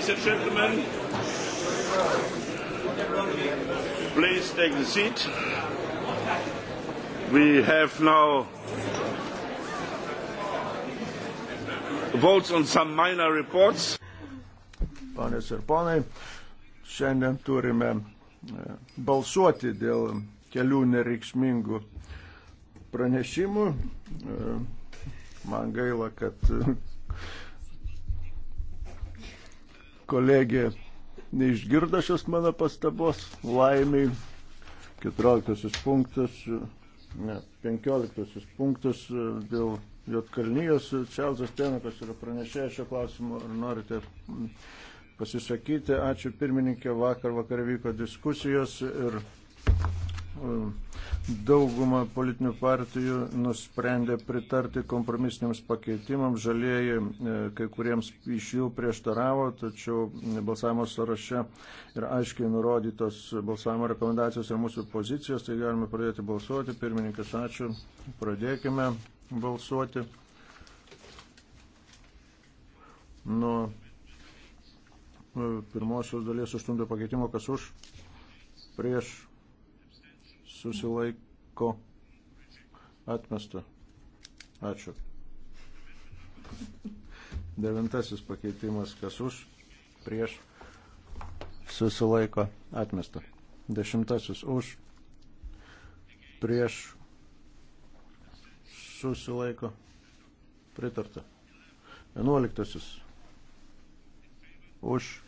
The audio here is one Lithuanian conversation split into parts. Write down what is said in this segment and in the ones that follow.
Ladies and gentlemen, please take a seat. We have now votes on some minor reports. Panas ir ponai, šiandien turime e, balsuoti dėl kelių nereikšmingų pranešimų. E, man gaila, kad kolegė neišgirda šios mano pastabos, laimiai 14 punktas, ne, 15 punktas e, dėl Jotkalnyjos. Čelzas Tenakas yra pranešėjęs šio klausimo, ar norite pasisakyti. Ačiū pirmininkė, vakar vakar vyko diskusijos ir dauguma politinių partijų nusprendė pritarti kompromisiniams pakeitimams. Žalieji e, kai kuriems iš jų prieštaravo, tačiau balsavimo sąraše yra aiškiai nurodytos balsavimo rekomendacijos ir mūsų pozicijos, tai galime pradėti balsuoti. Pirmininkas, ačiū. Pradėkime balsuoti nuo e, pirmosios dalies aštunto pakeitimo, kas už, prieš susilaiko atmesta. Ačiū. Devintasis pakeitimas, kas už, prieš, susilaiko atmesta. Dešimtasis už, prieš, susilaiko pritarta. Vienuoliktasis už,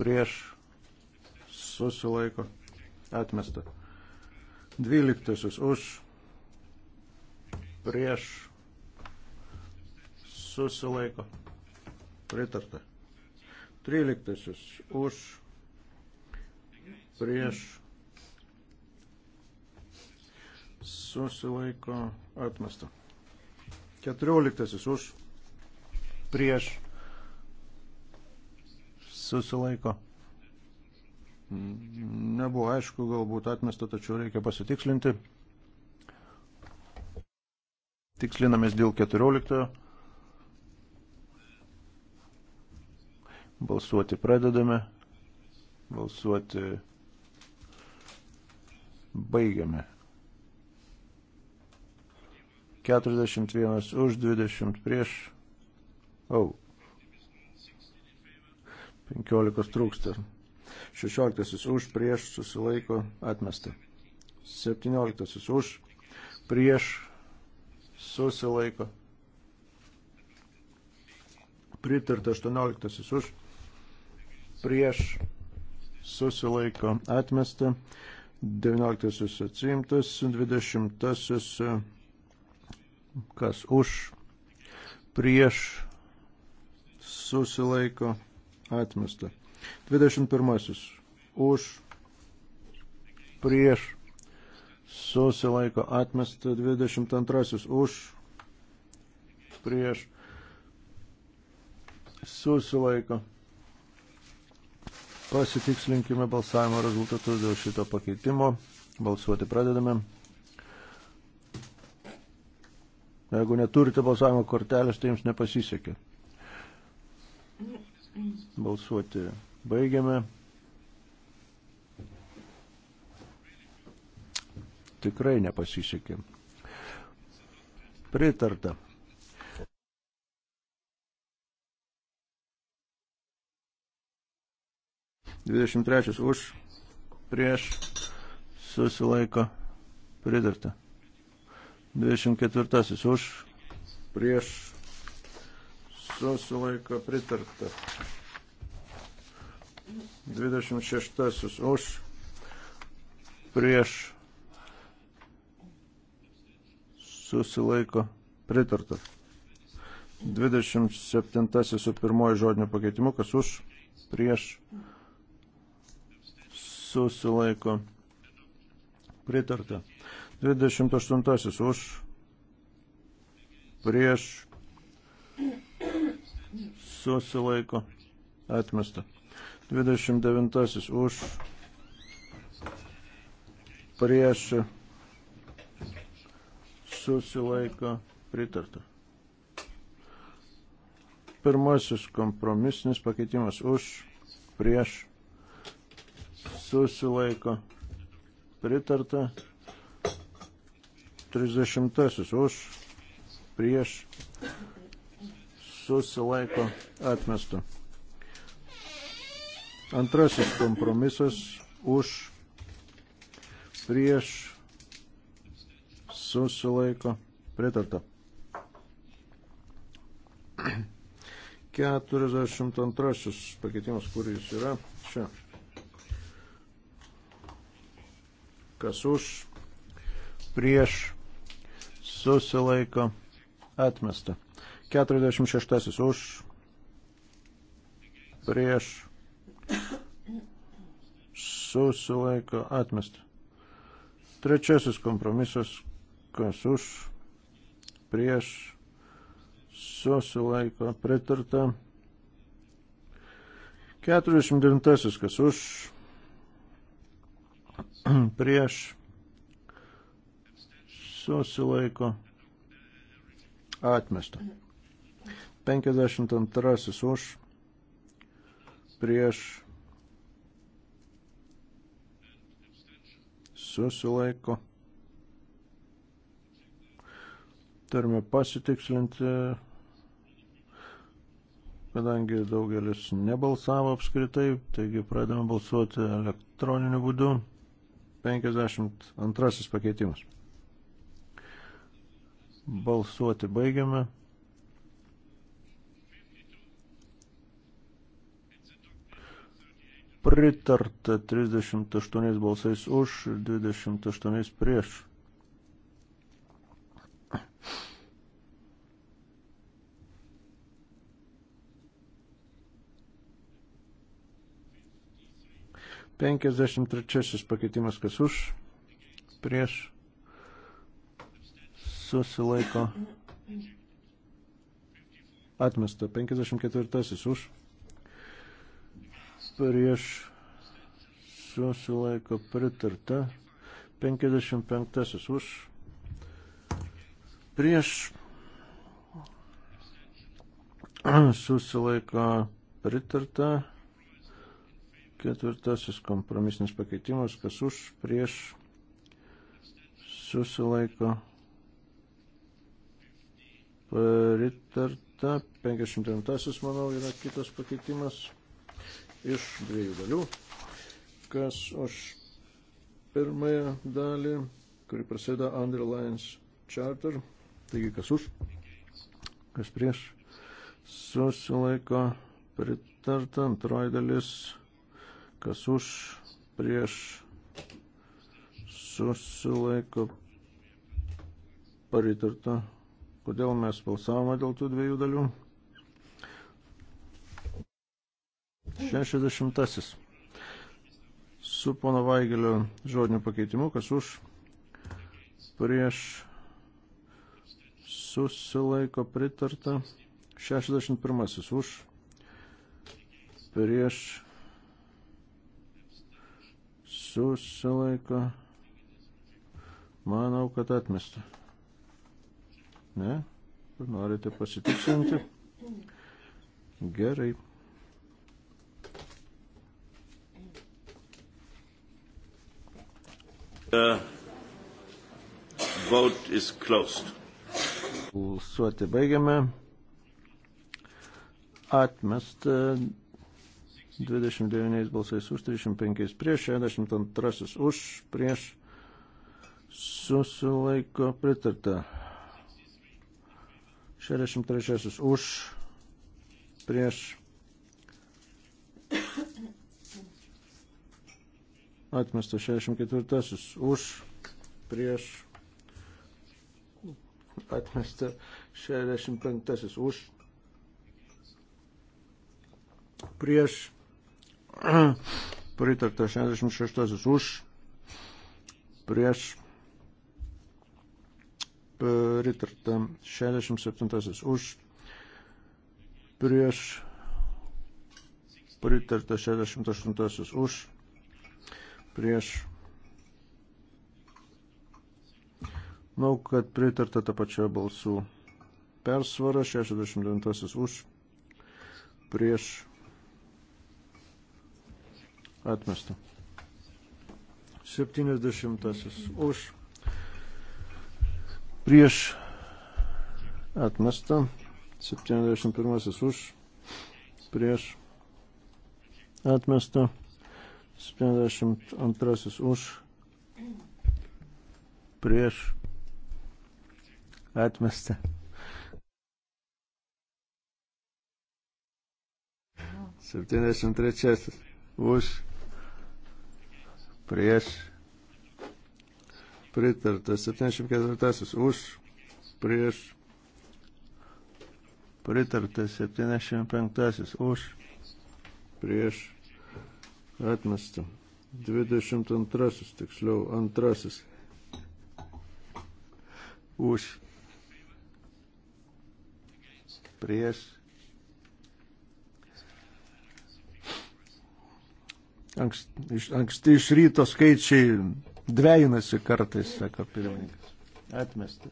prieš, susilaiko atmesta. Dvyliktasis už prieš susilaiko. Pritarta. Tryliktasis už prieš susilaiko atmesta. Keturioliktasis už prieš susilaiko atmesta nebuvo aišku, galbūt atmesta, tačiau reikia pasitikslinti. Tikslinamės dėl 14. Balsuoti pradedame. Balsuoti baigiame. 41 už 20 prieš. Au. Oh. 15 trūksta. 16 už, prieš susilaiko atmesta. 17 už, prieš susilaiko. Pritarta 18 už, prieš susilaiko atmesta. 19 atsimtas, 20 kas už, prieš susilaiko atmesta. 21. Už, prieš, susilaiko atmesta. 22. Už, prieš, susilaiko. Pasitikslinkime balsavimo rezultatus dėl šito pakeitimo. Balsuoti pradedame. Jeigu neturite balsavimo kortelės, tai jums nepasisekė. Balsuoti Baigiame. Tikrai nepasisekė. Pritarta. Dvidešimt trečias už, prieš, susilaiko, pritarta. Dvidešimt ketvirtasis už, prieš, susilaiko, pritarta. 26 už, prieš, susilaiko, pritarta. 27 su pirmoji žodinio pakeitimu, kas už, prieš, susilaiko, pritarta. 28 už, prieš, susilaiko, atmesta. 29 už prieš susilaiko pritarta. Pirmasis kompromisinis pakeitimas už prieš susilaiko pritarta. 30 už prieš susilaiko atmestą. Antrasis kompromisas už prieš susilaiko pritarta. 42 pakeitimas, kuris yra čia. Kas už prieš susilaiko atmesta. 46 už prieš susilaiko atmesti. Trečiasis kompromisas, kas už, prieš, susilaiko pritarta. 49. kas už, prieš, susilaiko atmesta. 52. už, prieš susilaiko. Turime pasitikslinti, kadangi daugelis nebalsavo apskritai, taigi pradėjome balsuoti elektroniniu būdu. 52 pakeitimas. Balsuoti baigiame. pritarta 38 balsais už ir 28 prieš. Penkiasdešimt trečiasis pakeitimas, kas už, prieš, susilaiko, atmesta, penkiasdešimt ketvirtasis už prieš susilaiko pritarta. 55 už prieš susilaiko pritarta. Ketvirtasis kompromisinis pakeitimas, kas už prieš susilaiko pritarta. 59 manau yra kitas pakeitimas iš dviejų dalių. Kas už pirmąją dalį, kuri prasideda Underlines Charter, taigi kas už, kas prieš, susilaiko pritarta antroji dalis, kas už, prieš, susilaiko pritarta. Kodėl mes balsavome dėl tų dviejų dalių? 60. Su pono Vaigelio žodiniu pakeitimu, kas už prieš susilaiko pritarta. 61. Už prieš susilaiko. Manau, kad atmesta. Ne? Norite pasitikslinti? Gerai. Uh, vote is closed. Balsuoti baigiame. Atmesta 29 balsais už, 35 prieš, 62 už, prieš susilaiko pritarta. 63 už, prieš Atmestas 64 už, prieš, atmestas 65 už, prieš, pritartas 66 už, prieš, pritarta 67 už, prieš, pritarta 68 už prieš. Manau, kad pritarta tą pačią balsų persvarą, 69 už, prieš atmestą. 70 už, prieš atmestą, 71 už, prieš atmestą. 72 už, prieš, atmesta. Septyniasdešimt trečiasis už, prieš, pritartas. Septyniasdešimt ketvirtasis už, prieš, pritartas. Septyniasdešimt penktasis už, prieš, Atmesta. 22 tiksliau, antrasis. Už. Prieš. Ankst, iš, anksti iš ryto skaičiai dvejinasi kartais, sako pirmininkas. Atmesta.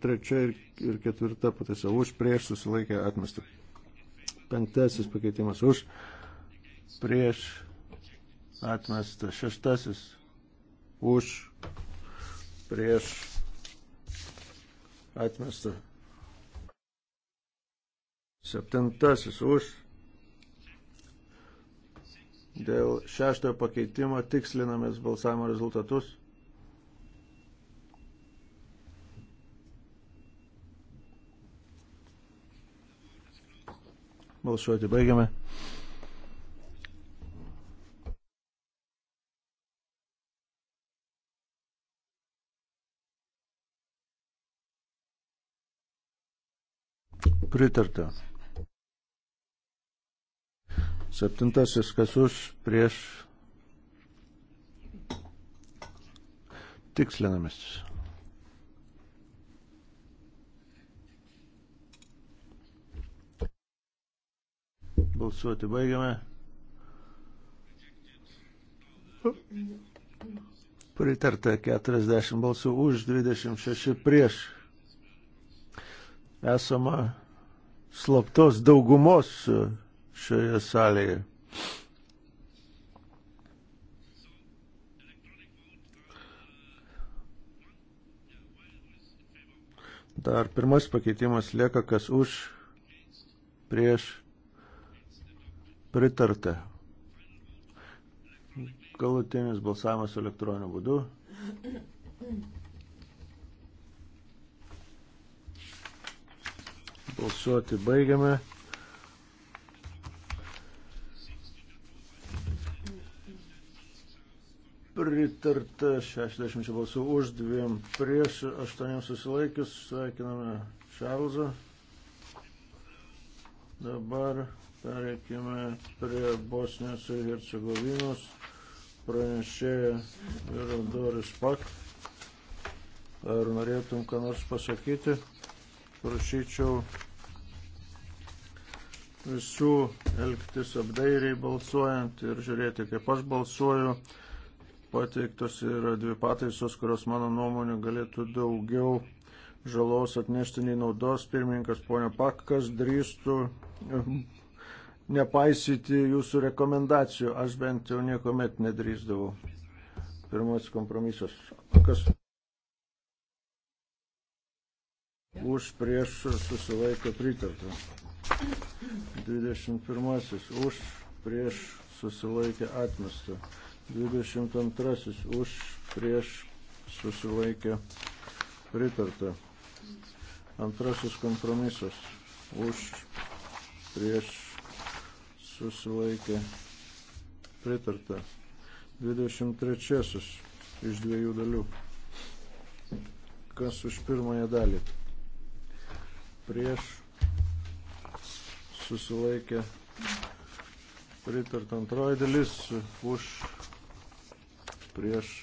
trečia ir, ir ketvirta pataisa už, prieš susilaikė atmestą. Penktasis pakeitimas už, prieš atmestą. Šeštasis už, prieš atmestą. Septintasis už. Dėl šeštojo pakeitimo tikslinamės balsavimo rezultatus. Balsuoti baigiame. Pritarta. Septintasis, kas už prieš tikslinamės. Balsuoti baigiame. Pritarta 40 balsų už, 26 prieš. Esama slaptos daugumos šioje salėje. Dar pirmas pakeitimas lieka, kas už, prieš, Pritarta. Galutinis balsavimas elektroniniu būdu. Balsuoti baigiame. Pritarta 60 balsų už, 2 prieš, 8 susilaikius. Sveikiname Čarlzą. Dabar Tarėkime prie Bosnijos ir Hercegovinos pranešėja yra Doris Pak. Ar norėtum ką nors pasakyti? Prašyčiau visų elgtis apdairiai balsuojant ir žiūrėti, kaip aš balsuoju. Pateiktos yra dvi pataisos, kurios mano nuomonė galėtų daugiau žalos atnešti nei naudos. Pirmininkas ponia Pak, kas drįstų nepaisyti jūsų rekomendacijų. Aš bent jau nieko met nedrįsdavau. Pirmas kompromisas. Kas už prieš susilaiko pritarta. 21. Už prieš susilaikė atmestą. 22. Už prieš susilaikė pritarta. Antrasis kompromisas. Už prieš susilaikė pritarta. 23 iš dviejų dalių. Kas už pirmąją dalį? Prieš susilaikė pritart antroji dalis už prieš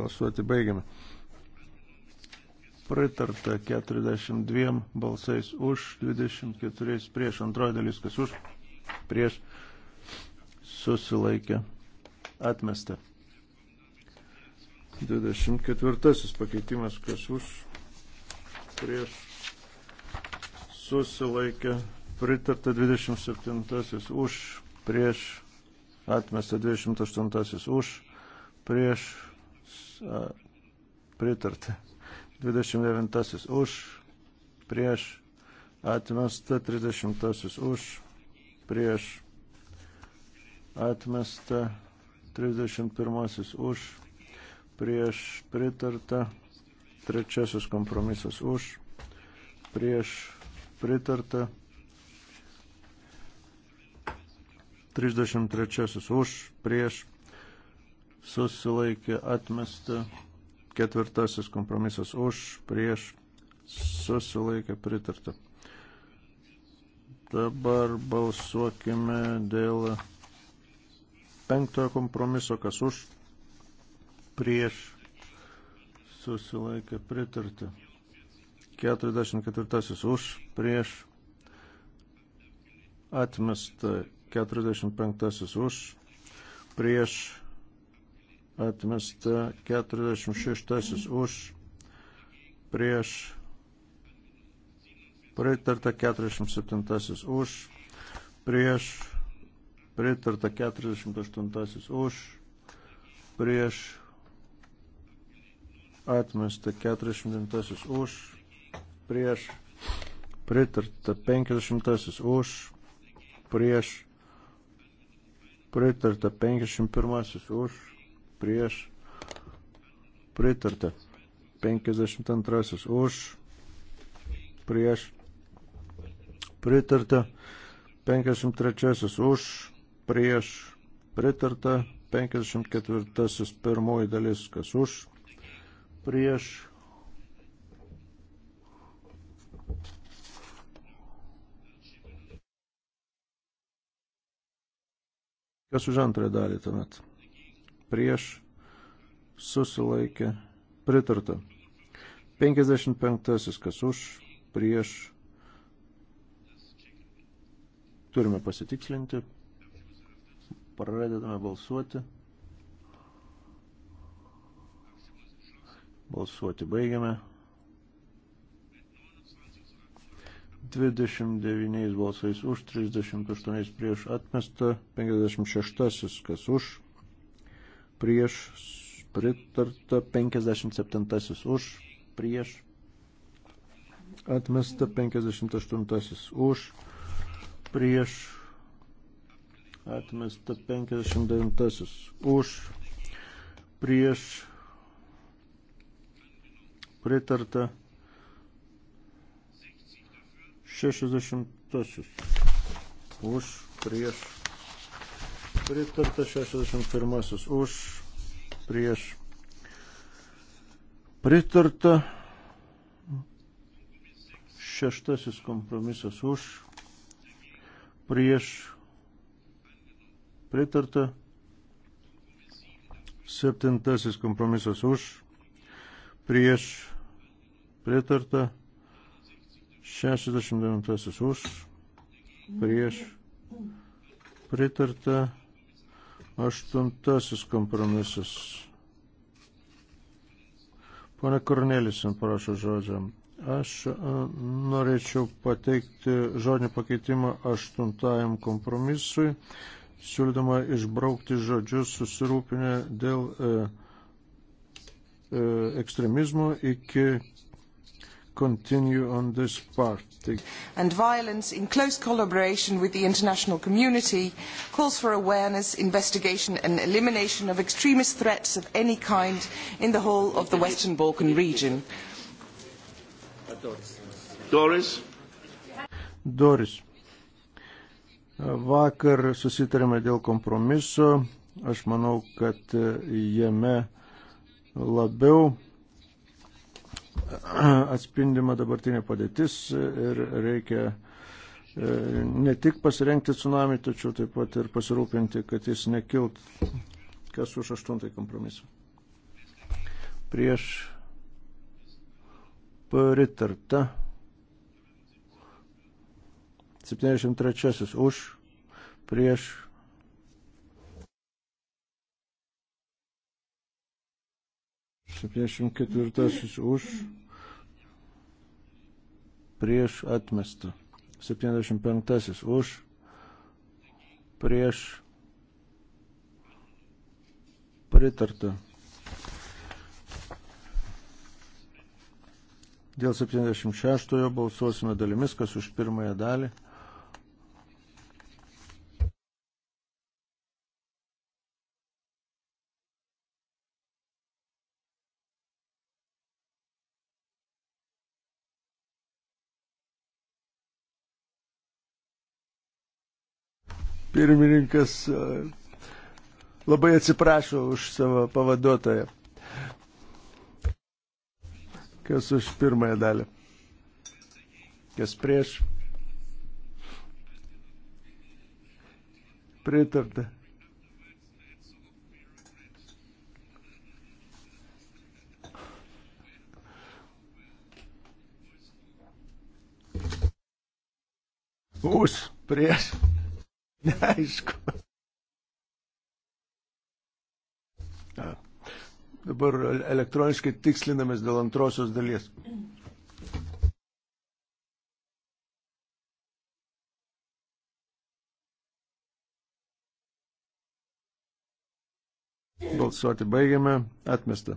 Balsuoti baigiame. Pritarta 42 balsais už, 24 prieš, antroji dalis kas už, prieš, susilaikė, atmesta. 24 pakeitimas kas už, prieš, susilaikė, pritarta 27 už, prieš, atmesta 28 už, prieš, pritarta. 29 už, prieš, atmesta, 30 už, prieš, atmesta, 31 už, prieš, pritarta, trečiasis kompromisas už, prieš, pritarta, 33 už, prieš, susilaikė atmesta. Ketvirtasis kompromisas už, prieš, susilaikė pritarta. Dabar balsuokime dėl penktojo kompromiso, kas už, prieš, susilaikė pritarta. 44 už, prieš, atmesta 45 už, prieš, atmesta 46 už, prieš pritarta 47 už, prieš pritarta 48 už, prieš atmesta 49 už, prieš pritarta 50 už, prieš pritarta 51 už prieš pritarta. 52 už prieš pritarta. 53 už prieš pritarta. 54 pirmoji dalis kas už prieš Kas už antrąją dalį tuomet? prieš susilaikė pritarta. 55. kas už prieš turime pasitikslinti. Pradedame balsuoti. Balsuoti baigiame. 29 balsais už, 38 prieš atmestą, 56 kas už, prieš pritarta 57 už, prieš atmesta 58 už, prieš atmesta 59 už, prieš pritarta 60 už, prieš Pritarta 61 už, prieš. Pritarta šeštasis kompromisas už, prieš. Pritarta septintasis kompromisas už, prieš. Pritarta 69 už, prieš pritarta Aštuntasis kompromisas. Pone Kornelisin prašo žodžio. Aš e, norėčiau pateikti žodinį pakeitimą aštuntajam kompromisui, siūlydama išbraukti žodžius susirūpinę dėl e, e, ekstremizmo iki continue on this path. And violence in close collaboration with the international community calls for awareness, investigation and elimination of extremist threats of any kind in the whole of the Western Balkan region. Doris. Doris. Vakar susitarėme dėl kompromiso. Aš manau, kad jame labiau atspindima dabartinė padėtis ir reikia e, ne tik pasirengti tsunami, tačiau taip pat ir pasirūpinti, kad jis nekilt. Kas už aštuntąjį kompromisą? Prieš pritarta. 73 už, prieš 74 už, prieš atmestą. 75 už, prieš pritartą. Dėl 76 balsuosime dalimis, kas už pirmąją dalį. Pirmininkas e, labai atsiprašo už savo pavaduotoją. Kas už pirmąją dalį? Kas prieš? Pritarta. Už, prieš. Neaišku. A. Dabar elektroniškai tikslinamės dėl antrosios dalies. Balsuoti baigiame. Atmesta.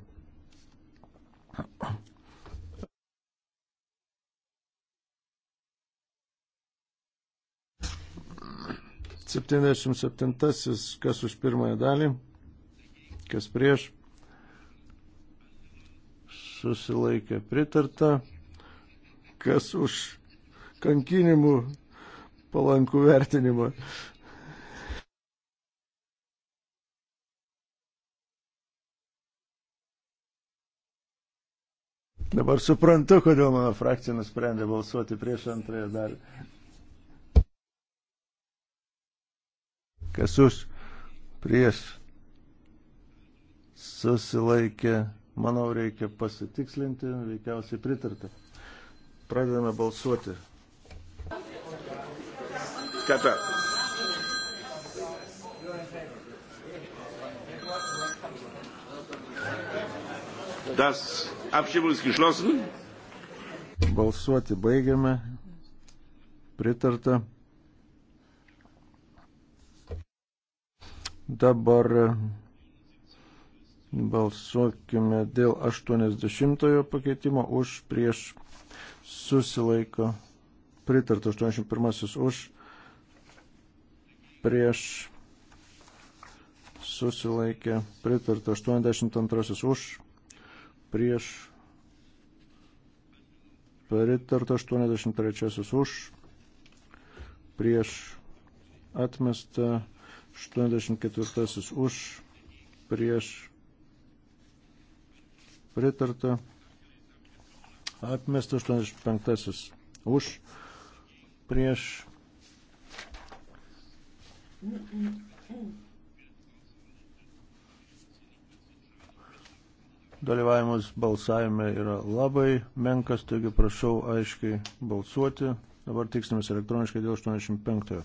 77. Kas už pirmąją dalį? Kas prieš? Susilaikė pritarta. Kas už kankinimų palankų vertinimą? Dabar suprantu, kodėl mano frakcija nusprendė balsuoti prieš antrąją dalį. kas už, prieš, susilaikė, manau, reikia pasitikslinti, veikiausiai pritarta. Pradedame balsuoti. Kata. Das Abstimmung ist geschlossen. Balsuoti baigiame. Pritarta. Dabar balsuokime dėl 80 pakeitimo už prieš susilaiko pritarta 81 už prieš susilaikė pritarta 82 už prieš pritarta 83 už prieš atmesta 84 už, prieš pritarta, atmesta 85 už, prieš dalyvavimas balsavime yra labai menkas, taigi prašau aiškiai balsuoti. Dabar tikslimis elektroniškai dėl 85.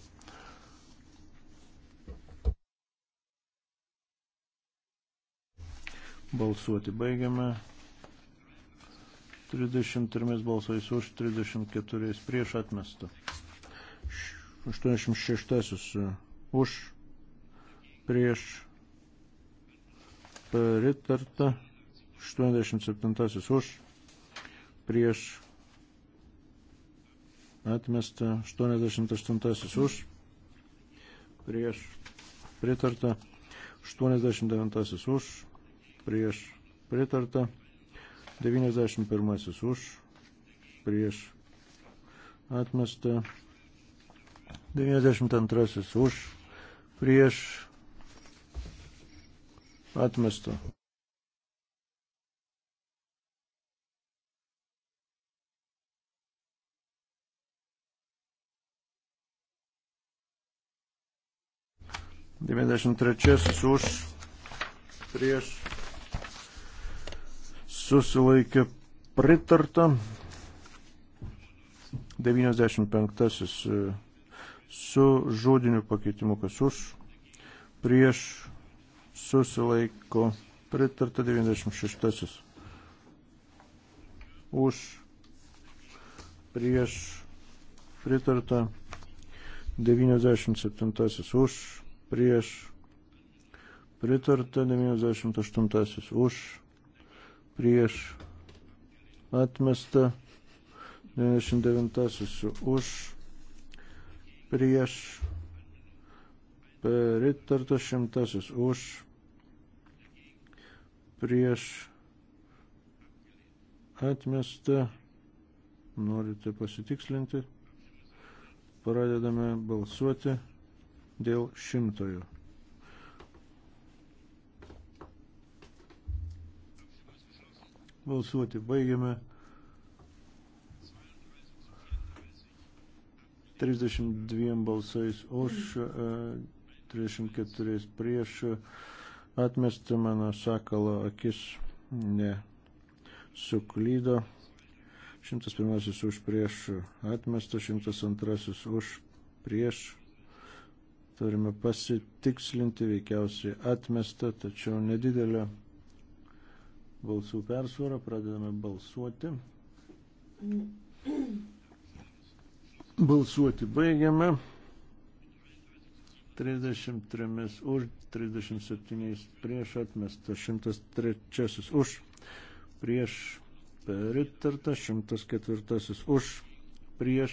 Balsuoti baigiame. 33 balsais už, 34 prieš atmestą. 86 e, už, prieš pritarta. 87 už, prieš atmesta 88 už, prieš pritarta 89 už, prieš pritarta, 91 už, prieš atmesta, 92 už, prieš atmesta. Devyniasdešimt trečiasis už prieš susilaikė pritarta. 95 e, su žodiniu pakeitimu, kas už, prieš susilaiko pritarta 96 už, prieš pritarta 97 už, prieš pritarta 98 už prieš atmestą, 99 už prieš pritartas, 100 už prieš atmestą, norite pasitikslinti, pradedame balsuoti dėl šimtojo. Balsuoti baigiame. 32 balsais už, 34 e, prieš, atmesti mano sakalo akis ne suklydo. 101 už prieš atmestą, 102 už prieš. Turime pasitikslinti, veikiausiai atmestą, tačiau nedidelę balsų persvarą, pradedame balsuoti. Balsuoti baigiame. 33 už, 37 prieš atmesta, 103 už, prieš pritarta, 104 už, prieš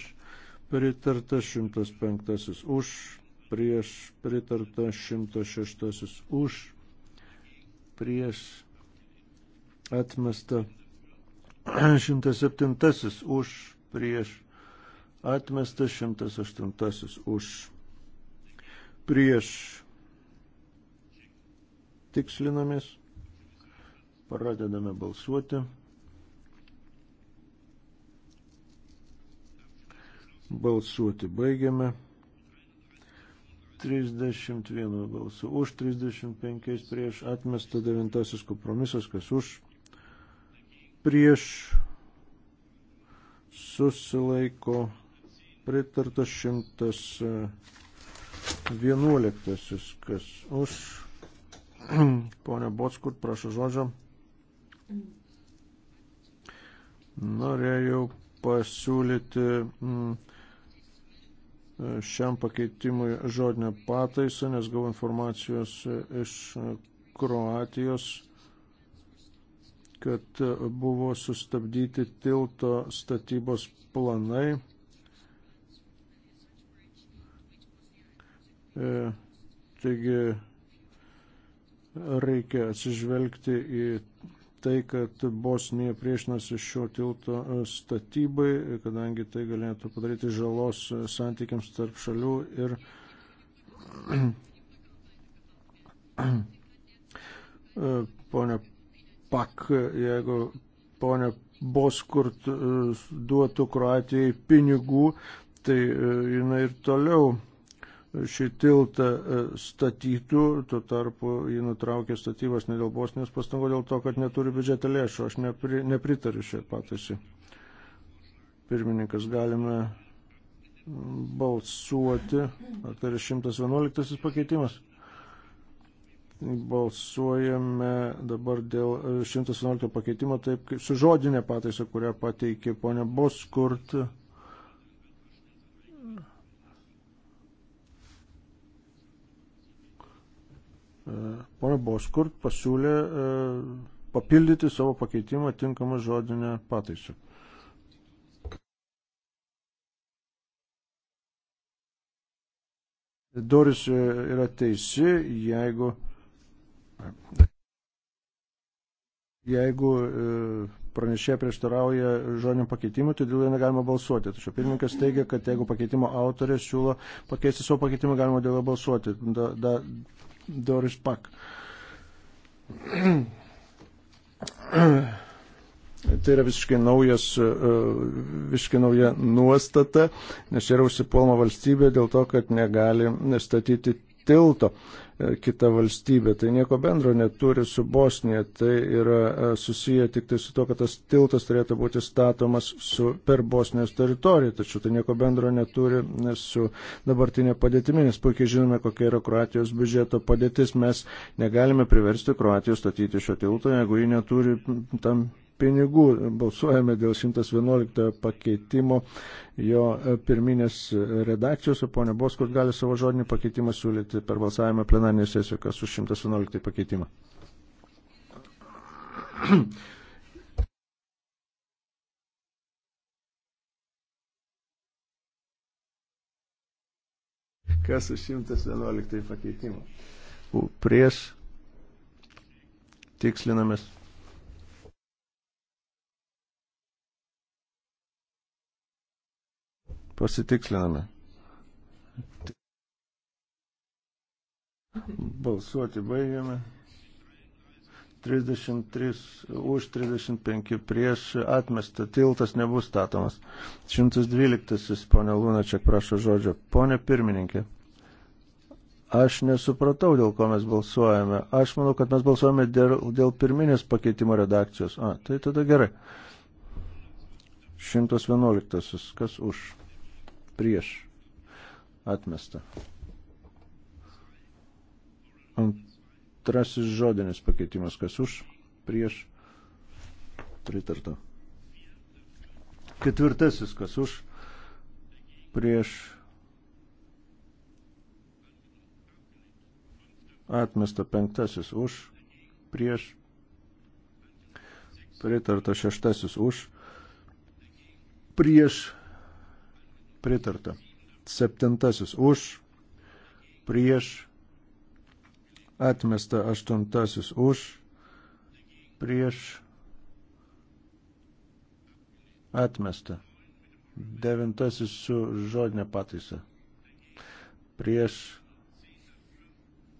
pritarta, 105 už, prieš pritarta, 106 už, prieš atmesta 107 už prieš atmesta 108 už prieš tikslinomis pradedame balsuoti balsuoti baigiame 31 balsų už 35 prieš atmesta devintasis kompromisas kas už prieš susilaiko pritartas 111, kas už. Pone Botskur, prašau žodžio. Norėjau pasiūlyti mm, šiam pakeitimui žodinę pataisą, nes gavau informacijos iš Kroatijos kad buvo sustabdyti tilto statybos planai. E, taigi reikia atsižvelgti į tai, kad Bosnija priešinasi šio tilto statybai, kadangi tai galėtų padaryti žalos santykiams tarp šalių ir e, Pone pak, jeigu ponė Boskurt e, duotų Kroatijai pinigų, tai e, jinai ir toliau šį tiltą e, statytų, tuo tarpu jį nutraukė statybas ne dėl Bosnijos pastangų, dėl to, kad neturi biudžeto lėšų. Aš nepri, nepritariu šią pataisį. Pirmininkas, galime balsuoti. Ar tai yra 111 pakeitimas? balsuojame dabar dėl 111 e, pakeitimo, taip kaip su žodinė pataisa, kurią pateikė ponia Boskurt. E, Pone Boskurt pasiūlė e, papildyti savo pakeitimą tinkamą žodinę pataisą. Doris yra teisi, jeigu Jeigu e, pranešė prieštarauja žodiniam pakeitimui, todėl tai jo negalima balsuoti. Tačiau pirmininkas teigia, kad jeigu pakeitimo autorė siūlo pakeisti savo pakeitimą, galima dėl jo balsuoti. Da, da, Doris Pak. Tai yra visiškai, naujas, e, visiškai nauja nuostata, nes yra užsipuolama valstybė dėl to, kad negali statyti tilto e, kita valstybė. Tai nieko bendro neturi su Bosnija. Tai yra e, susiję tik tai su to, kad tas tiltas turėtų būti statomas su, per Bosnijos teritoriją. Tačiau tai nieko bendro neturi e, su dabartinė padėtimi, nes puikiai žinome, kokia yra Kroatijos biudžeto padėtis. Mes negalime priversti Kroatijos statyti šio tilto, jeigu ji neturi tam pinigų. Balsuojame dėl 111 pakeitimo jo e, pirminės redakcijos, o ponė Boskut gali savo žodinį pakeitimą siūlyti per balsavimą plenarinėje sesijoje, kas už 111 pakeitimą. Kas už 111 pakeitimą? Prieš tikslinamės. Pasitiksliname. Balsuoti baigiame. 33 už 35 prieš atmestą tiltas nebus statomas. 112 ponė Lunačiak prašo žodžio. Pone pirmininkė, aš nesupratau, dėl ko mes balsuojame. Aš manau, kad mes balsuojame dėl, dėl pirminės pakeitimo redakcijos. A, tai tada gerai. 111. Kas už? prieš atmestą. Antrasis žodinis pakeitimas, kas už, prieš pritarta. Ketvirtasis, kas už, prieš atmesta penktasis už, prieš, pritarta šeštasis už, prieš, pritarta. Septintasis už, prieš, atmesta aštuntasis už, prieš, atmesta. Devintasis su žodinė pataisa. Prieš,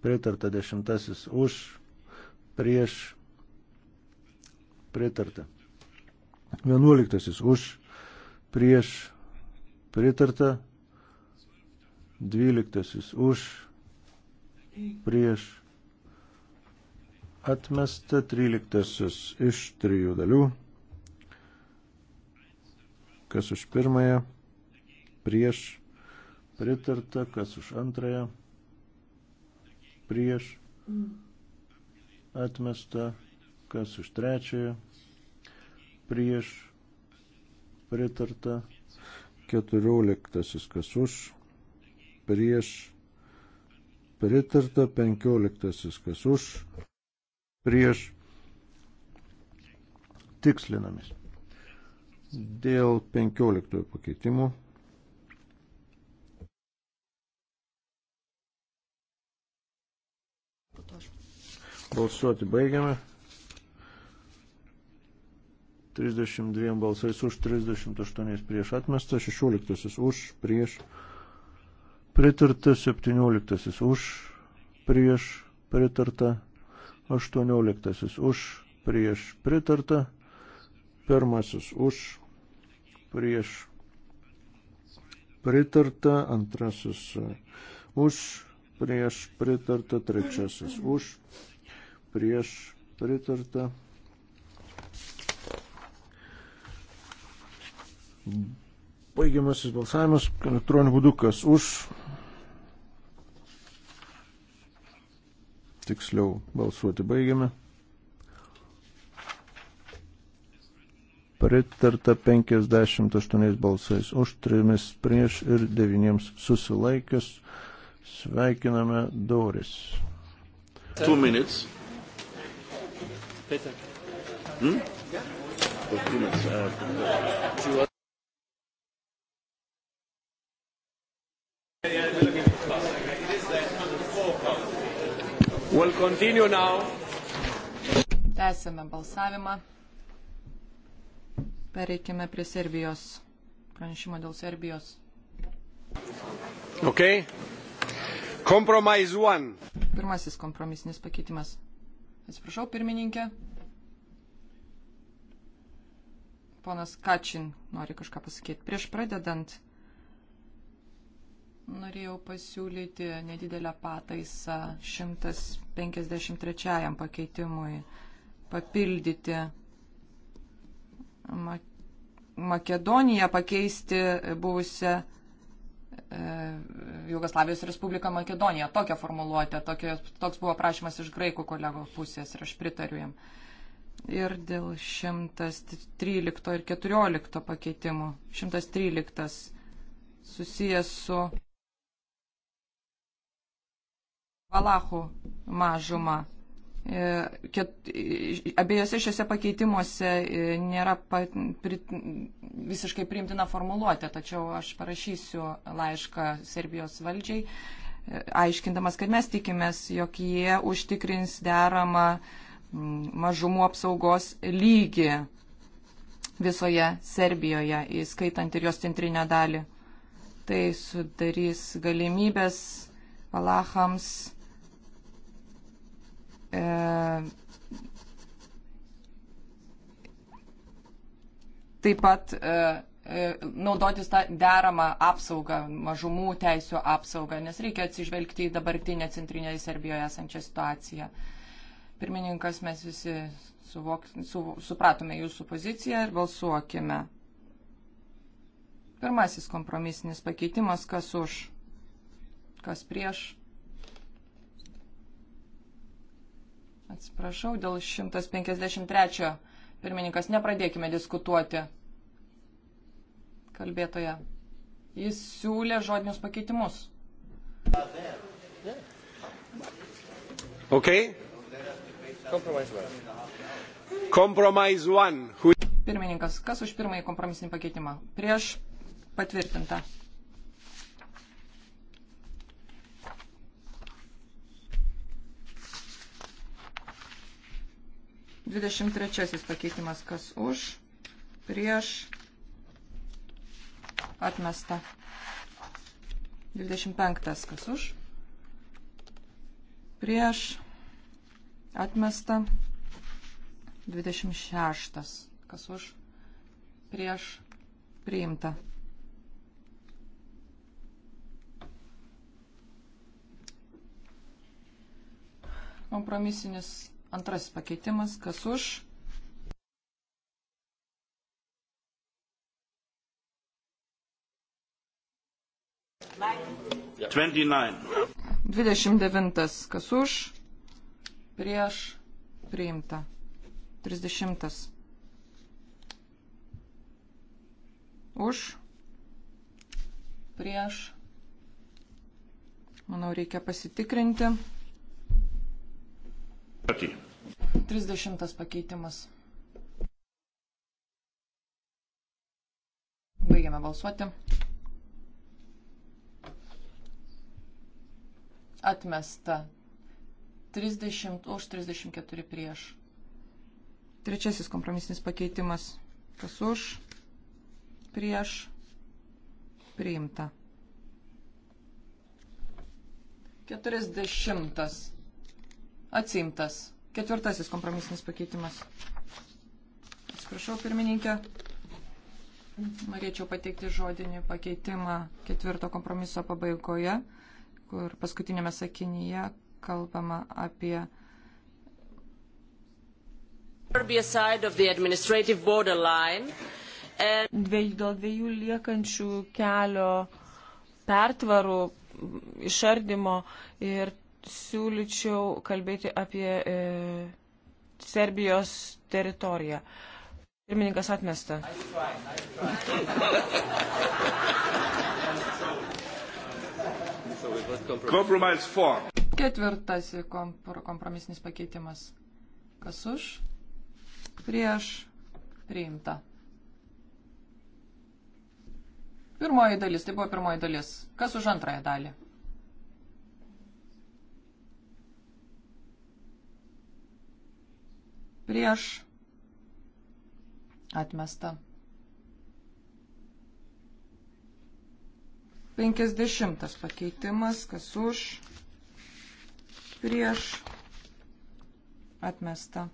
pritarta dešimtasis už, prieš, pritarta. Vienuoliktasis už, prieš, Pritarta. Dvyliktasis už, prieš, atmesta. Tryliktasis iš trijų dalių. Kas už pirmąją, prieš, pritarta. Kas už antrąją, prieš, atmesta. Kas už trečiąją, prieš, pritarta 14 kas už, prieš, pritarta 15 kas už, prieš, tikslinamis. Dėl 15 pakeitimų. Balsuoti baigiame. 32 balsais už, 38 prieš atmestas, 16 už, prieš pritarta, 17 už, prieš pritarta, 18 už, prieš pritarta, pirmasis už, prieš pritarta, antrasis už, prieš pritarta, trečiasis už, prieš pritarta. Baigiamasis balsavimas elektroniniu būdu, kas už. Tiksliau balsuoti baigiame. Pritarta 58 balsais už, 3 prieš ir 9 susilaikius. Sveikiname Doris. Two minutes. Peter. Hmm? Yeah. Two minutes. Uh, We'll continue now. Tęsime balsavimą. Pereikime prie Serbijos. Pranešimo dėl Serbijos. Okay. Compromise one. Pirmasis kompromisinis pakeitimas. Atsiprašau, pirmininkė. Ponas Kačin nori kažką pasakyti. Prieš pradedant Norėjau pasiūlyti nedidelę pataisą 153 pakeitimui papildyti Makedoniją, pakeisti buvusią e, Jugoslavijos Respubliką Makedoniją. Tokią formuluotę, tokio, toks buvo prašymas iš graikų kolego pusės ir aš pritariu jam. Ir dėl 113 ir 14 pakeitimų. 113 susijęs su valachų mažumą. E, Ket, abiejose šiuose pakeitimuose e, nėra pa, pri, visiškai priimtina formuluotė, tačiau aš parašysiu laišką Serbijos valdžiai, e, aiškindamas, kad mes tikimės, jog jie užtikrins deramą mažumų apsaugos lygį visoje Serbijoje, įskaitant ir jos centrinę dalį. Tai sudarys galimybės valachams e, taip pat e, e, naudotis tą deramą apsaugą, mažumų teisų apsaugą, nes reikia atsižvelgti į dabartinę centrinėje Serbijoje esančią situaciją. Pirmininkas, mes visi suvok, su, supratome jūsų poziciją ir balsuokime. Pirmasis kompromisinis pakeitimas, kas už, kas prieš, Atsiprašau, dėl 153 pirmininkas, nepradėkime diskutuoti kalbėtoje. Jis siūlė žodinius pakeitimus. Okay. Compromise one. Compromise one. Who... Pirmininkas, kas už pirmąjį kompromisinį pakeitimą? Prieš patvirtintą. 23 pakeitimas kas už, prieš, atmesta. 25 kas už, prieš, atmesta. 26 kas už, prieš, priimta. Kompromisinis Antrasis pakeitimas, kas už. Dvidešimt devintas, kas už, prieš, priimta. Trisdešimtas. Už, prieš. Manau, reikia pasitikrinti. 30 pakeitimas. Baigiame balsuoti. Atmesta. 30 už 34 prieš. Trečiasis kompromisinis pakeitimas. Kas už? Prieš. Priimta. 40. Atsimtas. Ketvirtasis kompromisinis pakeitimas. Atsiprašau, pirmininkė. Norėčiau pateikti žodinį pakeitimą ketvirto kompromiso pabaigoje, kur paskutinėme sakinyje kalbama apie Dviejų, dėl dviejų liekančių kelio pertvarų išardymo ir siūlyčiau kalbėti apie e, Serbijos teritoriją. Pirmininkas atmesta. Ketvirtasis kompr kompromisinis pakeitimas. Kas už? Prieš. Priimta. Pirmoji dalis, tai buvo pirmoji dalis. Kas už antrąją dalį? prieš atmesta. 50 pakeitimas, kas už, prieš, atmesta.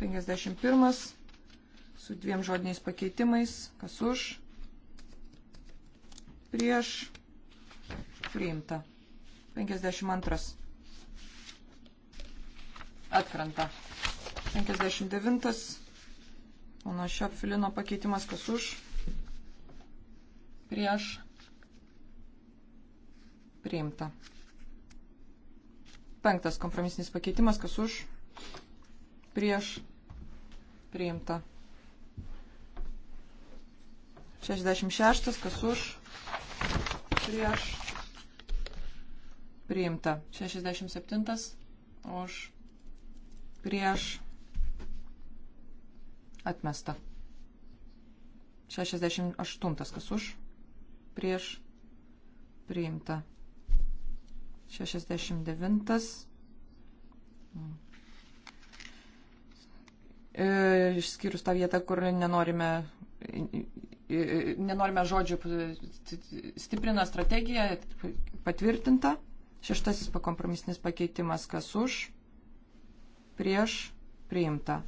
51 su dviem žodiniais pakeitimais, kas už, prieš, priimta. 52 atkrenta. 59. Pono Šiopfilino pakeitimas kas už. Prieš. Priimta. Penktas kompromisinis pakeitimas kas už. Prieš. Priimta. 66. Kas už. Prieš. Priimta. 67. Už prieš atmesta. 68 kas už prieš priimta. 69 e, išskyrus tą vietą, kur nenorime, e, e, nenorime žodžių stiprina strategiją, patvirtinta. Šeštasis pakompromisinis pakeitimas, kas už, prieš priimta.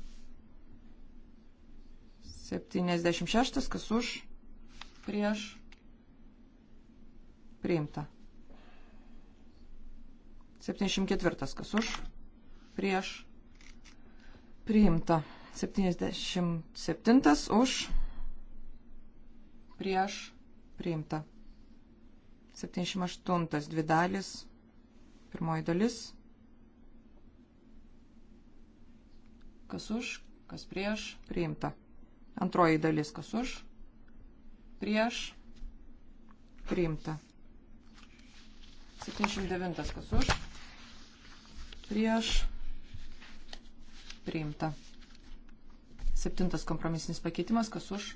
76, kas už, prieš priimta. 74, kas už, prieš priimta. 77 už, prieš priimta. 78, dvi dalis, pirmoji dalis Kas už, kas prieš, priimta. Antroji dalis, kas už, prieš, priimta. 79 kas už, prieš, priimta. Septintas kompromisinis pakeitimas, kas už,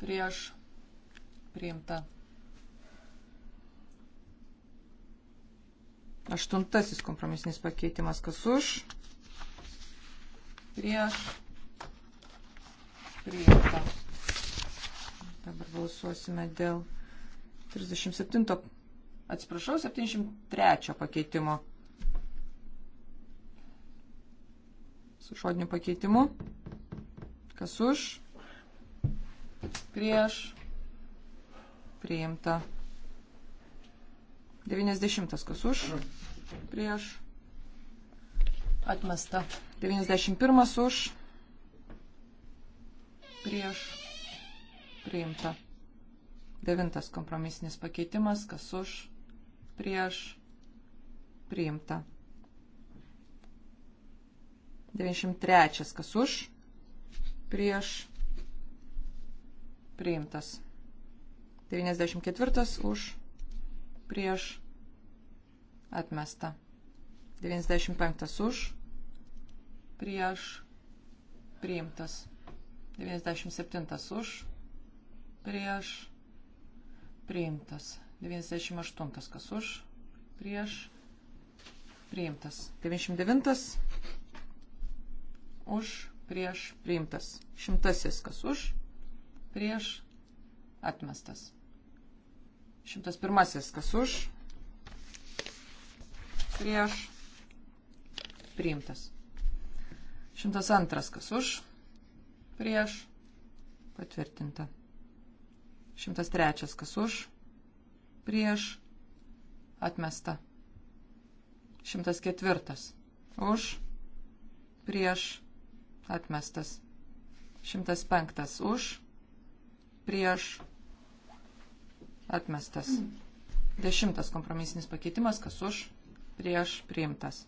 prieš, priimta. Aštuntasis kompromisinis pakeitimas, kas už, prieš priimta. Dabar balsuosime dėl 37, atsiprašau, 73 pakeitimo. Su šodiniu pakeitimu. Kas už? Prieš. Priimta. 90 kas už? Prieš Atmesta. 91 už. Prieš. Priimta. Devintas kompromisinis pakeitimas. Kas už. Prieš. Priimta. 93. Kas už. Prieš. Priimtas. 94. Už. Prieš. Atmesta. 95 už, prieš, priimtas. 97 už, prieš, priimtas. 98 kas už, prieš, priimtas. 99 už, prieš, priimtas. Šimtasis kas už, prieš, atmestas. Šimtas pirmasis kas už, prieš, priimtas. 102 kas už, prieš, patvirtinta. 103 kas už, prieš, atmesta. 104 už, prieš, atmestas. 105 už, prieš, atmestas. Dešimtas kompromisinis pakeitimas, kas už, prieš, priimtas.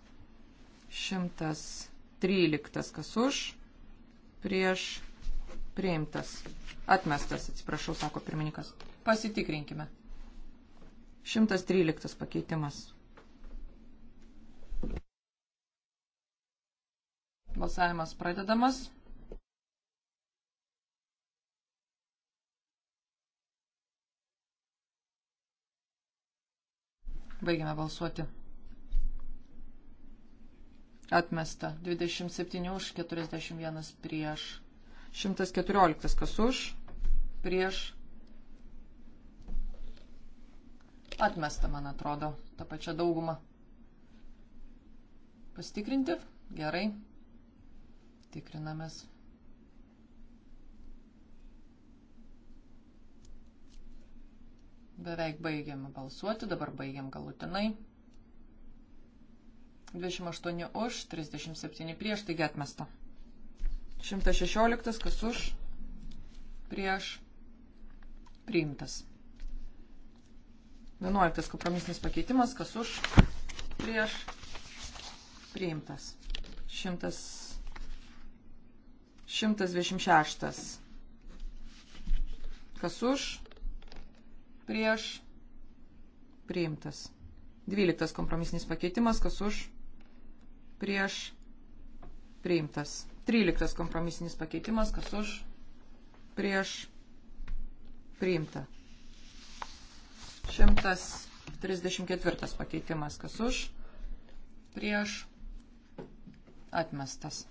113 kas už, prieš priimtas, atmestas, atsiprašau, sako pirmininkas. Pasitikrinkime. 113 pakeitimas. Balsavimas pradedamas. Baigiame balsuoti. Atmesta. 27 už, 41 prieš. 114 kas už, prieš. Atmesta, man atrodo, ta pačia dauguma. Pastikrinti? Gerai. Tikrinamės. Beveik baigiam balsuoti, dabar baigiam galutinai. 28 už, 37 prieš, taigi atmesta. 116, kas už, prieš, priimtas. 11 kompromisinis pakeitimas, kas už, prieš, priimtas. 100, 126, kas už, prieš, priimtas. 12 kompromisinis pakeitimas, kas už, prieš priimtas. 13 kompromisinis pakeitimas, kas už prieš priimta. 134 pakeitimas, kas už prieš atmestas.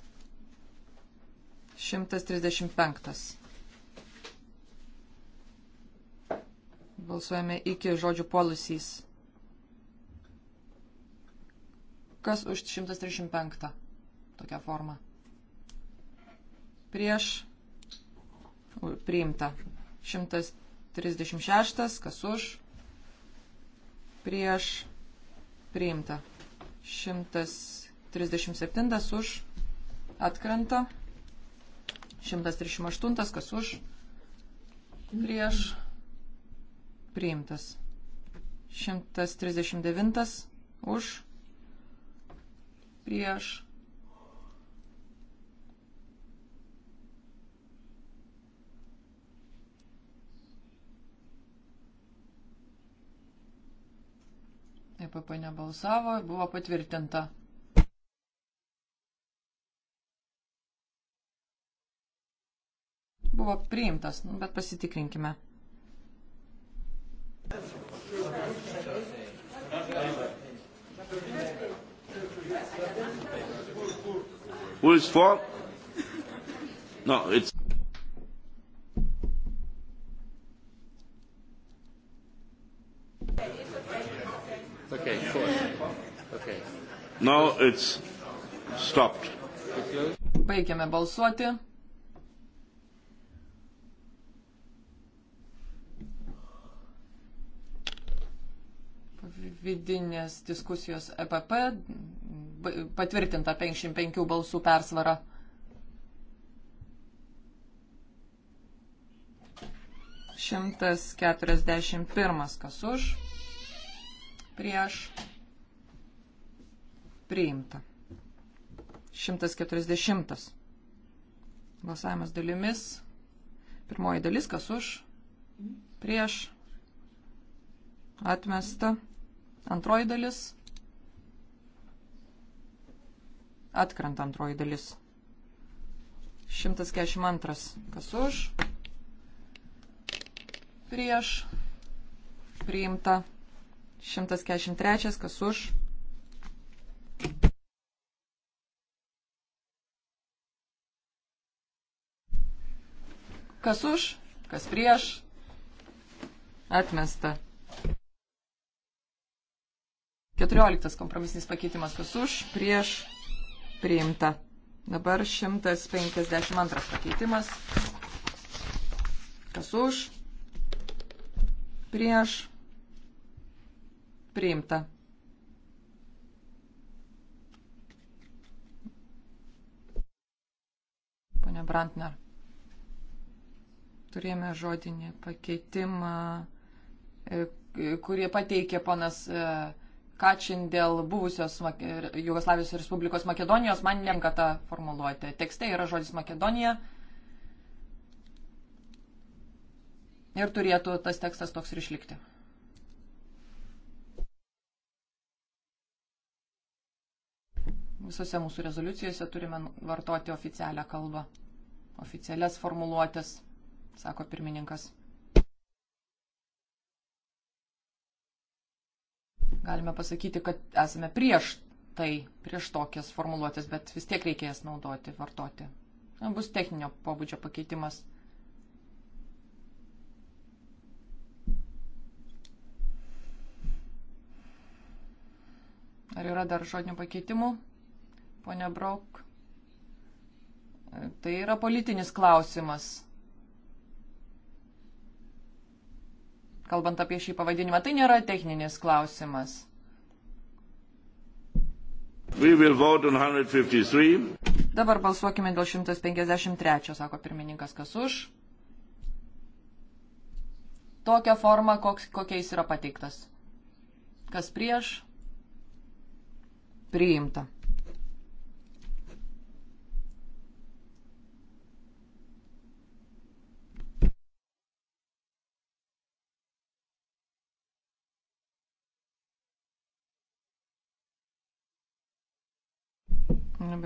135. Balsuojame iki žodžių policies Kas už 135 tokią formą? Prieš priimta. 136, kas už? Prieš priimta. 137 už atkrenta. 138 kas už prieš priimtas. 139 už prieš. EPP nebalsavo ir buvo patvirtinta. Buvo priimtas, nu, bet pasitikrinkime. Who is for? No, it's. Okay, four. Okay. Now it's stopped. Baigiame balsuoti. Vidinės diskusijos EPP patvirtinta 55 balsų persvara. Šimtas keturiasdešimt pirmas kas už, prieš, priimta. Šimtas keturiasdešimtas. Balsavimas dalimis. Pirmoji dalis kas už, prieš, atmesta. Antroji dalis Atkrenta antroji dalis. 142. Kas už? Prieš. Priimta. 143. Kas už? Kas už? Kas prieš? Atmesta. 14 kompromisinis pakeitimas, kas už, prieš, priimta. Dabar 152 pakeitimas. Kas už? Prieš. Priimta. Pone Brantner. Turėjome žodinį pakeitimą, e, kurį pateikė ponas. E, Kačin dėl buvusios Jugoslavijos Respublikos Makedonijos, man nemka tą formuluotę. Tekste yra žodis Makedonija. Ir turėtų tas tekstas toks ir išlikti. Visose mūsų rezoliucijose turime vartoti oficialią kalbą, oficialias formuluotės, sako pirmininkas. galime pasakyti, kad esame prieš tai, prieš tokias formuluotės, bet vis tiek reikia jas naudoti, vartoti. Na, bus techninio pobūdžio pakeitimas. Ar yra dar žodinių pakeitimų? Pone Brauk. Tai yra politinis klausimas. kalbant apie šį pavadinimą. Tai nėra techninis klausimas. Dabar balsuokime dėl 153, sako pirmininkas, kas už. Tokią formą, koks, kokiais yra pateiktas. Kas prieš? Priimta.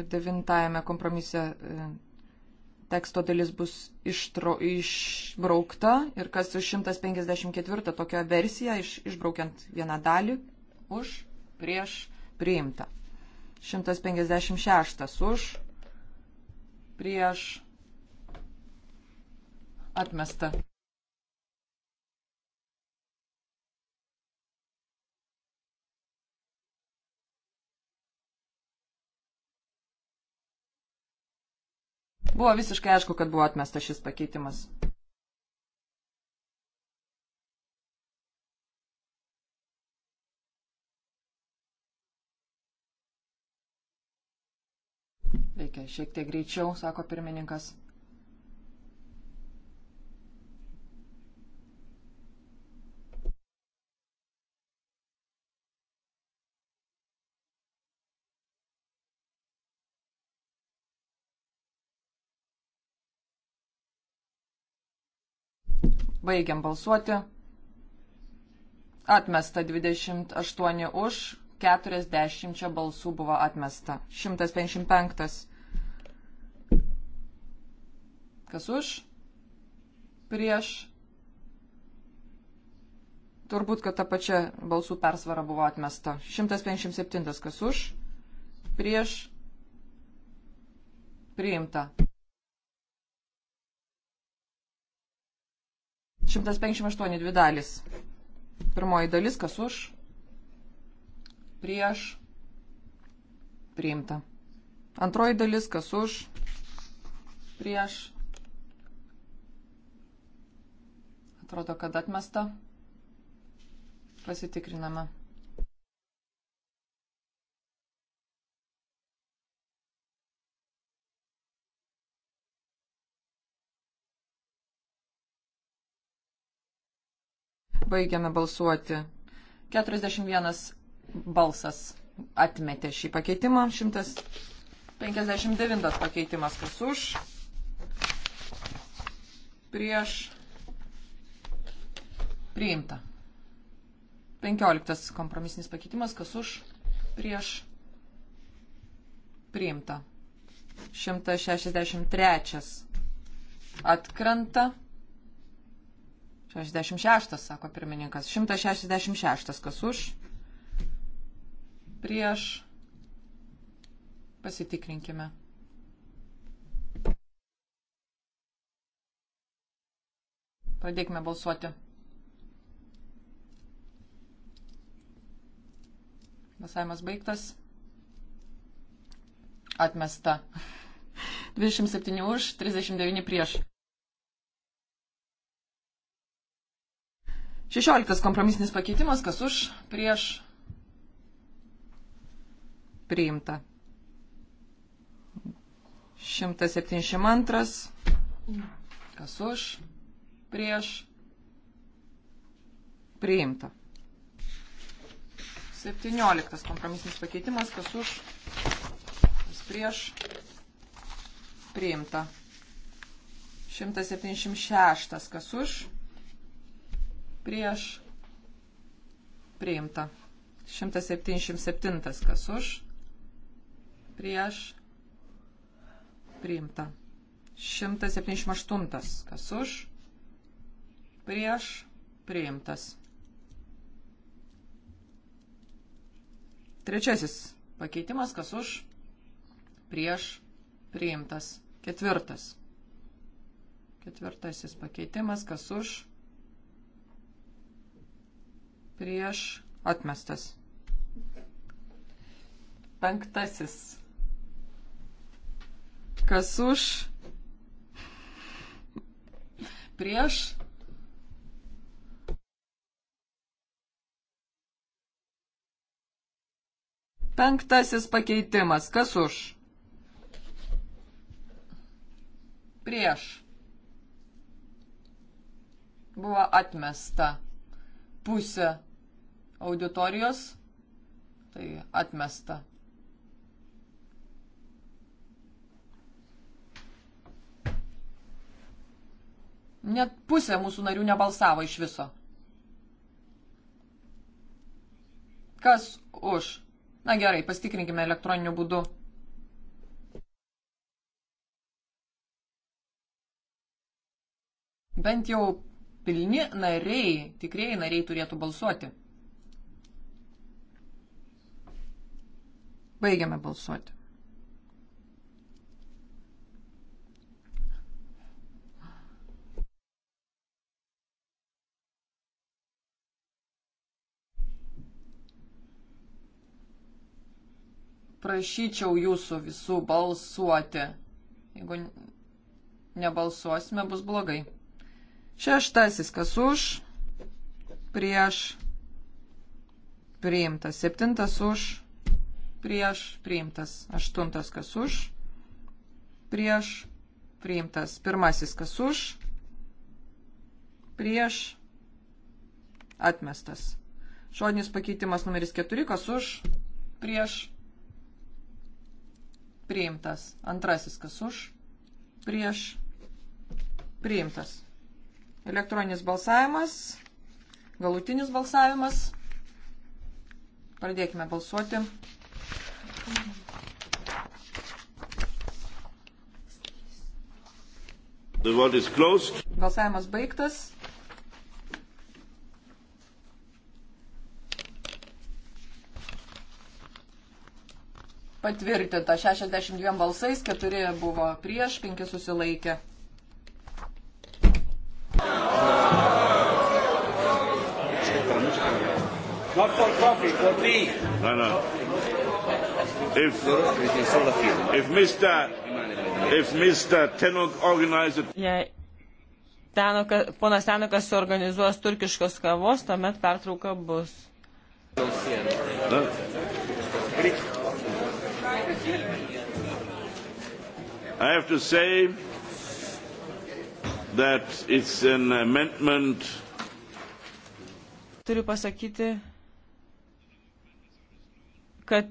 devintajame kompromise e, teksto dalis bus ištro, išbraukta ir kas už 154 tokią versiją, iš, išbraukiant vieną dalį, už, prieš, priimta. 156 už, prieš, atmesta. Buvo visiškai aišku, kad buvo atmestas šis pakeitimas. Reikia šiek tiek greičiau, sako pirmininkas. Baigiam balsuoti. Atmesta 28 už, 40 balsų buvo atmesta. 155. Kas už? Prieš. Turbūt, kad ta pačia balsų persvara buvo atmesta. 157. Kas už? Prieš. Priimta. 158 dvi dalis. Pirmoji dalis, kas už, prieš, priimta. Antroji dalis, kas už, prieš, atrodo, kad atmesta, pasitikrinama. Baigiame balsuoti. 41 balsas atmetė šį pakeitimą. 159 pakeitimas kas už. Prieš. Priimta. 15 kompromisinis pakeitimas kas už. Prieš. Priimta. 163 atkrenta. 66, sako pirmininkas. 166, kas už? Prieš. Pasitikrinkime. Pradėkime balsuoti. Balsavimas baigtas. Atmesta. 27 už, 39 prieš. 16 kompromisinis pakeitimas, kas už, prieš, priimta. 172, kas už, prieš, priimta. 17 kompromisinis pakeitimas, kas už, kas prieš, priimta. 176, kas už, priimta prieš priimta. 177 kas už, prieš priimta. 178 kas už, prieš priimtas. Trečiasis pakeitimas kas už, prieš priimtas. Ketvirtas. Ketvirtasis pakeitimas kas už, prieš atmestas. Penktasis. Kas už? Prieš. Penktasis pakeitimas. Kas už? Prieš. Buvo atmesta pusė auditorijos, tai atmesta. Net pusė mūsų narių nebalsavo iš viso. Kas už? Na gerai, pastikrinkime elektroniniu būdu. Bent jau pilni nariai, tikrieji nariai turėtų balsuoti. Baigiame balsuoti. Prašyčiau jūsų visų balsuoti. Jeigu nebalsuosime, bus blogai. Šeštasis, kas už, prieš, priimtas. Septintas už prieš priimtas. Aštuntas kas už, prieš priimtas. Pirmasis kas už, prieš atmestas. Šodinis pakeitimas numeris 4, kas už, prieš priimtas. Antrasis kas už, prieš priimtas. Elektroninis balsavimas, galutinis balsavimas. Pradėkime balsuoti. Balsavimas baigtas. Patvirtinta 62 balsais, 4 buvo prieš, 5 susilaikė. Not for coffee, for tea. No, no. If, if Mr. If Mr. Tenok organizes... Jei Tenoka, ponas Tenokas suorganizuos turkiškos kavos, tuomet pertrauka bus. Na. I have to say that it's an amendment. Turiu pasakyti, kad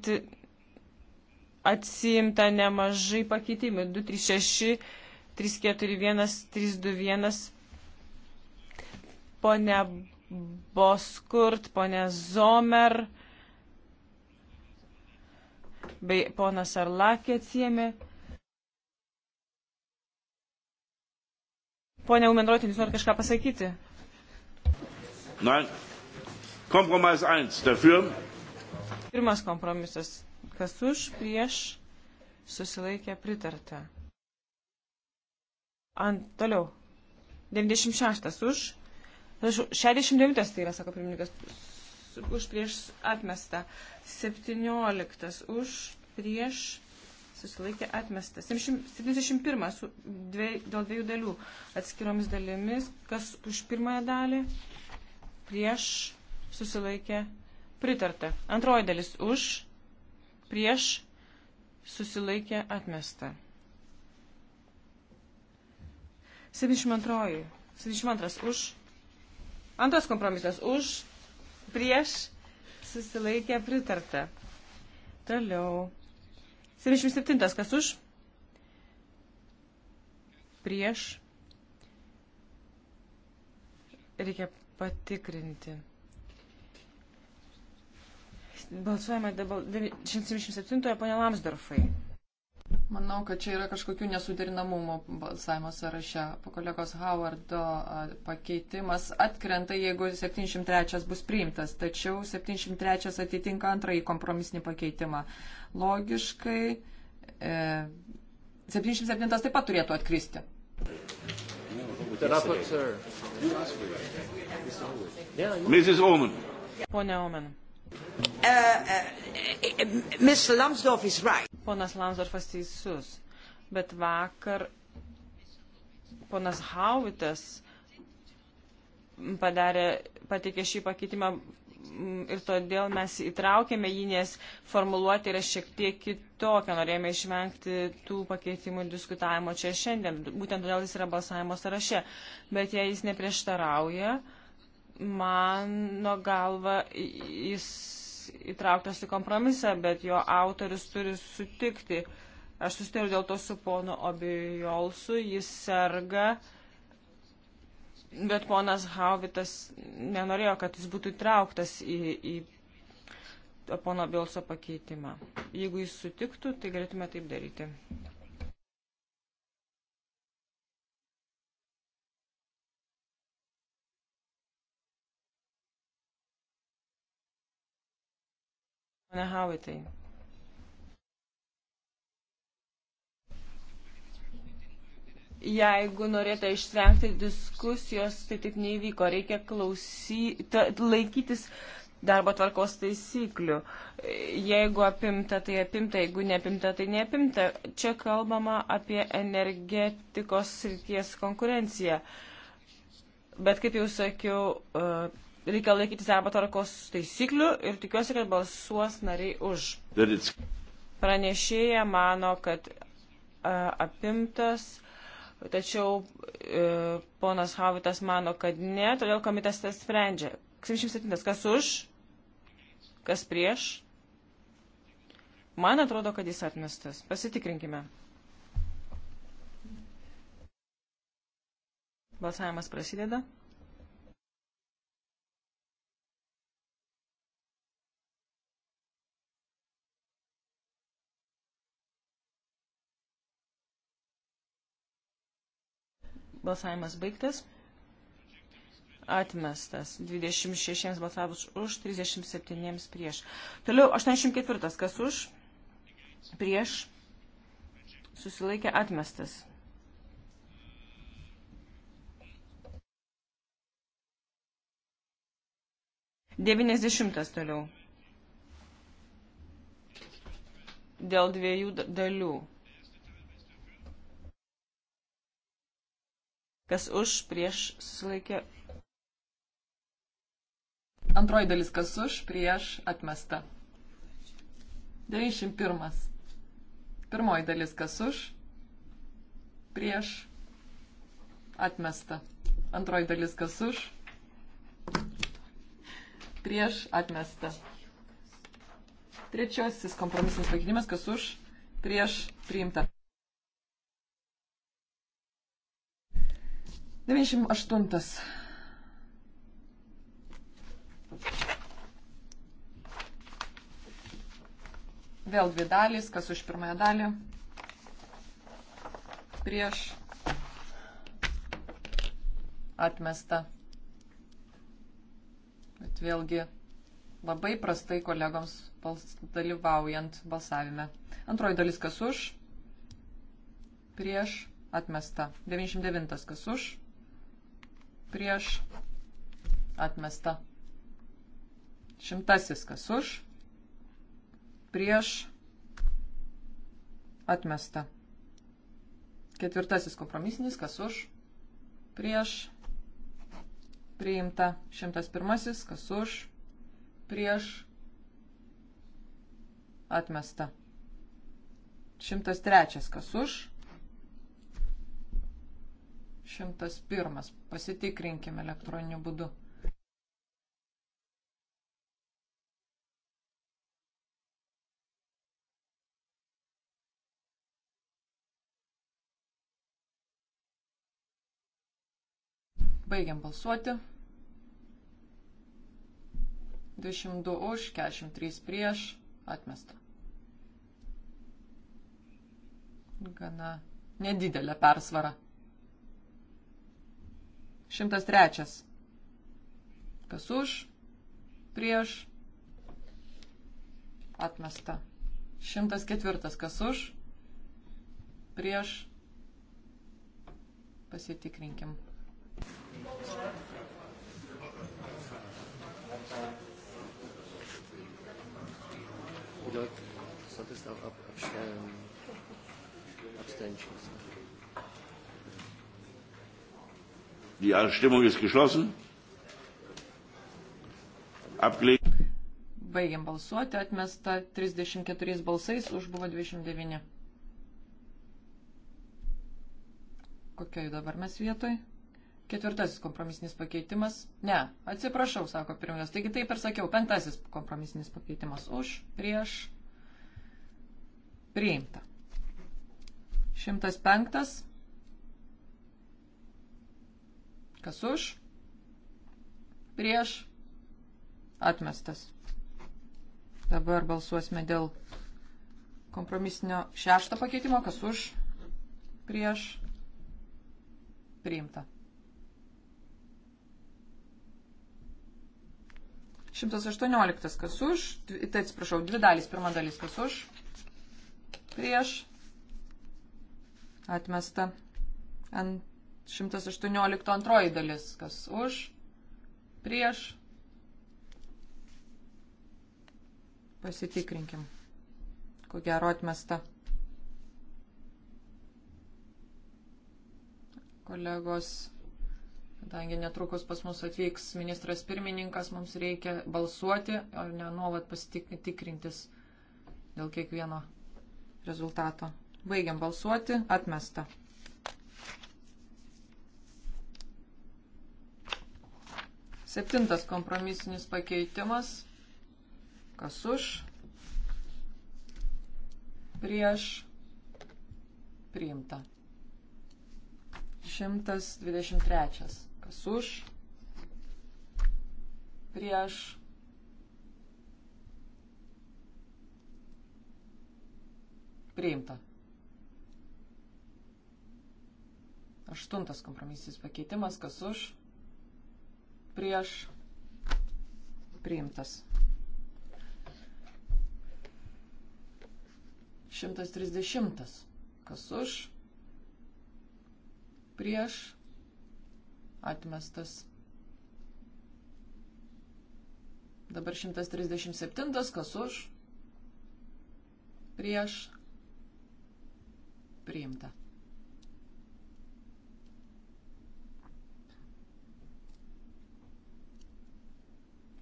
atsiimta nemažai pakeitimų. 236, 341, 321. Pone Boskurt, pone Zomer bei ponas Arlakė atsiemė. Pone Umenrotin, jūs norite kažką pasakyti? Nein. Kompromis 1 dafür. Pirmas kompromisas Kas už, prieš, susilaikė pritarta. Ant toliau. 96 už. 69 tai yra, sako pirmininkas, už prieš atmestą. 17 už prieš susilaikė atmestas. 71 su dvie, dėl dviejų dalių atskiromis dalimis, kas už pirmąją dalį prieš susilaikė pritarta. Antroji dalis už prieš susilaikė atmesta. 72. 72 už. Antras kompromisas už, prieš susilaikė pritarta. Toliau. 77. Kas už? Prieš. Reikia patikrinti balsuojame dėl 177-ojo, ponia Lamsdorfai. Manau, kad čia yra kažkokių nesuderinamumo balsavimo sąraše. Po kolegos Howardo pakeitimas atkrenta, jeigu 703 bus priimtas, tačiau 703 atitinka antrąjį kompromisinį pakeitimą. Logiškai e, 707 taip pat turėtų atkristi. Mrs. Omen. Pone Omen. Uh, uh, uh right. Ponas Lamsdorfas teisus, bet vakar ponas Hauvitas padarė, pateikė šį pakeitimą mm, ir todėl mes įtraukėme jį, nes formuluoti yra šiek tiek kitokia. Norėjome išvengti tų pakeitimų diskutavimo čia šiandien. Būtent todėl jis yra balsavimo sąraše. Bet jei jis neprieštarauja, uh, mano galva jis įtrauktas į kompromisą, bet jo autoris turi sutikti. Aš susitariu dėl to su ponu Obijolsu, jis serga, bet ponas Hauvitas nenorėjo, kad jis būtų įtrauktas į, į pono Obijolso pakeitimą. Jeigu jis sutiktų, tai galėtume taip daryti. Pone Havitai. Jeigu norėtų išsvengti diskusijos, tai taip neįvyko. Reikia klausy, ta, laikytis darbo tvarkos taisyklių. Jeigu apimta, tai apimta, jeigu neapimta, tai neapimta. Čia kalbama apie energetikos srities konkurenciją. Bet kaip jau sakiau, reikia laikytis arba tvarkos taisyklių ir tikiuosi, kad balsuos nariai už. Pranešėja mano, kad apimtas, tačiau e, ponas Havitas mano, kad ne, todėl komitas tas sprendžia. 77. Kas už? Kas prieš? Man atrodo, kad jis atmestas. Pasitikrinkime. Balsavimas prasideda. Balsavimas baigtas. Atmestas. 26 balsavus už, 37 prieš. Toliau 84. Kas už? Prieš. Susilaikė atmestas. Devyniasdešimtas toliau. Dėl dviejų dalių. Kas už, prieš, susilaikė. Antroji dalis, kas už, prieš, atmesta. 91. Pirmoji dalis, kas už, prieš, atmesta. Antroji dalis, kas už, prieš, atmesta. Trečiasis kompromisinis pakeitimas, kas už, prieš, priimta. 98. Vėl dvi dalys, kas už pirmąją dalį. Prieš. Atmesta. Bet vėlgi labai prastai kolegoms bals, dalyvaujant balsavime. Antroji dalis kas už. Prieš. Atmesta. 99 kas už prieš atmesta. Šimtasis kas už prieš atmesta. Ketvirtasis kompromisinis kas už prieš priimta. Šimtas pirmasis kas už prieš atmesta. Šimtas trečias kas už 101. Pasitikrinkime elektroniniu būdu. Baigiam balsuoti. 22 už, 43 prieš, atmesta. Gana nedidelė persvara. 103. Kas už, prieš, atmesta. 104. Kas už, prieš, pasitikrinkim. Oder solltest du auch abstellen? Abstentions. Die Abstimmung ist geschlossen. Abgelegt. Baigiam balsuoti, atmesta 34 balsais, už buvo 29. Kokioj dabar mes vietoj? Ketvirtasis kompromisinis pakeitimas. Ne, atsiprašau, sako pirmininkas. Taigi taip ir sakiau, penktasis kompromisinis pakeitimas už, prieš, priimta. 105 Kas už? Prieš. Atmestas. Dabar balsuosime dėl kompromisinio šešto pakeitimo. Kas už? Prieš. Priimta. 118. Kas už? Tai atsiprašau, dvi dalys. Pirma dalis. Kas už? Prieš. Atmesta. Ant 118 antroji dalis. Kas už, prieš. Pasitikrinkim. Ko gero atmesta. Kolegos, kadangi netrukus pas mus atvyks ministras pirmininkas, mums reikia balsuoti, o ne nuolat pasitikrintis dėl kiekvieno rezultato. Baigiam balsuoti, atmesta. Septintas kompromisinis pakeitimas. Kas už? Prieš. Priimta. 123. Kas už? Prieš. Priimta. Aštuntas kompromisinis pakeitimas, kas už, prieš priimtas. 130. Kas už prieš atmestas. Dabar 137. Kas už prieš priimta.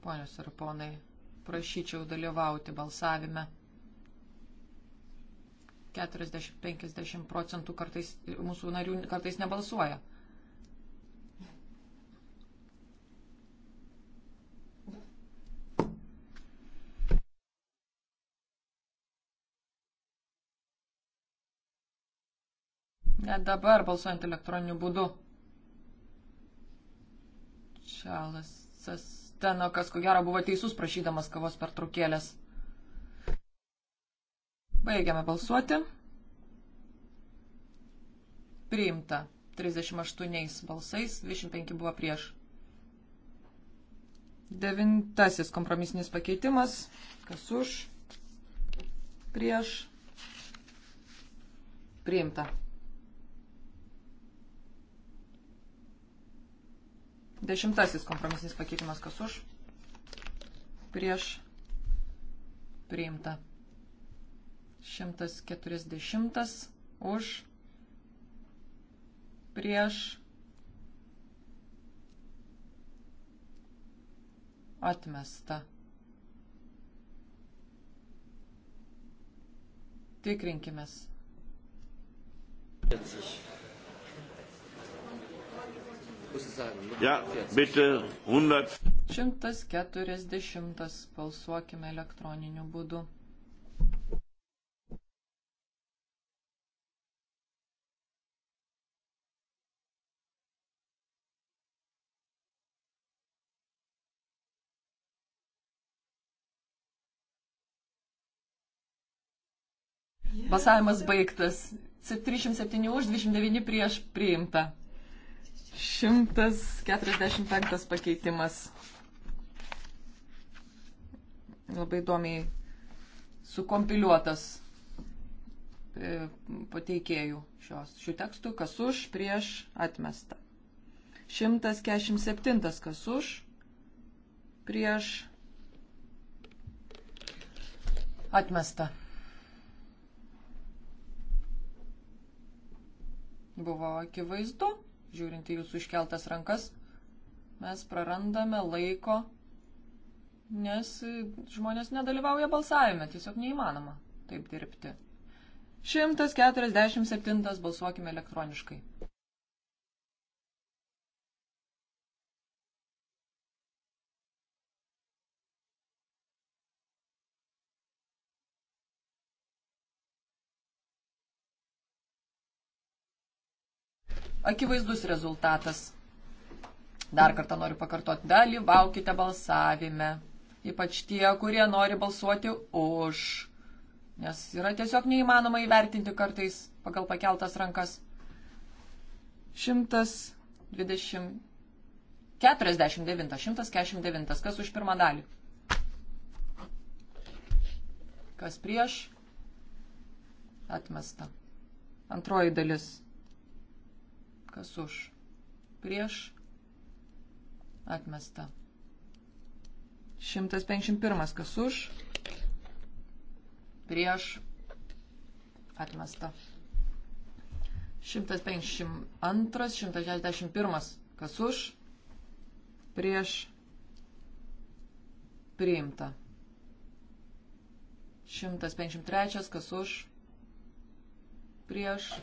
Ponios ir ponai, prašyčiau dalyvauti balsavime. 40-50 procentų kartais, mūsų narių kartais nebalsuoja. Net dabar balsuojant elektroniniu būdu. Čalas. Tenokas, ko gero, buvo teisus prašydamas kavos pertraukėlės. Baigiame balsuoti. Priimta 38 balsais, 25 buvo prieš. Devintasis kompromisinis pakeitimas. Kas už? Prieš. Priimta. Dešimtasis kompromisinis pakeitimas kas už, prieš priimta. 140 už, prieš atmesta. Tikrinkimės. 40. Nu, ja, bitte 100. 140 balsuokime elektroniniu būdu. Balsavimas baigtas. 307 už, 29 prieš priimta. 145 pakeitimas. Labai įdomiai sukompiliuotas e, pateikėjų šios, šių tekstų, kas už, prieš, atmesta. 147 kas už, prieš, atmesta. Buvo akivaizdu žiūrint į jūsų iškeltas rankas, mes prarandame laiko, nes žmonės nedalyvauja balsavime, tiesiog neįmanoma taip dirbti. 147 balsuokime elektroniškai. akivaizdus rezultatas. Dar kartą noriu pakartoti, dalyvaukite balsavime, ypač tie, kurie nori balsuoti už, nes yra tiesiog neįmanoma įvertinti kartais pagal pakeltas rankas. 120. 49, 149, kas už pirmą dalį? Kas prieš? Atmesta. Antroji dalis. Kas už? Prieš? Atmesta. 151. Kas už? Prieš? Atmesta. 152, 161. Kas už? Prieš? Priimta. 153. Kas už? Prieš?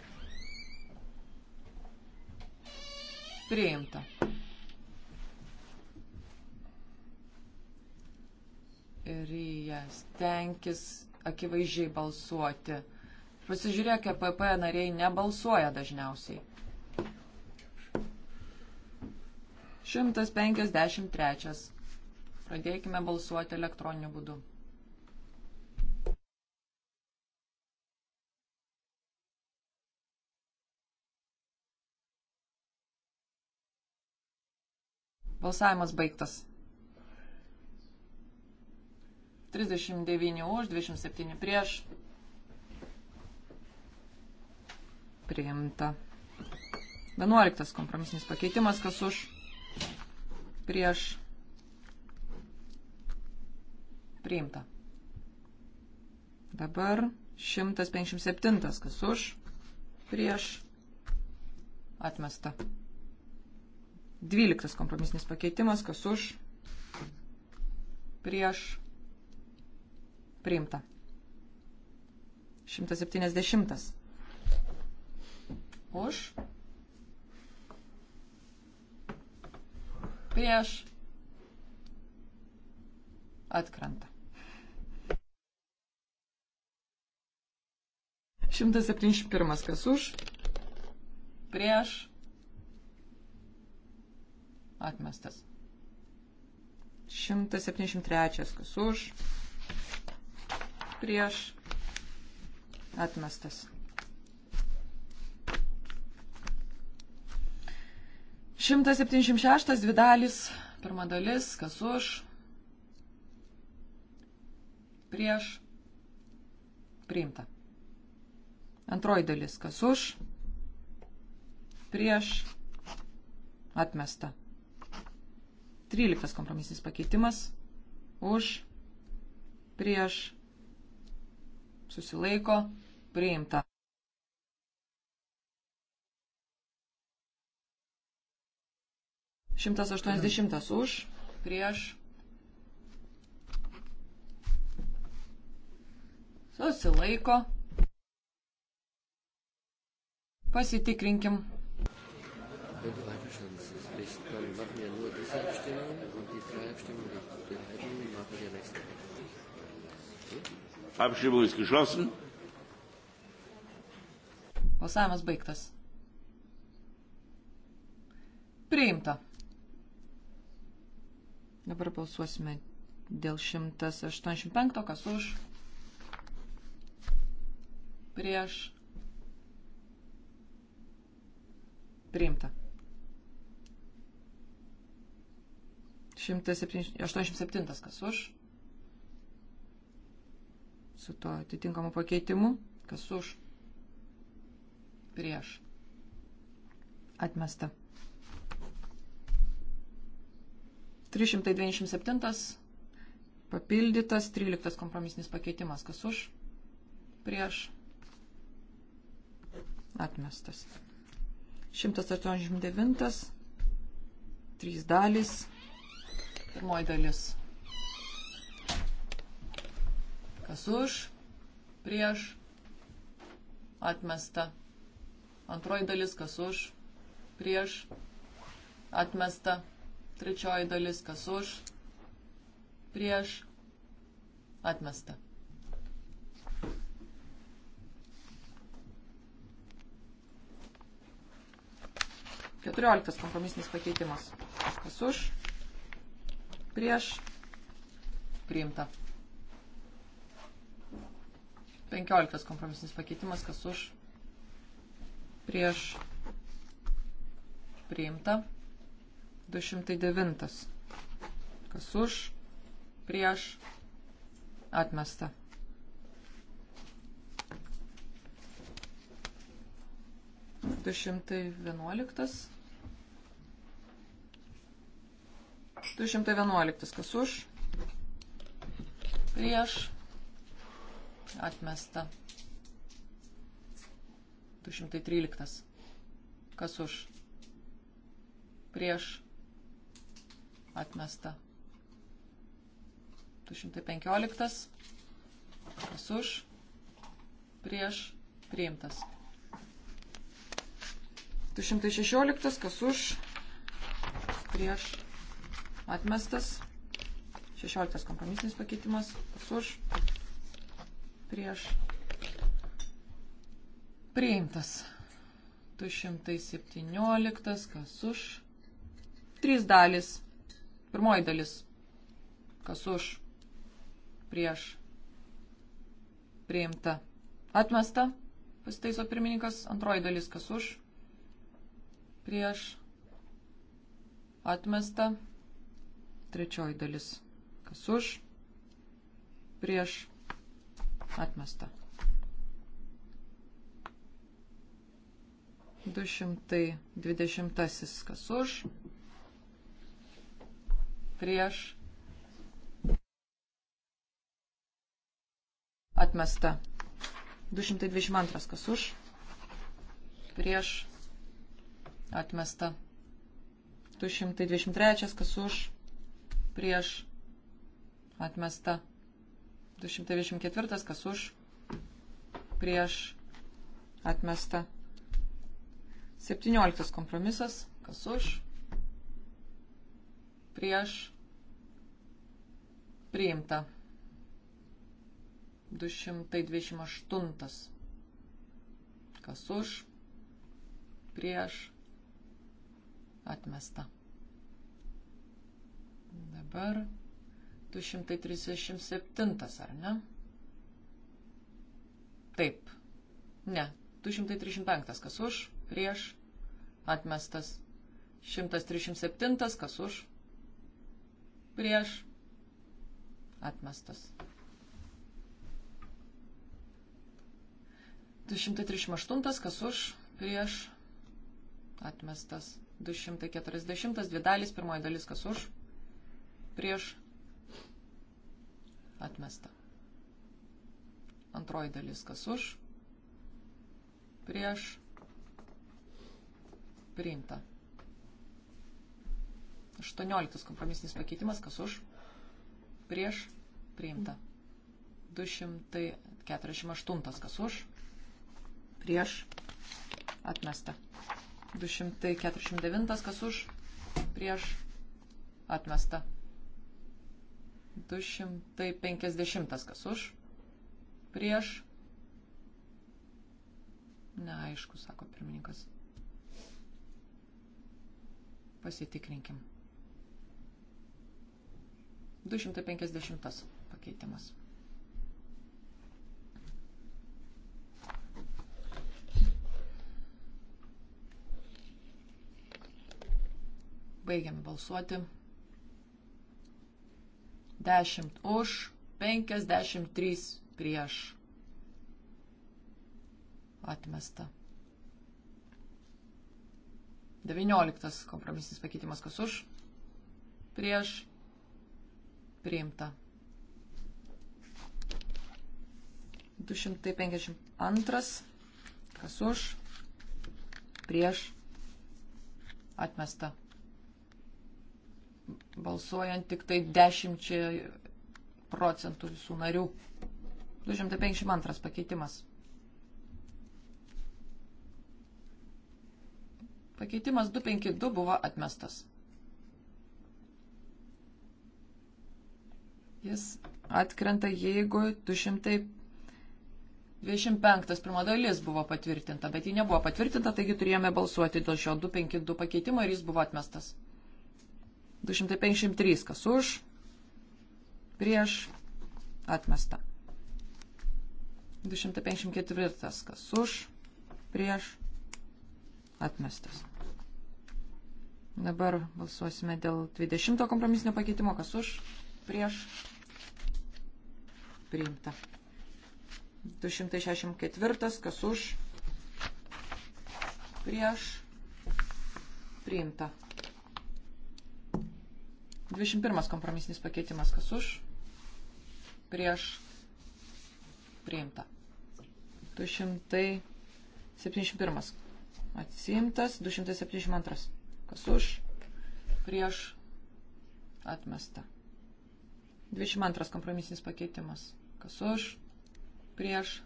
priimta. Ir jas tenkis akivaizdžiai balsuoti. Pasižiūrėk, PP e nariai nebalsuoja dažniausiai. 153. Pradėkime balsuoti elektroniniu būdu. Balsavimas baigtas. 39 už, 27 prieš. Priimta. 11 kompromisinis pakeitimas, kas už, prieš. Priimta. Dabar 157, kas už, prieš. Atmesta. Dvyliktas kompromisinis pakeitimas, kas už, prieš, priimta. 170. Už, prieš, atkrenta. 171 kas už, prieš, atmestas. 173 kas už, prieš, atmestas. 176 dvi dalis, pirma dalis, kas už, prieš, priimta. Antroji dalis, kas už, prieš, atmesta. 13 kompromisinis pakeitimas už, prieš, susilaiko, priimta. Šimtas aštuonisdešimtas už, prieš, susilaiko, pasitikrinkim. Thank you. Abstimmung ist geschlossen. Balsavimas baigtas. Priimta. Dabar balsuosime dėl 185, kas už, prieš, priimta. 187 kas už. Su tuo atitinkamu pakeitimu. Kas už. Prieš. Atmesta. 327 papildytas 13 kompromisinis pakeitimas. Kas už? Prieš. Atmestas. 189. 3 dalys. Pirmoji dalis. Kas už, prieš, atmesta. Antroji dalis, kas už, prieš, atmesta. Trečioji dalis, kas už, prieš, atmesta. Keturioliktas kompromisinis pakeitimas. Kas už? prieš priimta. 15 kompromisinis pakeitimas, kas už prieš priimta. 209 kas už prieš atmesta. Du šimtai vienuoliktas. 211 kas už, prieš, atmesta. 213 kas už, prieš, atmesta. 215 kas už, prieš, priimtas. 216 kas už, prieš, Atmestas. 16 kompromisinis pakeitimas. Kas už? Prieš. Priimtas. 217. Kas už? Trys dalis. Pirmoji dalis. Kas už? Prieš. Priimta. Atmesta. Pasitaiso pirmininkas. Antroji dalis. Kas už? Prieš. Atmesta. Trečioji dalis. Kas už? Prieš. Atmesta. 220. Kas už? Prieš. Atmesta. 222. Kas už? Prieš. Atmesta. 223. Kas už? prieš atmesta. 224 kas už prieš atmesta. 17 kompromisas kas už prieš priimta. 228 kas už prieš atmesta. Dabar 237, ar ne? Taip. Ne. 235, kas už, prieš, atmestas. 137, kas už, prieš, atmestas. 238, kas už, prieš, atmestas. 240, dvi dalis, pirmoji dalis, kas už, prieš atmesta. Antroji dalis kas už, prieš priimta. 18 kompromisinis pakeitimas kas už, prieš priimta. 248 kas už, prieš atmesta. 249 kas už, prieš atmesta. 250 kas už, prieš, neaišku, sako pirmininkas. Pasitikrinkim. 250 pakeitimas. Baigiam balsuoti. 10 už, 53 prieš. Atmesta. 19 kompromisinis pakeitimas kas už, prieš, priimta. 252 kas už, prieš, atmesta balsuojant tik tai 10 procentų visų narių. 252 pakeitimas. Pakeitimas 252 buvo atmestas. Jis atkrenta, jeigu 225 pirmo dalis buvo patvirtinta, bet ji nebuvo patvirtinta, taigi turėjome balsuoti dėl šio 252 pakeitimo ir jis buvo atmestas. 253 kas už, prieš, atmesta. 254 kas už, prieš, atmestas. Dabar balsuosime dėl 20 kompromisinio pakeitimo, kas už, prieš, priimta. 264 kas už, prieš, priimta. 21 kompromisinis pakeitimas, kas už, prieš, priimta. 271 atsimtas, 272 kas už, prieš, atmesta. 22 kompromisinis pakeitimas, kas už, prieš,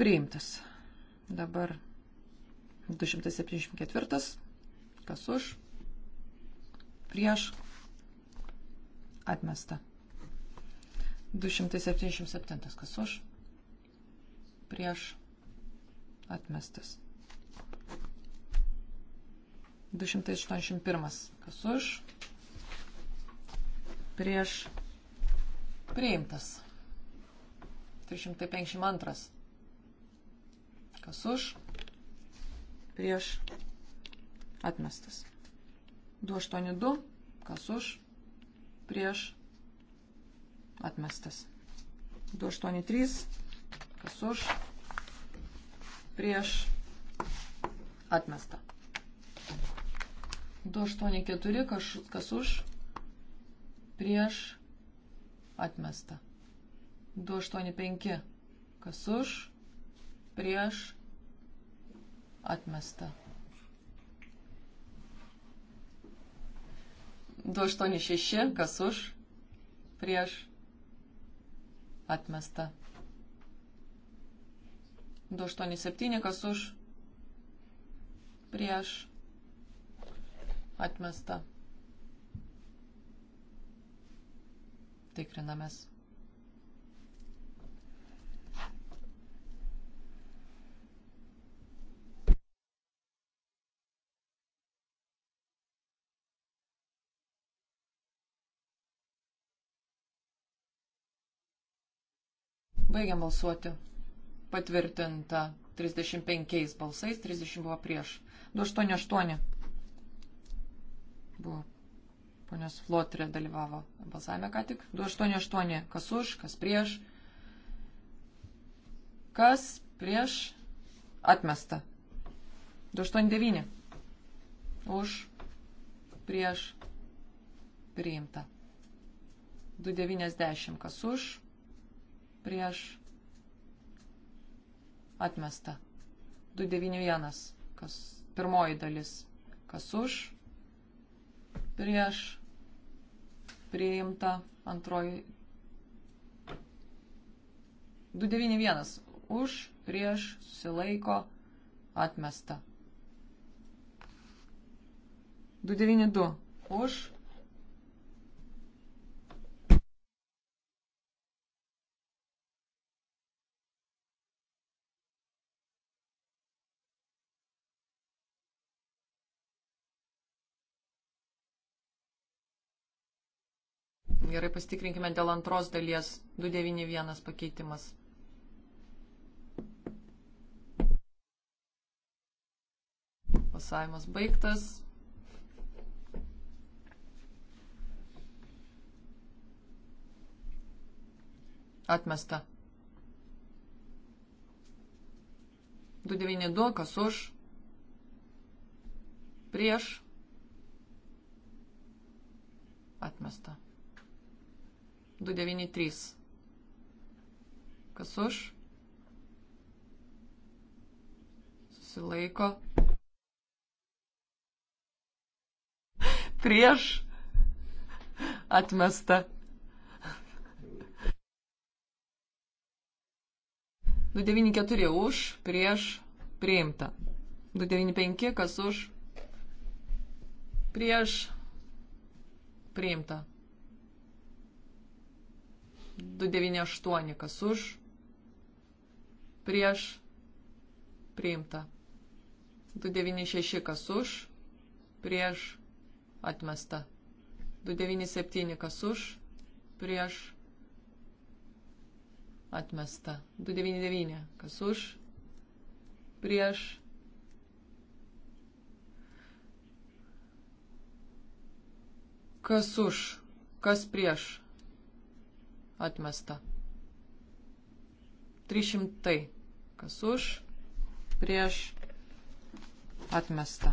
priimtas. Dabar 274 Kas už? Prieš. Atmesta. 277. Kas už? Prieš. Atmestas. 281. Kas už? Prieš. Priimtas. 352. Kas už? Prieš Atmestas. 282. Kas už? Prieš. Atmestas. 283. Kas už? Prieš. Atmesta. 284. Kas, kas už? Prieš. Atmesta. 285. Kas už? Prieš. Atmesta. 286, kas už, prieš, atmesta. 287, kas už, prieš, atmesta. Tikrinamės. Baigiam balsuoti. Patvirtinta 35 balsais, 30 buvo prieš. 288 buvo. Ponios Flotrė dalyvavo balsavime ką tik. 288. Kas už, kas prieš. Kas prieš atmesta. 289. Už, prieš, priimta. 290. Kas už, prieš atmesta. 291, kas pirmoji dalis, kas už, prieš priimta, antroji 291, už, prieš, susilaiko, atmesta. 292, už, Gerai, pasitikrinkime dėl antros dalies. 291 pakeitimas. Pasavimas baigtas. Atmesta. 292, kas už, prieš, atmesta. 293. Kas už? Susilaiko. Prieš atmesta. 294 už, prieš, priimta. 295 kas už, prieš, priimta. 298, kas už, prieš, priimta. 296, kas už, prieš, atmesta. 297, kas už, prieš, atmesta. 299, kas už, prieš, kas už, kas prieš Atmesta. 300. Kas už? Prieš. Atmesta.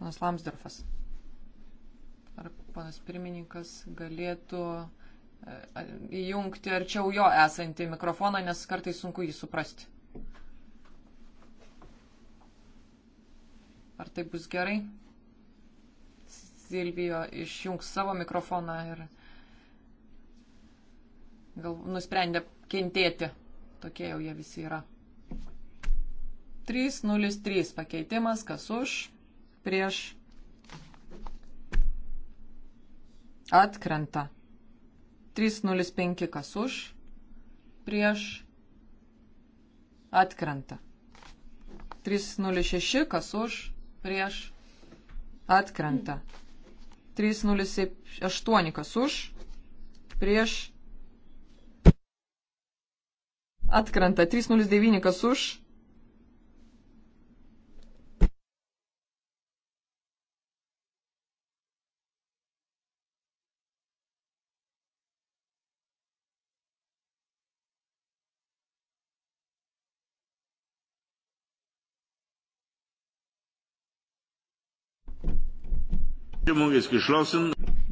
Panas Lamsdorfas. Ar panas pirmininkas galėtų e, įjungti arčiau jo esantį mikrofoną, nes kartais sunku jį suprasti. Ar tai bus gerai? Silvijo išjungs savo mikrofoną ir gal nusprendė kentėti. Tokie jau jie visi yra. 303 pakeitimas, kas už, prieš, atkrenta. 305 kas už, prieš, atkrenta. 306 kas už, prieš, atkrenta. 308 kas už, prieš, atkrenta. 309 kas už.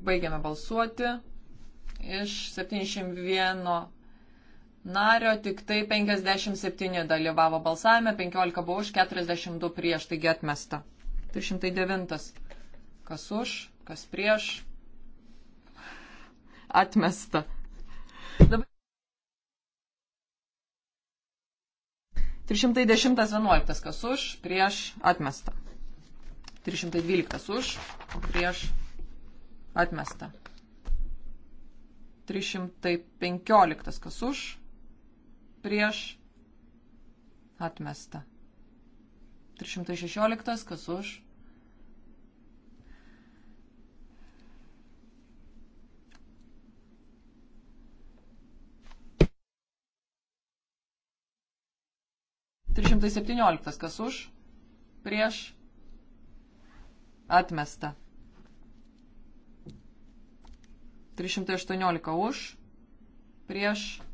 Baigiame balsuoti. Iš 71 nario, tik tai 57 dalyvavo balsavime, 15 buvo už, 42 prieš, taigi atmesta. 209. Kas už, kas prieš. Atmesta. Dabar 310.11. Kas už, prieš, atmesta. 312. Už, prieš, atmesta. 315. Kas už, prieš atmesta. 316, kas už. Trišimtai septynioliktas, kas už, prieš, atmesta. 318 už, prieš, atmesta.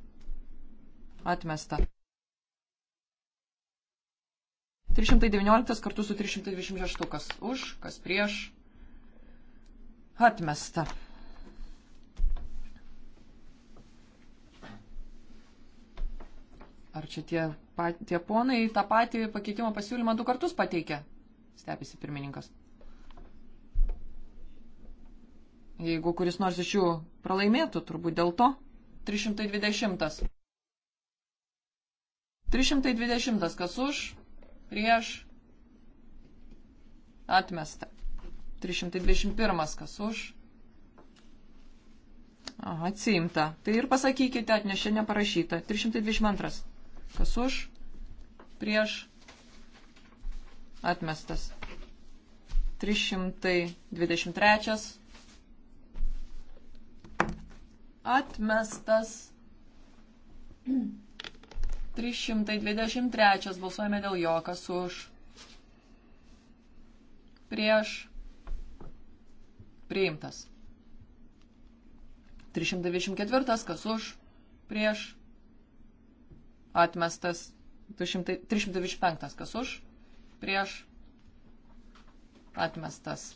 Atmesta. 319 kartu su 326. Kas už, kas prieš. Atmesta. Ar čia tie, pat, tie ponai tą patį pakeitimo pasiūlymą du kartus pateikė? Stebisi pirmininkas. Jeigu kuris nors iš jų pralaimėtų, turbūt dėl to 320. 320 kas už, prieš, atmesta. 321 kas už. Aha, atsiimta. Tai ir pasakykite, atnešė neparašyta. 322 kas už, prieš, atmestas. 323 atmestas. 323 balsuojame dėl jo, kas už. Prieš. Priimtas. 324 kas už. Prieš. Atmestas. 200, 325 kas už. Prieš. Atmestas.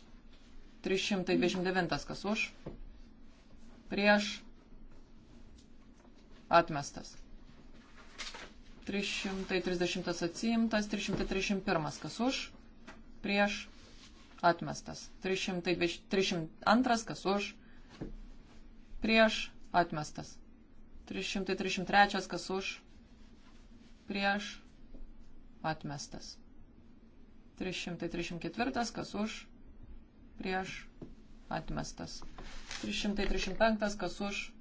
329 kas už. Prieš. Atmestas. 330 atsiimtas, 331 kas už, prieš, atmestas, 302 kas už, prieš, atmestas, 333 kas už, prieš, atmestas, 334 kas už, prieš, atmestas, 335 kas už,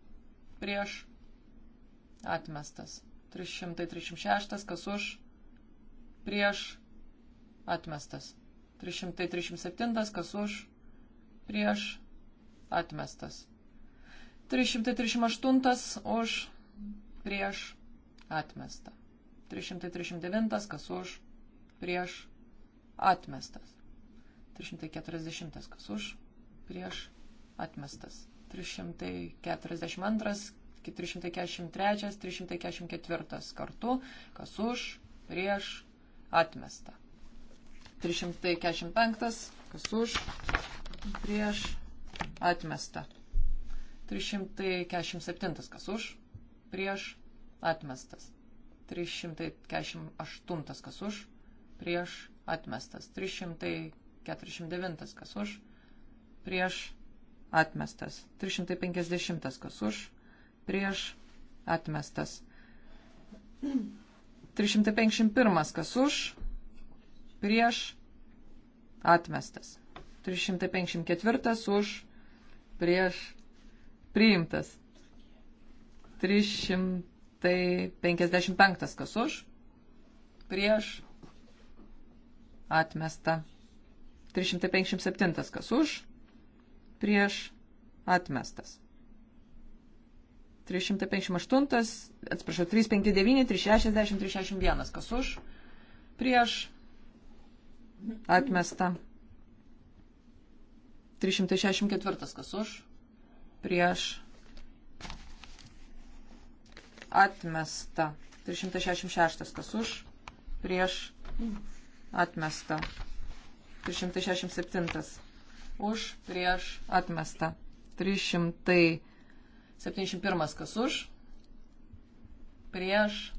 prieš, atmestas. 336, kas už, prieš, atmestas. 337, kas už, prieš, atmestas. 338 už, prieš, atmestą. 339, kas už, prieš, atmestas. 340, kas už, prieš, atmestas. 342, 343, 344 kartu, kas už, prieš, atmesta. 345, kas už, prieš, atmesta. 347, kas už, prieš, atmestas. 348, kas už, prieš, atmestas. 349, kas už, prieš, atmestas. 350, kas už, prieš atmestas. 351 kas už, prieš atmestas. 354 už, prieš priimtas. 355 kas už, prieš atmesta. 357 kas už, prieš atmestas. 358, atsiprašau, 359, 360, 361. Kas už? Prieš. Atmesta. 364. Kas už? Prieš. Atmesta. 366. Kas už? Prieš. Atmesta. 367. Už. Prieš. Atmesta. 300. 71 kas už, prieš,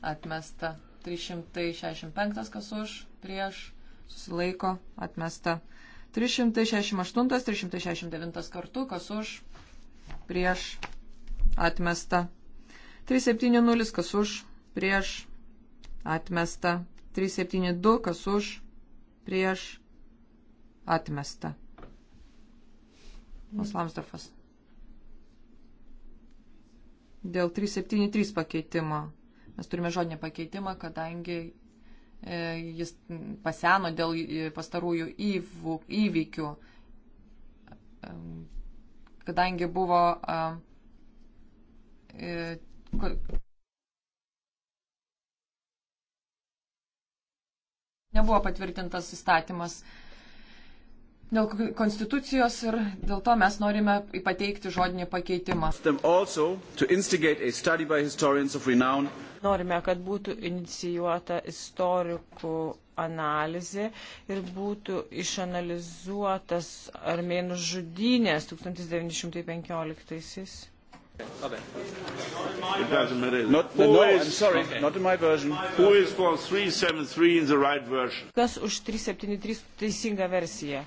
atmesta. 365 kas už, prieš, susilaiko, atmesta. 368, 369 kartų, kas už, prieš, atmesta. 370 kas už, prieš, atmesta. 372 kas už, prieš, atmesta. Oslamsdorfas. Dėl 373 pakeitimo. Mes turime žodinį pakeitimą, kadangi e, jis paseno dėl e, pastarųjų įvykių, kadangi buvo e, nebuvo patvirtintas įstatymas dėl konstitucijos ir dėl to mes norime pateikti žodinį pakeitimą. Norime, kad būtų inicijuota istorikų analizė ir būtų išanalizuotas armėnų žudynės 1915-aisiais. It doesn't matter. Not, no, no, I'm sorry, okay. not in my version. Who is for 373 in the right version? Kas už 373 teisingą versiją?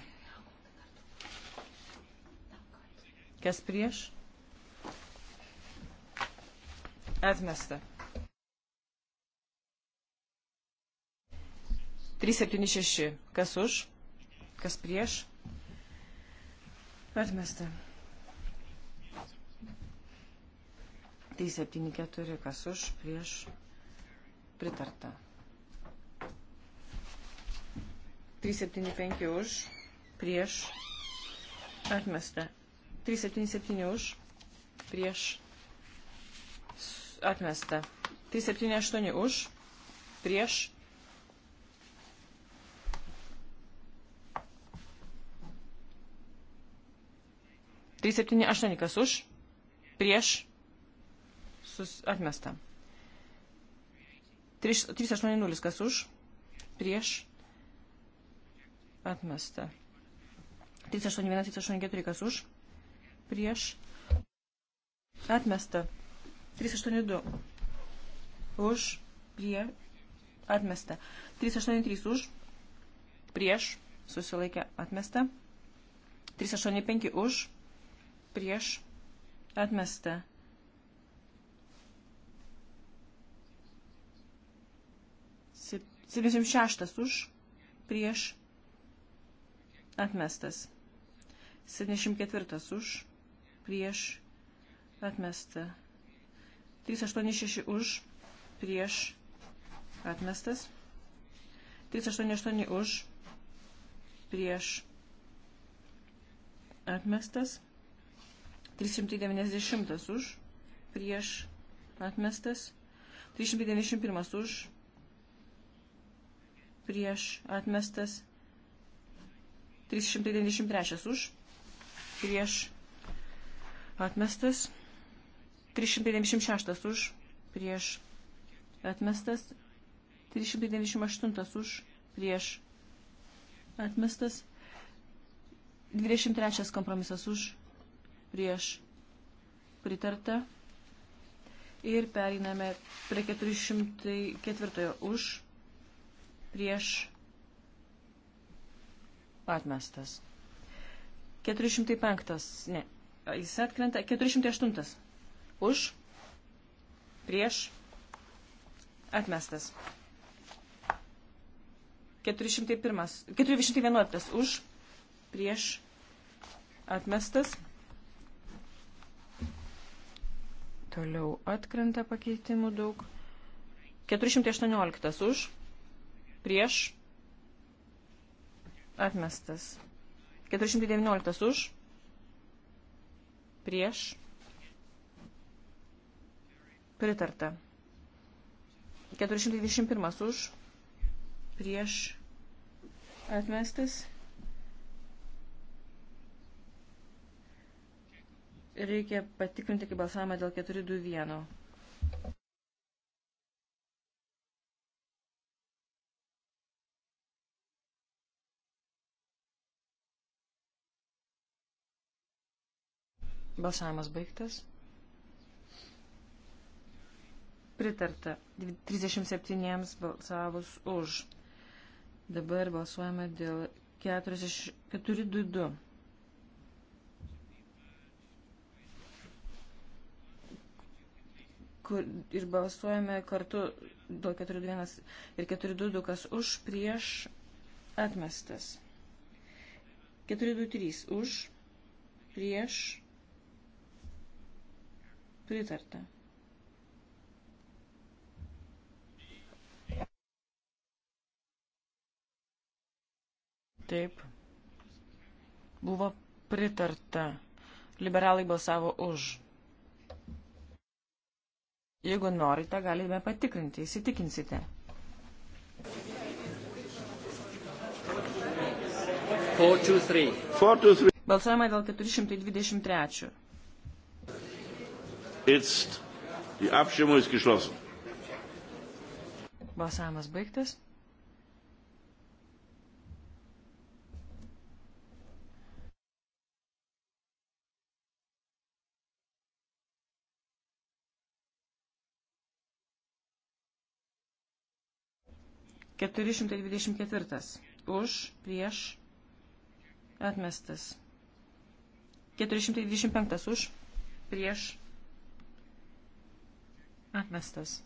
Kas prieš? Atmesta. 376. Kas už? Kas prieš? Atmesta. 374. Kas už? Prieš? Pritarta. 375 už, prieš, atmesta. 377 už, prieš atmesta. 378 už, prieš. Trys septyni aštuoni kas už, prieš, sus, atmesta. Trys aštuoni nulis kas už, prieš, atmesta. Trys aštuoni vienas, trys aštuoni keturi kas už, prieš atmesta. 382 už prie atmesta. 383 už prieš susilaikė atmesta. 385 už prieš atmesta. Se, 76 už prieš atmestas. 74 už prieš atmestą. 386 už prieš atmestas. 388 už prieš atmestas. 390 už prieš atmestas. 391 už prieš atmestas. 393 už prieš atmestas. 396 už, prieš atmestas. 398 už, prieš atmestas. 23 kompromisas už, prieš pritarta. Ir periname prie 404 už, prieš atmestas. 405, ne, Jis atkrenta 408. Už. Prieš. Atmestas. 401. 411. Už. Prieš. Atmestas. Toliau atkrenta pakeitimų daug. 418 už. Prieš. Atmestas. 419 už. Prieš. Pritarta. 421 už. Prieš. Atmestas. Reikia patikrinti, kaip balsavimą dėl 421. Balsavimas baigtas. Pritarta 37 balsavus už. Dabar balsuojame dėl 422. Kur, ir balsuojame kartu dėl 41 ir 422, kas už, prieš, atmestas. 423 už, prieš, Pritarta. Taip. Buvo pritarta. Liberalai balsavo už. Jeigu norite, galime patikrinti, įsitikinsite. Balsuojama dėl 423 ist. Die Abstimmung ist geschlossen. Balsavimas baigtas. Keturi šimtai dvidešimt ketvirtas. Už, prieš, atmestas. Keturi šimtai dvidešimt penktas. Už, prieš, atmestas Atmestas.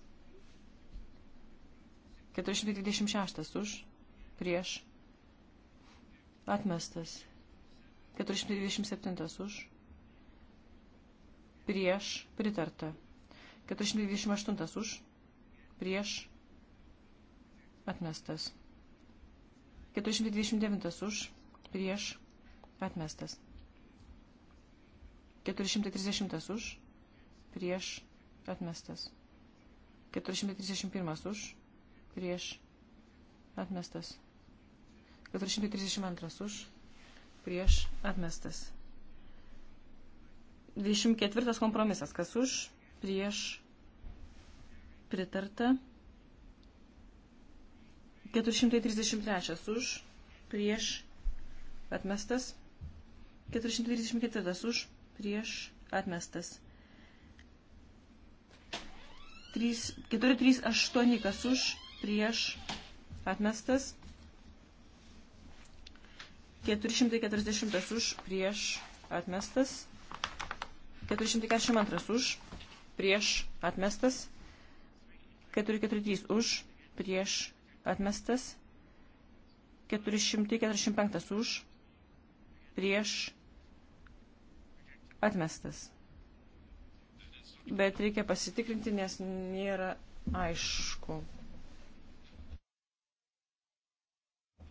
426 už, prieš. Atmestas. 427 už, prieš, pritarta. 428 už, prieš, atmestas. 429 už, prieš, atmestas. 430 už, prieš, atmestas. 431 už, prieš, atmestas. 432 už, prieš, atmestas. 24 kompromisas, kas už, prieš, pritarta. 433 už, prieš, atmestas. 434 už, prieš, atmestas. 438 kas už, prieš, atmestas. 440 už, prieš, atmestas. 442 už, prieš, atmestas. 443 už, prieš, atmestas. 445 už, prieš, atmestas bet reikia pasitikrinti, nes nėra aišku.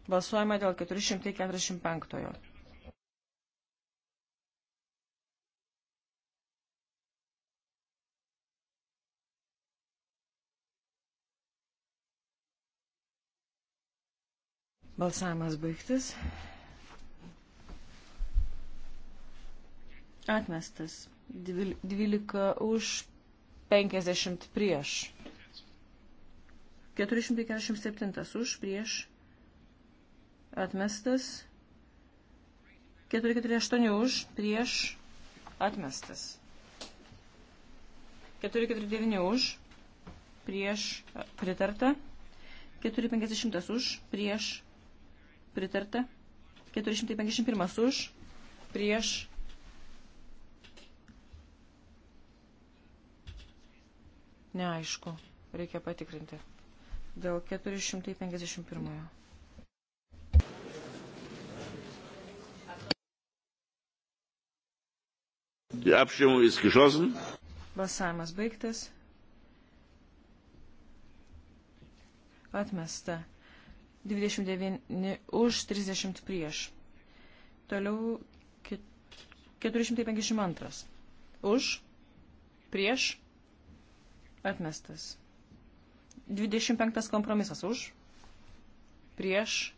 Balsuojama dėl 445. Balsavimas baigtas. Atmestas. 12 už 50 prieš. 447 už prieš atmestas. 448 už prieš atmestas. 449 už prieš pritarta. 450 už prieš pritarta. 451 už prieš Neaišku, reikia patikrinti. Dėl 451. Die Abstimmung ist geschlossen. Balsavimas baigtas. Atmesta. 29 už, 30 prieš. Toliau 452. Už, prieš, Atmestas. 25 kompromisas už. Prieš.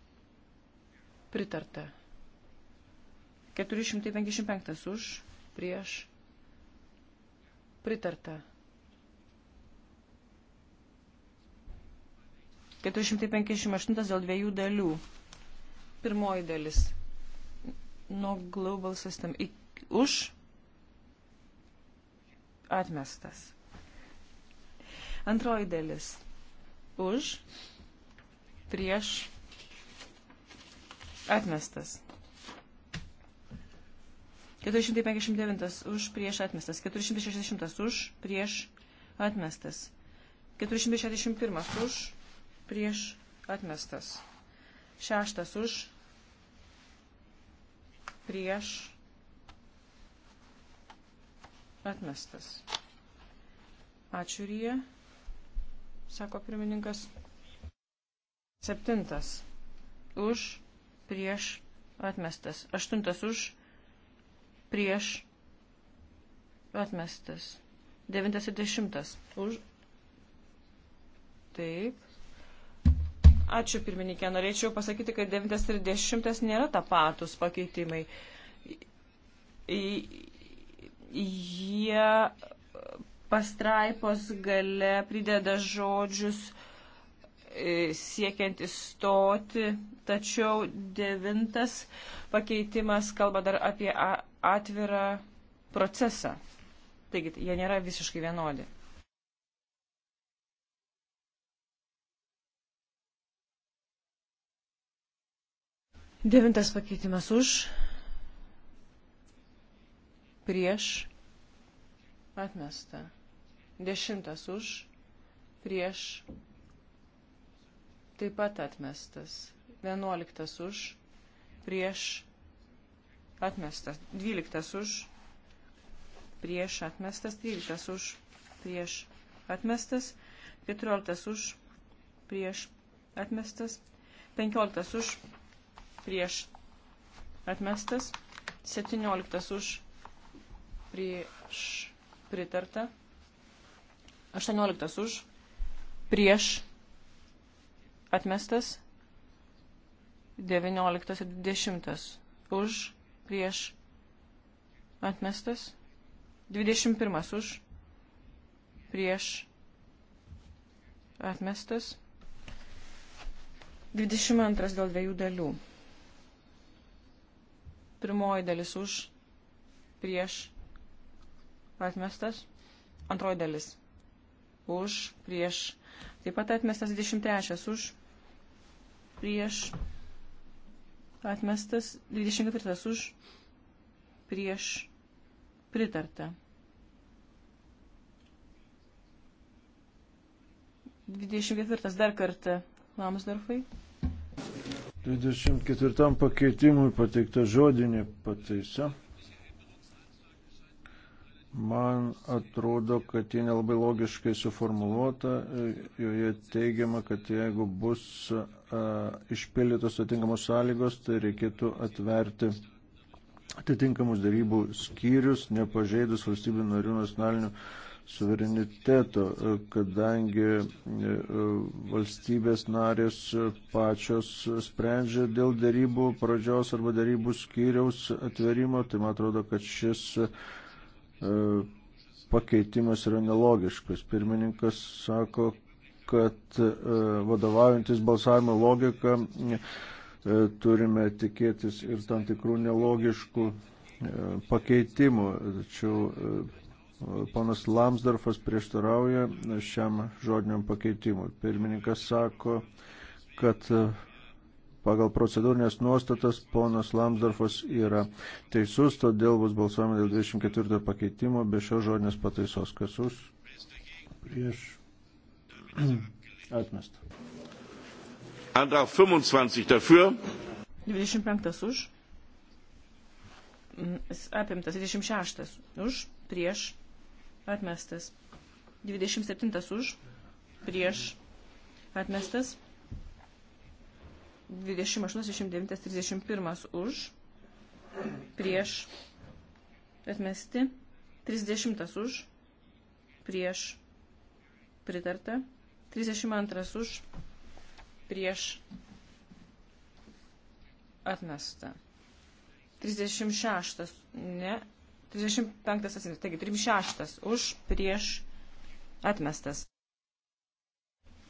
Pritarta. 455 už. Prieš. Pritarta. 458 dėl dviejų dalių. Pirmoji dalis. Nuo Global System. Į, už. Atmestas. Antroji dalis. Už, prieš, atmestas. 459 už, prieš, atmestas. 460 už, prieš, atmestas. 461 už, prieš, atmestas. Šeštas už, prieš, atmestas. Ačiū, Rija sako pirmininkas. Septintas. Už, prieš, atmestas. Aštuntas už, prieš, atmestas. Devintas ir dešimtas. Už. Taip. Ačiū pirmininkė. Norėčiau pasakyti, kad devintas ir dešimtas nėra tapatus pakeitimai. Jie pastraipos gale prideda žodžius e, siekiant įstoti, tačiau devintas pakeitimas kalba dar apie atvirą procesą. Taigi, jie nėra visiškai vienodi. Devintas pakeitimas už, prieš, atmesta. Dešimtas už, prieš, taip pat atmestas. Vienuoliktas už, prieš, atmestas. Dvyliktas už, prieš, atmestas. Tryliktas už, prieš, atmestas. Keturioliktas už, prieš, atmestas. Penkioliktas už, prieš, atmestas. Septynioliktas už, prieš, pritarta. 18 už, prieš atmestas, 19 ir 20 už, prieš atmestas, 21 už, prieš atmestas, 22 dėl dviejų dalių. Pirmoji dalis už, prieš atmestas, antroji dalis už, prieš. Taip pat atmestas 23 už, prieš. Atmestas 24 už, prieš. Pritarta. 24 dar kartą Lamsdorfai. 24 pakeitimui pateikta žodinė pataisa. Man atrodo, kad ji nelabai logiškai suformuoluota, joje teigiama, kad jeigu bus a, išpildytos atitinkamos sąlygos, tai reikėtų atverti atitinkamus darybų skyrius, nepažeidus valstybių narių nacionalinių suvereniteto, kadangi valstybės narės pačios sprendžia dėl darybų pradžios arba darybų skyriaus atverimo, tai man atrodo, kad šis E, pakeitimas yra nelogiškas. Pirmininkas sako, kad e, vadovaujantis balsavimo logika e, turime tikėtis ir tam tikrų nelogiškų pakeitimų. Tačiau panas Lamsdorfas prieštarauja šiam žodiniam pakeitimui. Pirmininkas sako, kad pagal procedūrinės nuostatas ponas Lamsdorfas yra teisus, todėl bus balsuojama dėl 24 pakeitimo be šio žodinės pataisos. Kas už? Prieš. Atmesta. Antrag 25 dafür. 25 už. Mm, apimtas 26 už. Prieš. Atmestas. 27 už. Prieš. Atmestas. 28, 29, 31 už, prieš, atmesti, 30 už, prieš, pritarta, 32 už, prieš, atmesta. 36, ne, 35 atsimtas, taigi 36 už, prieš, atmestas.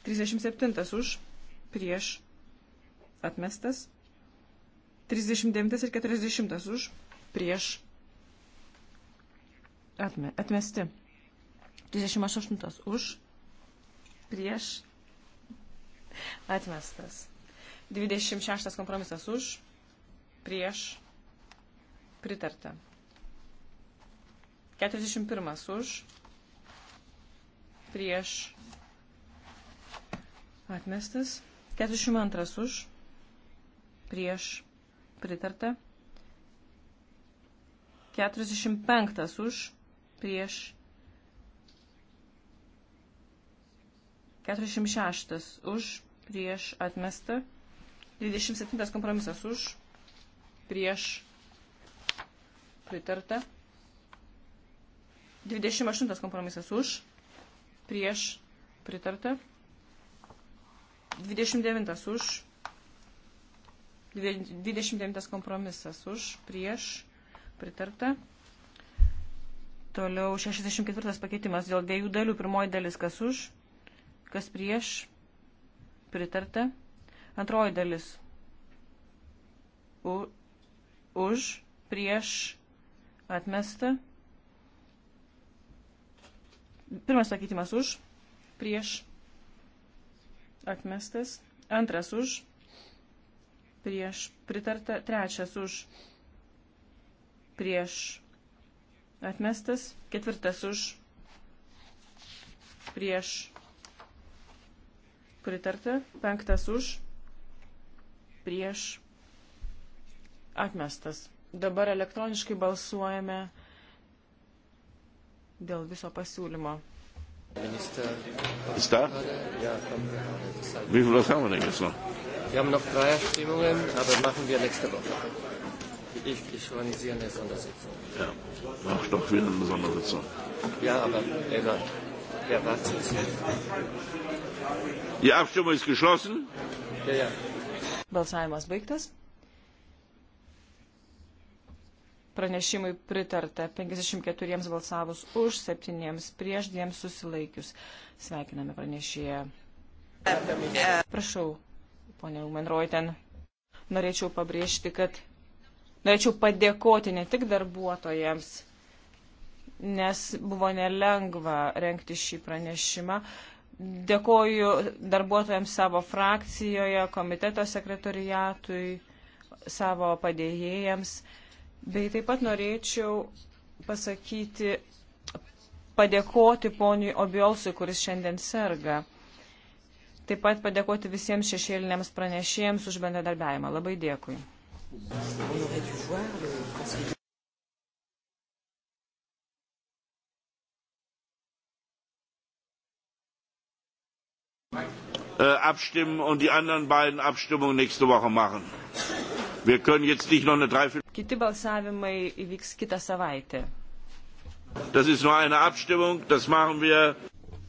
37 už, prieš, atmestas atmestas. 39 ir 40 už, prieš, atme, atmesti. 38 už, prieš, atmestas. 26 kompromisas už, prieš, pritarta. 41 už, prieš, atmestas. 42 už, prieš pritarta. 45 už prieš 46 už prieš atmestą. 27 kompromisas už prieš pritarta. 28 kompromisas už prieš pritarta. 29 už 29 kompromisas už, prieš, pritarta. Toliau 64 pakeitimas dėl dviejų dalių. Pirmoji dalis kas už, kas prieš, pritarta. Antroji dalis u, už, prieš, atmesta. Pirmas pakeitimas už, prieš, atmestas. Antras už, prieš pritarta, trečias už prieš atmestas, ketvirtas už prieš pritarta, penktas už prieš atmestas. Dabar elektroniškai balsuojame dėl viso pasiūlymo. Minister. Ist da? Ja, Wie viel Uhr haben wir denn jetzt noch? Wir haben noch drei Abstimmungen, aber machen wir nächste Woche. Ich, ich organisiere eine Sondersitzung. Ja, mach doch wieder eine Sondersitzung. Ja, aber egal. Ja, warten Sie. Die Abstimmung ist geschlossen. Ja, ja. Balsavimas baigtas. Pranešimui pritarta 54 balsavus už, 7 prieš, 2 susilaikius. Sveikiname pranešėją. Prašau ponia Umenroiten. Norėčiau pabrėžti, kad norėčiau padėkoti ne tik darbuotojams, nes buvo nelengva renkti šį pranešimą. Dėkoju darbuotojams savo frakcijoje, komiteto sekretoriatui, savo padėjėjams, bei taip pat norėčiau pasakyti, padėkoti poniui Obiolsui, kuris šiandien serga. Taip pat padėkoti visiems šešėliniams pranešėjams už bendradarbiavimą. Labai dėkui. Äh, abstimmen und die anderen beiden Abstimmungen nächste Woche machen. Wir können jetzt nicht noch eine Dreiviertel. Kiti balsavimai įvyks kitą savaitę. Das ist nur eine Abstimmung, das machen wir.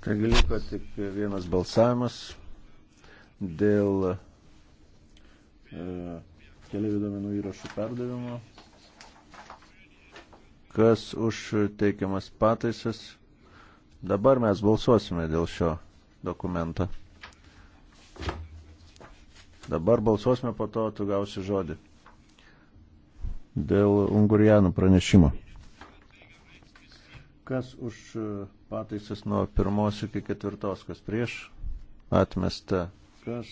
Taigi liko tik vienas balsavimas dėl e, keliaivių duomenų įrašų perdavimo. Kas už teikiamas pataisas? Dabar mes balsuosime dėl šio dokumento. Dabar balsuosime, po to tu gausi žodį. Dėl Ungurijanų pranešimo. Kas už e, pataisas nuo pirmos iki ketvirtos, kas prieš? Atmesta Kas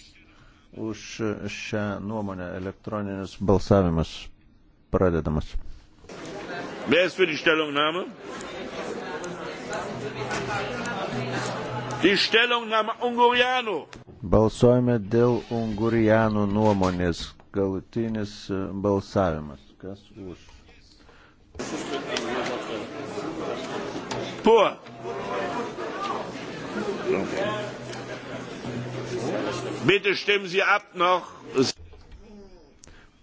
už šią nuomonę elektroninis balsavimas pradedamas? Wer ist für die Stellungnahme? Die Stellungnahme Unguriano. Balsuojame dėl Ungurianų nuomonės. Galutinis balsavimas. Kas už? Puo. Okay. Bitte stimmen Sie ab noch.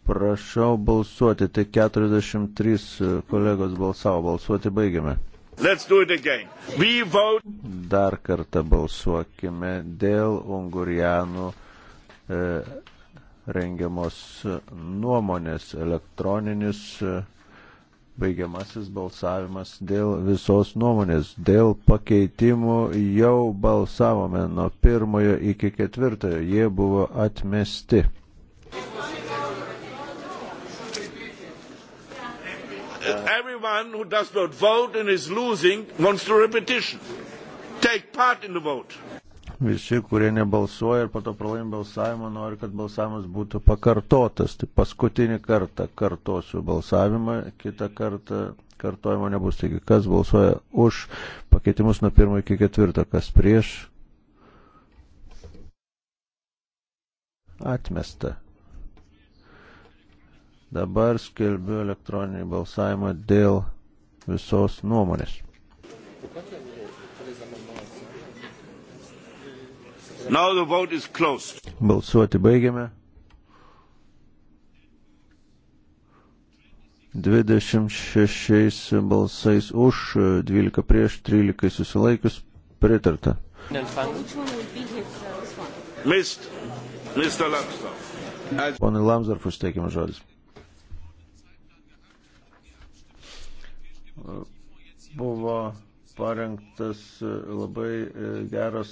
Prašau balsuoti, tai 43 kolegos balsavo, balsuoti baigiame. Let's do it again. We vote. Dar kartą balsuokime dėl Ungurianų e, rengiamos nuomonės elektroninis. E, baigiamasis balsavimas dėl visos nuomonės. Dėl pakeitimų jau balsavome nuo pirmojo iki ketvirtojo. Jie buvo atmesti. Everyone who does not vote and is losing wants to repetition. Take part in the vote visi, kurie nebalsuoja ir po to pralaim balsavimą, nori, kad balsavimas būtų pakartotas. Tai paskutinį kartą kartosiu balsavimą, kitą kartą kartojimo nebus. Taigi, kas balsuoja už pakeitimus nuo pirmo iki ketvirto, kas prieš. Atmesta. Dabar skelbiu elektroninį balsavimą dėl visos nuomonės. Thank you. Balsuoti baigiame. 26 balsais už, 12 prieš, 13 susilaikius, pritarta. Pone Lamsdorfus teikiamas žodis. Buvo parengtas labai geras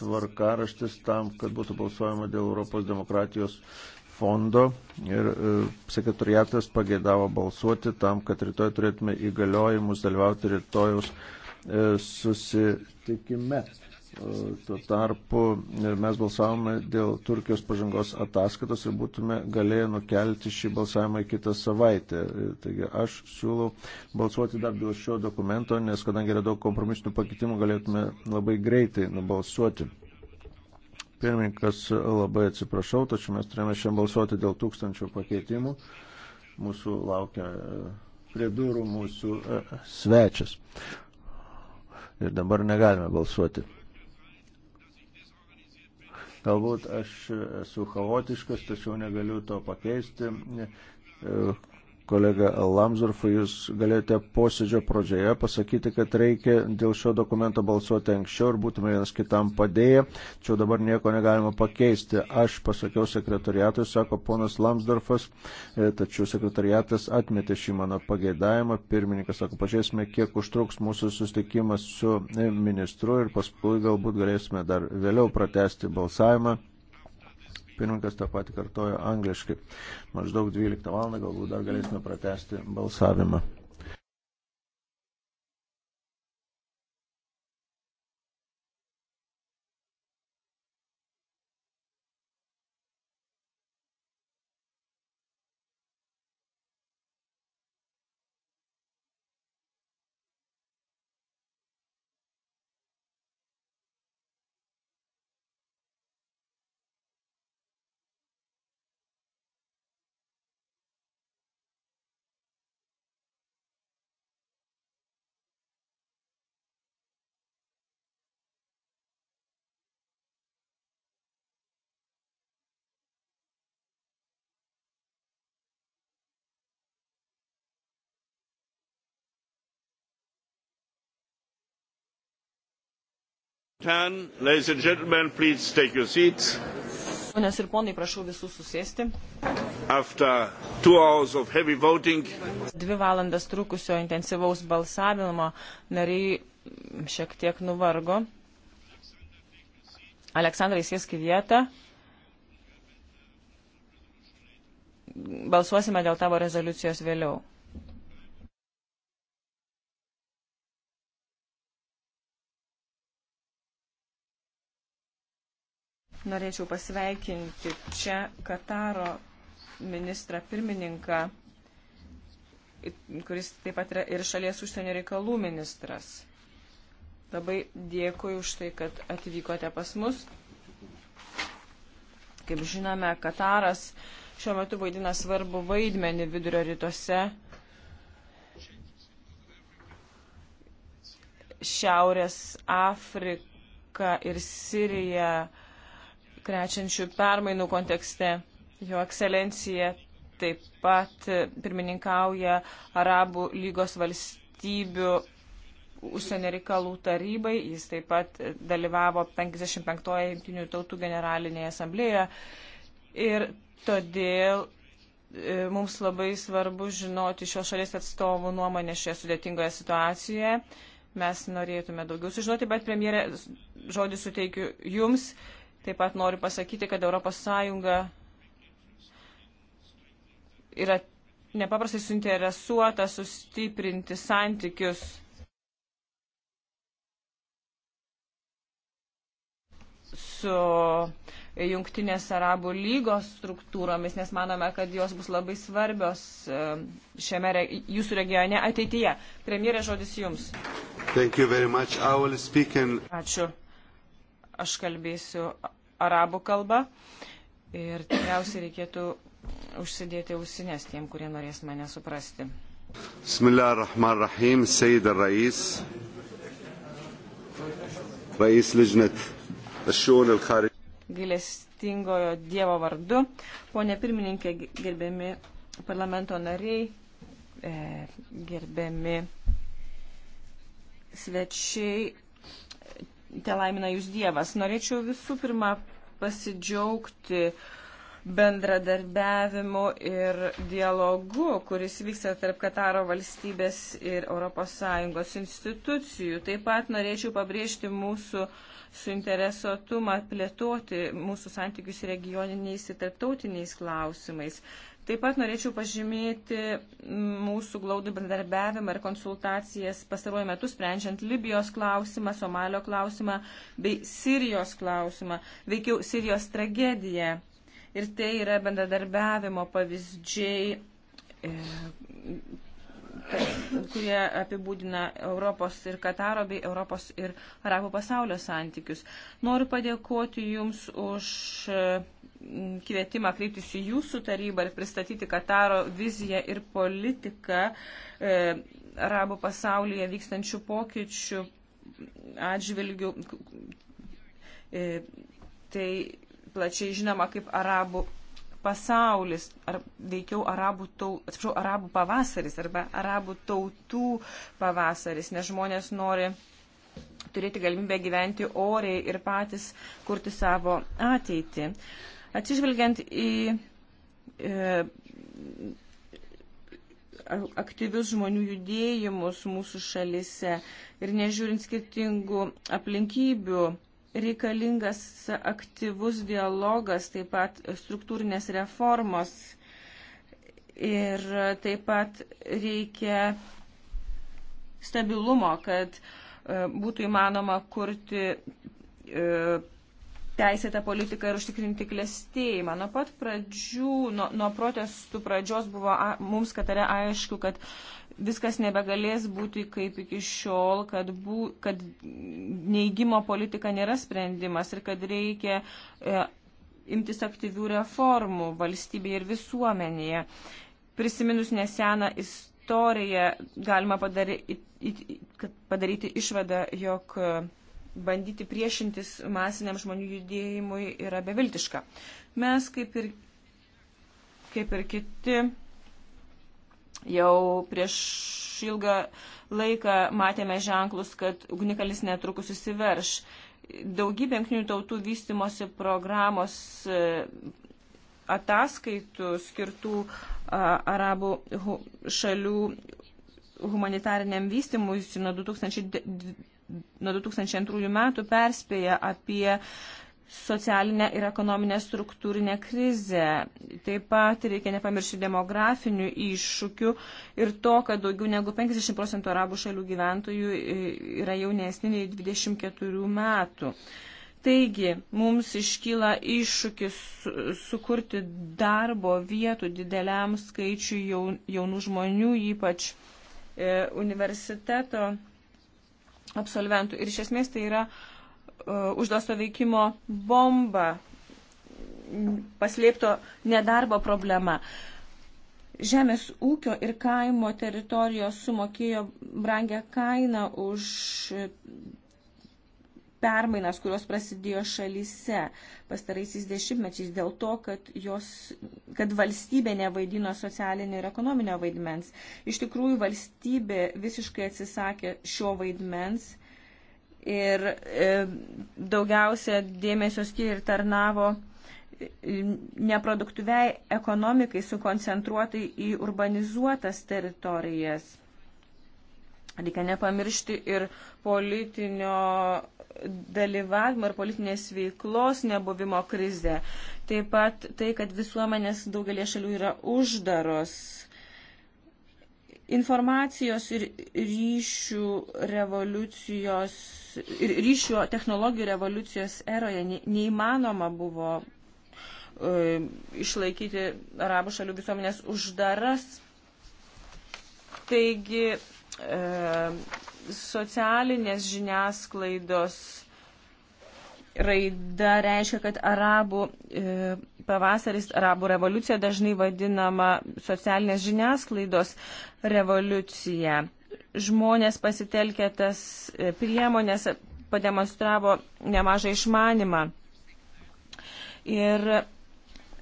tvarkaraštis tam, kad būtų balsuojama dėl Europos demokratijos fondo ir e, sekretariatas pagėdavo balsuoti tam, kad rytoj turėtume įgaliojimus dalyvauti rytojus e, susitikime. Tuo tarpu e, mes balsavome dėl Turkijos pažangos ataskaitos ir būtume galėję nukelti šį balsavimą į kitą savaitę. E, taigi aš siūlau balsuoti dar dėl šio dokumento, nes kadangi yra daug kompromisinių pakeitimų, galėtume labai greitai nubalsuoti. Pirmininkas e, labai atsiprašau, tačiau mes turėjome šiandien balsuoti dėl tūkstančių pakeitimų. Mūsų laukia prie durų mūsų svečias. Ir dabar negalime balsuoti. Galbūt aš esu chaotiškas, tačiau negaliu to pakeisti kolega Lamsdorfui, jūs galėjote posėdžio pradžioje pasakyti, kad reikia dėl šio dokumento balsuoti anksčiau ir būtume vienas kitam padėję, čia dabar nieko negalima pakeisti. Aš pasakiau sekretariatui, sako ponas Lamsdorfas, e, tačiau sekretariatas atmetė šį mano pageidavimą. Pirmininkas sako, pažiūrėsime, kiek užtruks mūsų susitikimas su e, ministru ir paskui galbūt galėsime dar vėliau pratesti balsavimą. Pirmininkas tą patį kartojo angliškai. Maždaug 12 val. galbūt dar galėsime pratesti balsavimą. Ten, ladies and gentlemen, please take your seats. Ponės ir ponai, prašau visus susėsti. After two hours of heavy voting. Dvi valandas trukusio intensyvaus balsavimo nariai šiek tiek nuvargo. Aleksandrai sėsk į vietą. Balsuosime dėl tavo rezoliucijos vėliau. Norėčiau pasveikinti čia Kataro ministrą pirmininką, kuris taip pat yra ir šalies užsienio reikalų ministras. Labai dėkui už tai, kad atvykote pas mus. Kaip žinome, Kataras šiuo metu vaidina svarbu vaidmenį vidurio rytuose, Šiaurės Afrika ir Sirija krečiančių permainų kontekste. Jo ekscelencija taip pat pirmininkauja Arabų lygos valstybių užsienio reikalų tarybai. Jis taip pat dalyvavo 55-oje Junktinių tautų generalinėje asamblėje. Ir todėl e, mums labai svarbu žinoti šios šalies atstovų nuomonę šioje sudėtingoje situacijoje. Mes norėtume daugiau sužinoti, bet premjerė, žodį suteikiu jums. Uh, Taip pat noriu pasakyti, kad ES yra nepaprastai suinteresuota sustiprinti santykius su Jungtinės Arabų lygos struktūromis, nes manome, kad jos bus labai svarbios e, šiame jūsų regione ateityje. Premjerė, žodis jums. In... Ačiū. Aš kalbėsiu arabų kalbą ir tikriausiai reikėtų užsidėti ausinės tiem, kurie norės mane suprasti. Bismillah ar-Rahman ar-Rahim, Seyyid ar-Rais, Rais Ližnet, Ašiūn al-Khari. Gailestingojo Dievo vardu, ponė pirmininkė, gerbiami parlamento nariai, e, gerbiami svečiai, te laimina jūs Dievas. Norėčiau visų pirma pasidžiaugti bendradarbiavimu ir dialogu, kuris vyksta tarp Kataro valstybės ir ES institucijų. Taip pat norėčiau pabrėžti mūsų suinteresuotumą plėtoti mūsų santykius regioniniais ir tarptautiniais klausimais. Taip pat norėčiau pažymėti mūsų glaudų bendarbiavimą ir konsultacijas pastaruoju metu sprendžiant Libijos klausimą, Somalio klausimą bei Sirijos klausimą, veikiau Sirijos tragediją. Ir tai yra bendradarbiavimo pavyzdžiai e, kurie apibūdina Europos ir Kataro bei Europos ir Arabų pasaulio santykius. Noriu padėkoti Jums už e, kvietimą kreiptis į Jūsų tarybą ir pristatyti Kataro viziją ir politiką e, Arabų pasaulyje vykstančių pokyčių atžvilgių. E, tai plačiai žinoma kaip Arabų pasaulis, ar veikiau arabų, tau, atsiprašau, arabų pavasaris arba arabų tautų pavasaris, nes žmonės nori turėti galimybę gyventi oriai ir patys kurti savo ateitį. Atsižvelgiant į e, aktyvius žmonių judėjimus mūsų šalise ir nežiūrint skirtingų aplinkybių, reikalingas aktyvus dialogas, taip pat struktūrinės reformos ir taip pat reikia stabilumo, kad e, būtų įmanoma kurti e, teisėtą politiką ir užtikrinti klėstėjimą. Nuo pat pradžių, nuo, nuo protestų pradžios buvo a, mums Katare aišku, kad viskas nebegalės būti kaip iki šiol, kad, bū, kad neįgymo politika nėra sprendimas ir kad reikia e, imtis aktyvių reformų valstybėje ir visuomenėje. Prisiminus neseną istoriją, galima padary, padaryti išvadą, jog e, bandyti priešintis masiniam žmonių judėjimui yra beviltiška. Mes kaip ir, kaip ir kiti Jau prieš ilgą laiką matėme ženklus, kad ugnikalis netrukus įsiverš. Daugybė jungtinių tautų vystimosi programos e, ataskaitų skirtų arabų šalių humanitariniam vystimui nuo 2000 nuo 2002 metų perspėja apie socialinę ir ekonominę struktūrinę krizę. Taip pat reikia nepamiršti demografinių iššūkių ir to, kad daugiau negu 50 procentų arabų šalių gyventojų e, yra jaunesni nei 24 metų. Taigi, mums iškyla iššūkis sukurti darbo vietų dideliam skaičiui jaunų žmonių, ypač e, universiteto absolventų. Ir iš esmės tai yra uh, E, užduosto veikimo bomba, paslėpto nedarbo problema. Žemės ūkio ir kaimo teritorijos sumokėjo brangę kainą už permainas, kurios prasidėjo šalyse pastaraisiais dešimtmečiais dėl to, kad, jos, kad valstybė nevaidino socialinio ir ekonominio vaidmens. Iš tikrųjų, valstybė visiškai atsisakė šio vaidmens ir e, daugiausia dėmesio skiria ir tarnavo e, neproduktyviai ekonomikai sukoncentruotai į urbanizuotas teritorijas. Reikia nepamiršti ir politinio dalyvavimo ir politinės veiklos nebuvimo krizė. Taip pat tai, kad visuomenės daugelie šalių yra uždaros Informacijos ir ryšių revoliucijos ir ryšio technologijų revoliucijos eroje neįmanoma buvo e, išlaikyti arabų šalių visuomenės uždaras. Taigi e, socialinės žiniasklaidos raida reiškia, kad arabų e, pavasaris, arabų revoliucija dažnai vadinama socialinės žiniasklaidos revoliucija. Žmonės pasitelkė tas e, priemonės, pademonstravo nemažą išmanimą. Ir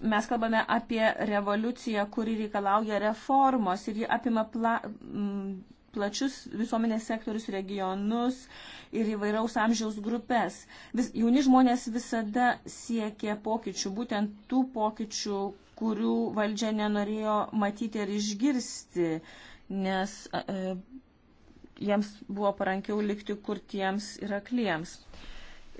mes kalbame apie revoliuciją, kuri reikalauja reformos ir ji apima pla, m, plačius visuomenės sektorius, regionus ir įvairaus amžiaus grupės. Vis, jauni žmonės visada siekė pokyčių, būtent tų pokyčių, kurių valdžia nenorėjo matyti ir išgirsti, nes e, jiems buvo parankiau likti kurtiems ir akliems.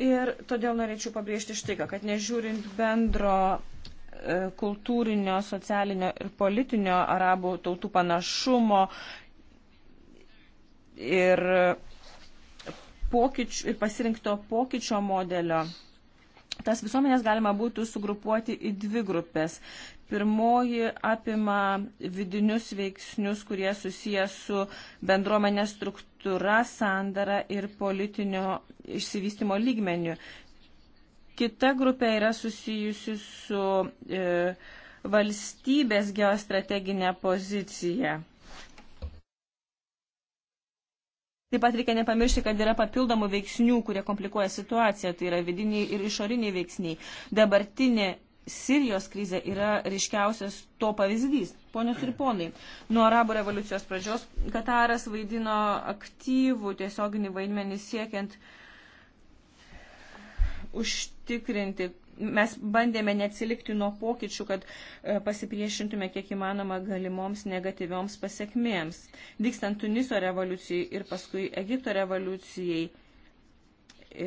Ir todėl norėčiau pabrėžti štai ką, kad nežiūrint bendro e, kultūrinio, socialinio ir politinio arabų tautų panašumo ir, pokyč, ir pasirinkto pokyčio modelio. Tas visuomenės galima būtų sugrupuoti į dvi grupės. Pirmoji apima vidinius veiksnius, kurie susijęs su bendruomenės struktūra, sandara ir politinio išsivystimo lygmeniu. Kita grupė yra susijusi su e, valstybės geostrateginė pozicija. Taip pat reikia nepamiršti, kad yra papildomų veiksnių, kurie komplikuoja situaciją, tai yra vidiniai ir išoriniai veiksniai. Dabartinė Sirijos krizė yra ryškiausias to pavyzdys. Ponios ir ponai, nuo arabų revoliucijos pradžios Kataras vaidino aktyvų tiesioginį vaidmenį siekiant užtikrinti mes bandėme neatsilikti nuo pokyčių, kad e, pasipriešintume kiek įmanoma galimoms negatyvioms pasiekmėms. Vykstant Tuniso revoliucijai ir paskui Egipto revoliucijai,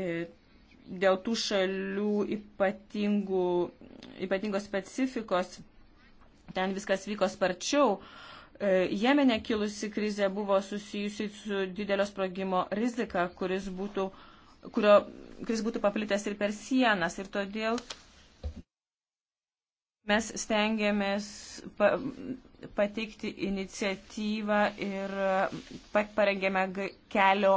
e, dėl tų šalių ypatingų, ypatingos specifikos, ten viskas vyko sparčiau. E, Jemenė kilusi krizė buvo susijusi su didelio sprogimo rizika, kuris būtų uh, kurio, kuris būtų paplitęs ir per sienas. Ir todėl mes stengiamės pa, pateikti iniciatyvą ir parengėme kelio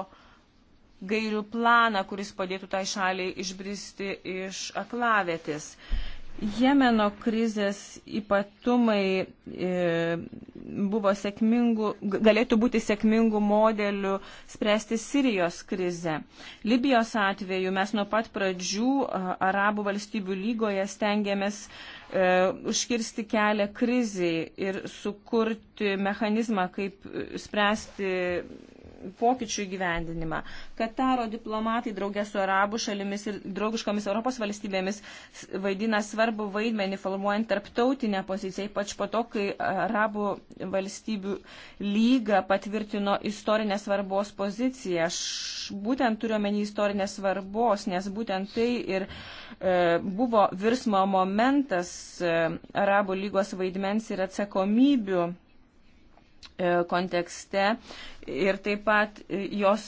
gairių planą, kuris padėtų tai šaliai išbristi iš aklavėtis. Uh, Jemeno krizės ypatumai e, buvo sėkmingų, galėtų būti sėkmingų modelių spręsti Sirijos krizę. Libijos atveju mes nuo pat pradžių Arabų valstybių lygoje stengiamės e, užkirsti kelią kriziai ir sukurti mechanizmą, kaip e, spręsti pokyčių įgyvendinimą. Kataro diplomatai draugė su arabų šalimis ir draugiškomis Europos valstybėmis vaidina svarbu vaidmenį formuojant tarptautinę poziciją, ypač po to, kai arabų valstybių lyga patvirtino istorinės svarbos poziciją. Aš būtent turiuomenį istorinės svarbos, nes būtent tai ir e, buvo virsmo momentas e, arabų lygos vaidmens ir atsakomybių E, kontekste ir taip pat e, jos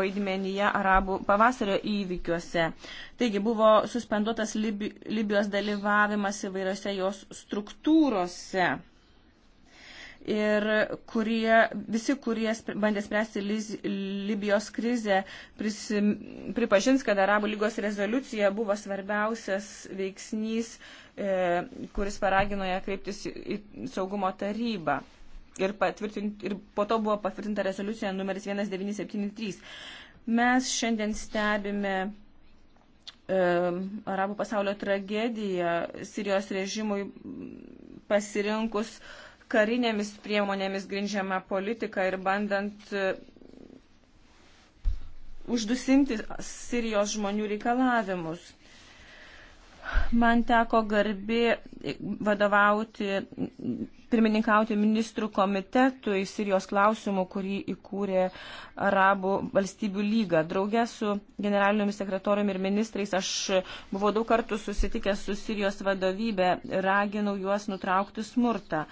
vaidmenyje arabų pavasario įvykiuose. Taigi buvo suspenduotas Libi Libijos dalyvavimas įvairiose jos struktūrose. Ir kurie, visi, kurie bandė spręsti Liz, Libijos krizę, prisim, pripažins, kad Arabų lygos rezoliucija buvo svarbiausias veiksnys, e, kuris paragino ją kreiptis į, į saugumo tarybą ir, ir po to buvo patvirtinta rezoliucija numeris 1973. Mes šiandien stebime e, arabų pasaulio tragediją Sirijos režimui pasirinkus karinėmis priemonėmis grindžiamą politiką ir bandant e, uždusinti Sirijos žmonių reikalavimus. Man teko garbi vadovauti, pirmininkauti ministrų komitetui Sirijos klausimų, kurį įkūrė Arabų valstybių lyga. Drauge su generaliniu sekretoriumi ir ministrais aš buvau daug kartų susitikęs su Sirijos vadovybė, raginau juos nutraukti smurtą.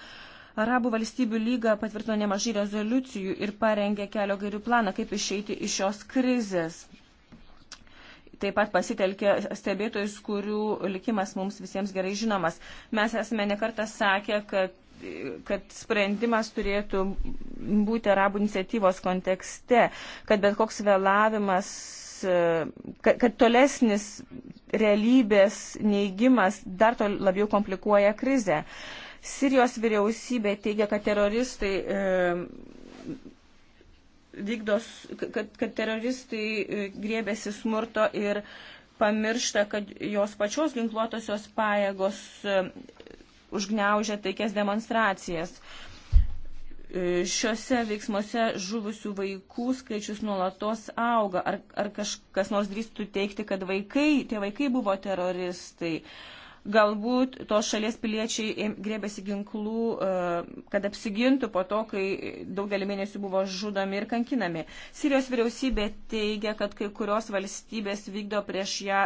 Arabų valstybių lyga patvirtino nemažai rezoliucijų ir parengė kelio gairių planą, kaip išeiti iš šios krizės taip pat pasitelkė stebėtojus, kurių likimas mums visiems gerai žinomas. Mes esame nekartą sakę, kad kad sprendimas turėtų būti arabų iniciatyvos kontekste, kad bet koks vėlavimas, kad, kad tolesnis realybės neigimas dar to labiau komplikuoja krizę. Sirijos vyriausybė teigia, kad teroristai e, vykdos, kad, kad teroristai e, griebėsi smurto ir pamiršta, kad jos pačios ginkluotosios pajėgos e, užgneužia taikias demonstracijas. E, šiuose veiksmuose žuvusių vaikų skaičius nuolatos auga. Ar, ar kažkas nors drįstų teikti, kad vaikai, tie vaikai buvo teroristai? Uh, Galbūt tos šalies piliečiai grėbėsi ginklų, e, kad apsigintų po to, kai daugelį mėnesių buvo žudomi ir kankinami. Sirijos vyriausybė teigia, kad kai kurios valstybės vykdo prieš ją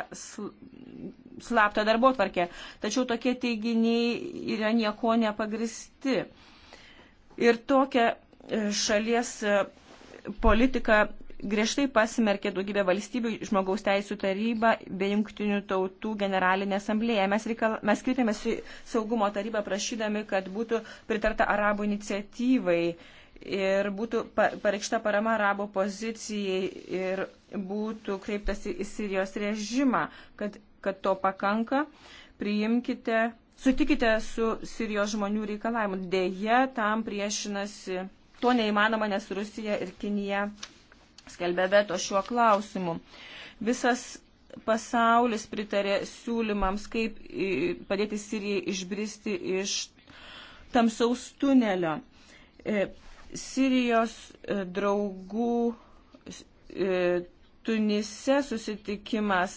slaptą darbo tvarkę, tačiau tokie teiginiai yra nieko nepagristi. Ir tokia e, šalies e, politika griežtai pasmerkė daugybę valstybių žmogaus teisų tarybą bei jungtinių tautų generalinė asamblėja. Mes, reikal, mes kreipėmės į saugumo tarybą prašydami, kad būtų pritarta arabų iniciatyvai ir būtų pareikšta parama arabų pozicijai ir būtų kreiptasi į Sirijos režimą, kad, kad to pakanka. Priimkite, sutikite su Sirijos žmonių reikalavimu. Deja, tam priešinasi. To neįmanoma, nes Rusija ir Kinija skelbė veto šiuo klausimu. Visas pasaulis pritarė siūlymams, kaip e, padėti Sirijai išbristi iš tamsaus tunelio. E, Sirijos e, draugų Tunise susitikimas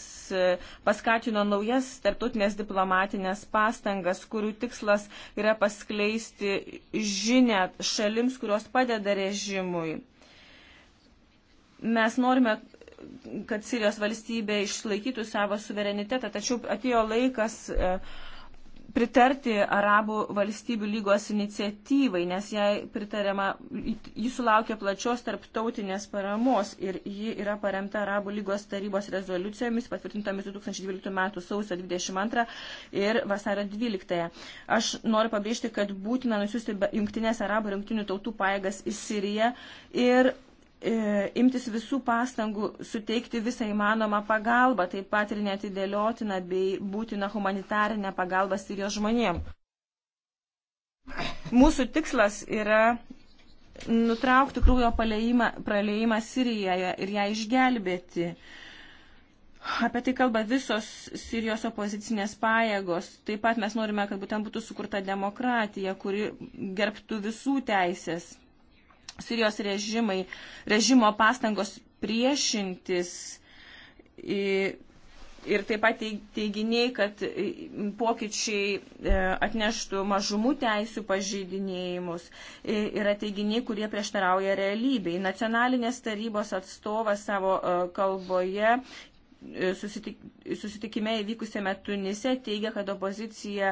paskatino naujas tarptautinės diplomatinės pastangas, kurių tikslas yra paskleisti žinę šalims, kurios padeda režimui. Mes norime, kad Sirijos valstybė išlaikytų savo suverenitetą, tačiau atėjo laikas e, pritarti Arabų valstybių lygos iniciatyvai, nes jai pritariama, ji sulaukia plačios tarptautinės paramos ir ji yra paremta Arabų lygos tarybos rezoliucijomis patvirtintomis 2012 m. sausio 22 ir vasario 12. Aš noriu pabrėžti, kad būtina nusiųsti jungtinės Arabų ir jungtinių tautų paėgas į Siriją ir E, imtis visų pastangų suteikti visą įmanomą pagalbą, taip pat ir netidėliotiną bei būtiną humanitarinę pagalbą Sirijos žmonėm. Mūsų tikslas yra nutraukti krūvio praleimą Sirijoje ir ją išgelbėti. Apie tai kalba visos Sirijos opozicinės pajėgos. Taip pat mes norime, kad būtent būtų sukurta demokratija, kuri gerbtų visų teisės Sirijos režimai, režimo pastangos priešintis ir taip pat teiginiai, kad e, pokyčiai e, atneštų mažumų teisų pažeidinėjimus, e, yra teiginiai, kurie prieštarauja realybei. Nacionalinės tarybos atstovas savo kalboje susitik, susitikime įvykusėme Tunise teigia, kad opozicija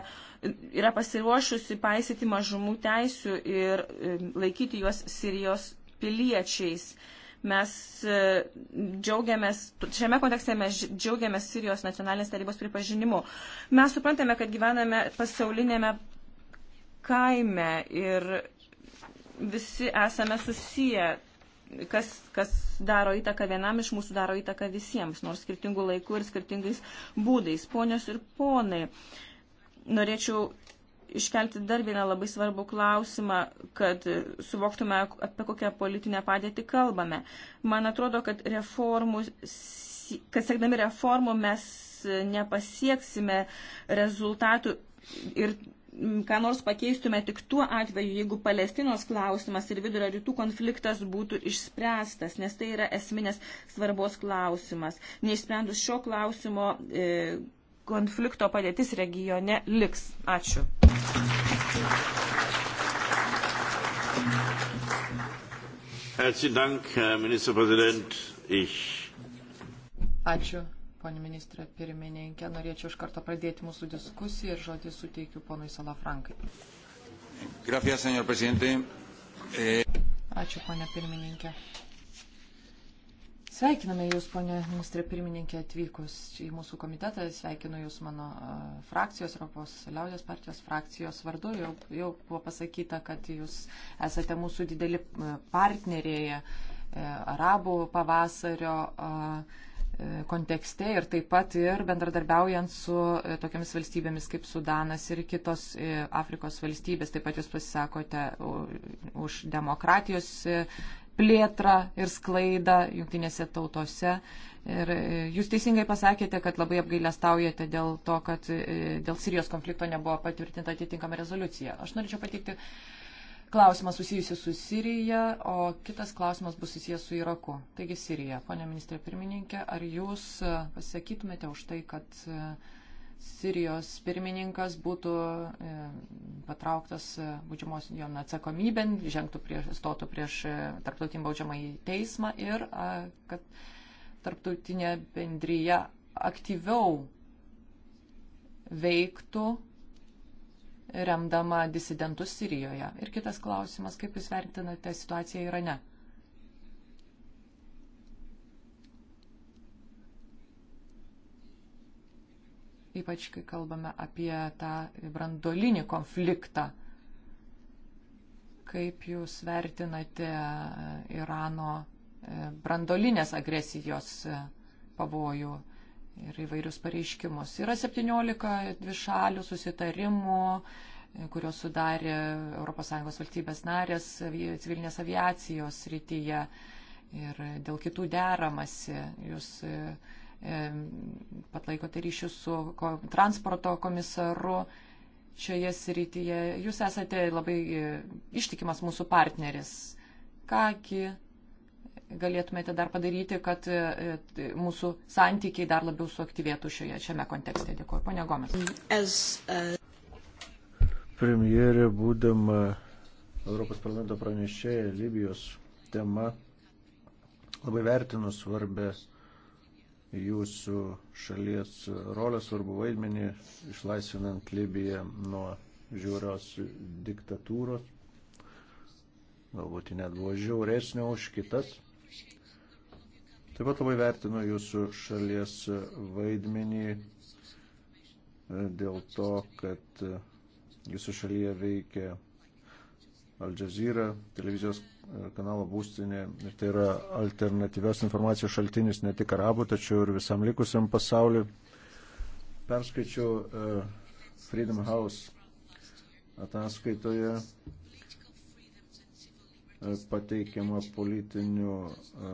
yra pasiruošusi paisyti mažumų teisių ir e, laikyti juos Sirijos piliečiais. Mes e, džiaugiamės, šiame kontekste mes džiaugiamės Sirijos nacionalinės tarybos pripažinimu. Mes suprantame, kad gyvename pasaulinėme kaime ir visi esame susiję kas, kas daro įtaką vienam iš mūsų, daro įtaką visiems, nors skirtingų laikų ir skirtingais būdais. Ponios ir ponai, norėčiau iškelti dar vieną labai svarbų klausimą, kad suvoktume, apie kokią politinę padėtį kalbame. Man atrodo, kad, reformų, kad siekdami reformų mes nepasieksime rezultatų ir ką nors pakeistume tik tuo atveju, jeigu Palestinos klausimas ir vidurio rytų konfliktas būtų išspręstas, nes tai yra esminės svarbos klausimas. Neišsprendus šio klausimo e, konflikto padėtis regione liks. Ačiū. Herzlichen Dank, Herr Ministerpräsident. Ich Ačiū. Pone ministrė pirmininkė, norėčiau iš karto pradėti mūsų diskusiją ir žodį suteikiu ponui Salafrankai. Gracias, senor presidente. E... Ačiū, ponė pirmininkė. Sveikiname Jūs, ponė ministrė pirmininkė, atvykus į mūsų komitetą. Sveikinu Jūs mano frakcijos, Europos liaudės partijos frakcijos vardu. Jau, jau buvo pasakyta, kad Jūs esate mūsų dideli partnerėje arabų pavasario. A, E, kontekste ir taip pat ir bendradarbiaujant su e, tokiamis valstybėmis kaip Sudanas ir kitos e, Afrikos valstybės. Taip pat jūs pasisakote už demokratijos plėtrą ir sklaidą jungtinėse tautose. Ir jūs teisingai pasakėte, kad labai apgailestaujate dėl to, kad dėl Sirijos konflikto nebuvo patvirtinta atitinkama rezoliucija. Aš norėčiau pateikti klausimas susijusi su Sirija, o kitas klausimas bus susijęs su Iraku. Taigi Sirija. Pone ministrė pirmininkė, ar jūs e, pasakytumėte už tai, kad e, Sirijos pirmininkas būtų e, patrauktas būdžiamos jo atsakomybėn, žengtų prieš, stotų prieš tarptautinį baudžiamąjį teismą ir kad tarptautinė bendryja aktyviau veiktų remdama disidentus Sirijoje. Ir kitas klausimas, kaip Jūs vertinate situaciją Irane? Ypač, kai kalbame apie tą brandolinį konfliktą. Kaip Jūs vertinate e, Irano e, brandolinės agresijos e, pavojų? ir įvairius pareiškimus. Yra 17 dvišalių susitarimų, kurios sudarė ES valstybės narės civilinės aviacijos rytyje ir dėl kitų deramasi. Jūs e, pat laikote ryšius su transporto komisaru šioje srityje. Jūs esate labai e, ištikimas mūsų partneris. Kągi galėtumėte dar padaryti, kad e, e, mūsų santykiai dar labiau suaktyvėtų šioje, šiame kontekste? Dėkuoju, ponia Gomes. Uh, Premjerė, būdama Europos parlamento pranešėja Libijos tema, labai vertinu svarbę jūsų šalies rolę, svarbu vaidmenį, išlaisvinant Libiją nuo žiaurios diktatūros galbūt ji net buvo žiauresnė už kitas. Taip pat labai vertinu jūsų šalies vaidmenį e, dėl to, kad e, jūsų šalyje veikia Al Jazeera televizijos e, kanalo būstinė ir tai yra alternatyvios informacijos šaltinis ne tik arabų, tačiau ir visam likusiam pasauliu. Perskaičiau Freedom House ataskaitoje E, pateikiama politinių e,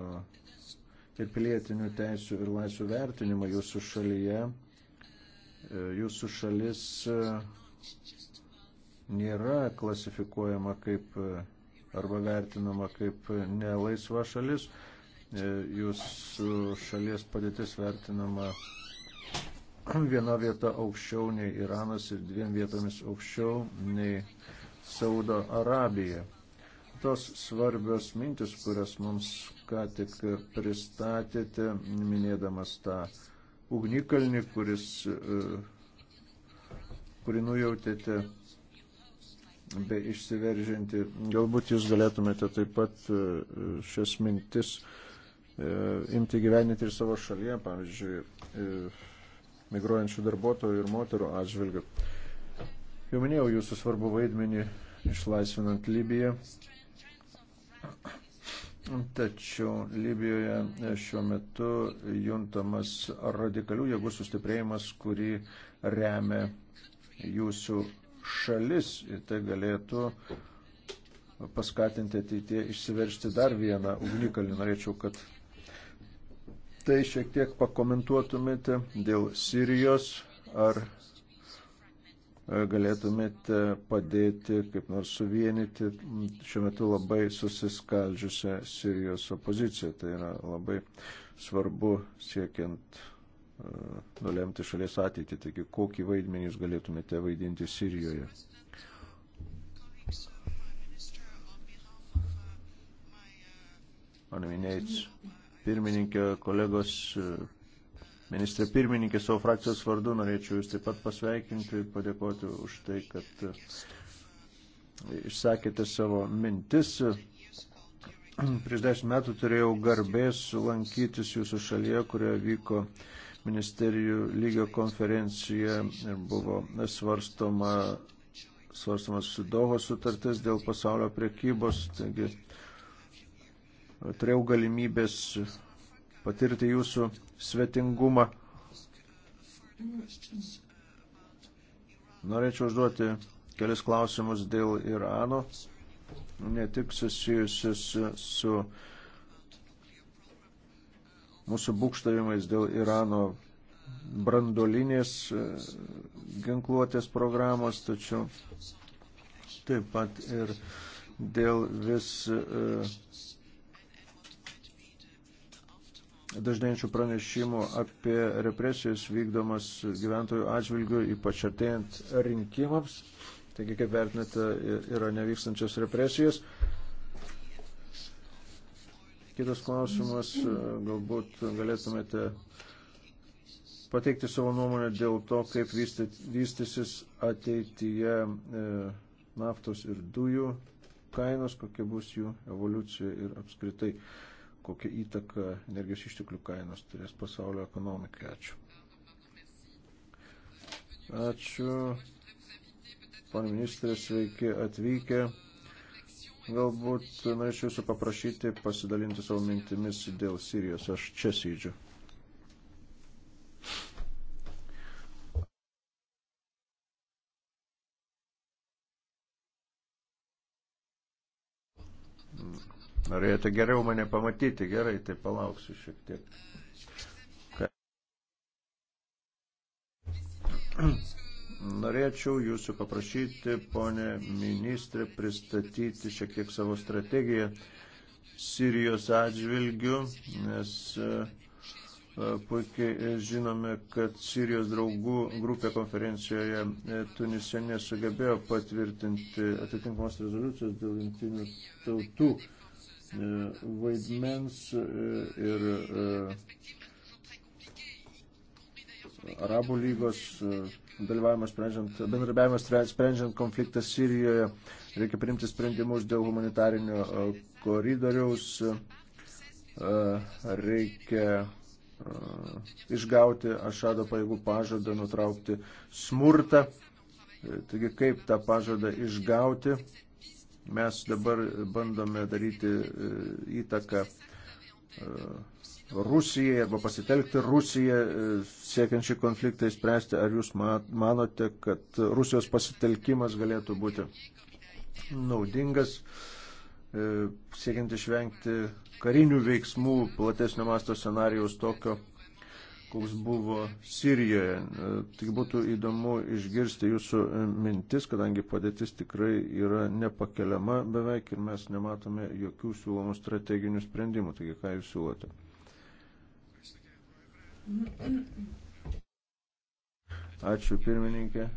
ir pilietinių teisų ir laisvų vertinimą jūsų šalyje. E, jūsų šalis nėra klasifikuojama kaip arba vertinama kaip nelaisva šalis. Jūsų šalies padėtis vertinama viena vieta aukščiau nei Iranas ir dviem vietomis aukščiau nei Saudo Arabija tos svarbios mintis, kurias mums ką tik pristatėte, minėdamas tą ugnikalnį, kuris, e, kurį nujautėte be išsiveržianti. Galbūt jūs galėtumėte taip pat e, šias mintis e, imti gyveninti ir savo šalyje, pavyzdžiui, migruojančių darbuotojų ir moterų atžvilgių. Jau minėjau jūsų svarbu vaidmenį išlaisvinant Libiją. Tačiau Libijoje šiuo metu juntamas radikalių jėgų sustiprėjimas, kurį remia jūsų šalis. Ir tai galėtų paskatinti ateitie išsiveršti dar vieną ugnikalį. Norėčiau, kad tai šiek tiek pakomentuotumėte dėl Sirijos ar E, galėtumėte padėti, kaip nors suvienyti šiuo metu labai susiskaldžiusią Sirijos opoziciją. Tai yra labai svarbu siekiant e, nulemti šalies ateitį. Taigi, kokį vaidmenį jūs galėtumėte vaidinti Sirijoje? Mano minėjai, pirmininkė, kolegos, Ministrė pirmininkė, savo frakcijos vardu norėčiau Jūs taip pat pasveikinti ir padėkoti už tai, kad e, išsakėte savo mintis. Prieš dešimt metų turėjau garbės lankytis Jūsų šalyje, kurioje vyko ministerijų lygio konferencija ir buvo svarstoma, svarstomas Dohos sutartis dėl pasaulio priekybos. Taigi, turėjau galimybės patirti jūsų svetingumą. Norėčiau užduoti kelis klausimus dėl Irano, ne tik susijusius su mūsų būkštavimais dėl Irano brandolinės e, ginkluotės programos, tačiau taip pat ir dėl vis e, dažnėjančių pranešimų apie represijas vykdomas gyventojų atžvilgių, ypač artėjant rinkimams. Taigi, kaip vertinate, yra nevykstančios represijos. Kitas klausimas, galbūt galėtumėte pateikti savo nuomonę dėl to, kaip vystysis ateityje e, naftos ir dujų kainos, kokia bus jų evoliucija ir apskritai kokią įtaką energijos išteklių kainos turės pasaulio ekonomikai. Ačiū. Ačiū. Pane ministrė, sveiki atvykę. Galbūt norėčiau jūsų paprašyti pasidalinti savo mintimis dėl Sirijos. Aš čia sėdžiu. Norėjote geriau mane pamatyti, gerai, tai palauksiu šiek tiek. Norėčiau jūsų paprašyti, ponė ministrė, pristatyti šiek tiek savo strategiją Sirijos atžvilgių, nes e, e, puikiai žinome, kad Sirijos draugų grupė konferencijoje e, Tunise nesugebėjo patvirtinti atitinkamos rezoliucijos dėl jungtinių tautų E, vaidmens e, ir e, Arabų lygos dalyvavimas sprendžiant, bendrabiavimas sprendžiant konfliktą Sirijoje, reikia priimti sprendimus dėl humanitarinio koridoriaus, reikia išgauti Ašado paėgų pažadą nutraukti smurtą. Taigi kaip tą pažadą išgauti, Mes dabar bandome daryti e, įtaką e, Rusijai arba pasitelkti Rusiją e, siekiančiai konfliktai spręsti. Ar jūs manote, kad Rusijos pasitelkimas galėtų būti naudingas siekiant išvengti karinių veiksmų platesnio masto scenarijaus tokio koks buvo Sirijoje. E, Tik būtų įdomu išgirsti jūsų e, mintis, kadangi padėtis tikrai yra nepakeliama beveik ir mes nematome jokių siūlomų strateginių sprendimų. Taigi, ką jūs siūlote? Ačiū, pirmininkė.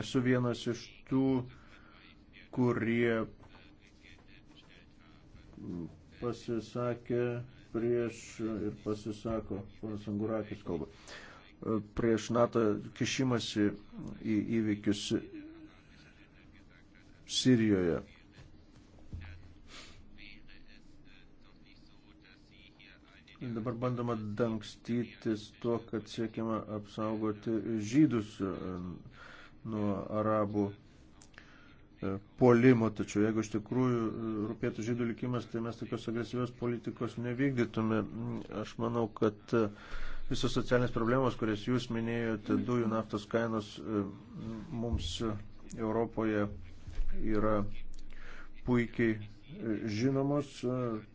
Esu vienas iš tų, kurie pasisakė prieš ir pasisako, ponas Angurakis kalba, prieš NATO kišimasi į įvykius Sirijoje. Dabar bandoma dangstytis tuo, kad siekiama apsaugoti žydus nuo arabų E, puolimo, tačiau jeigu iš tikrųjų e, rūpėtų žydų likimas, tai mes tokios agresyvios politikos nevykdytume. Aš manau, kad e, visos socialinės problemos, kurias jūs minėjote, dujų naftos kainos mums Europoje yra puikiai žinomos,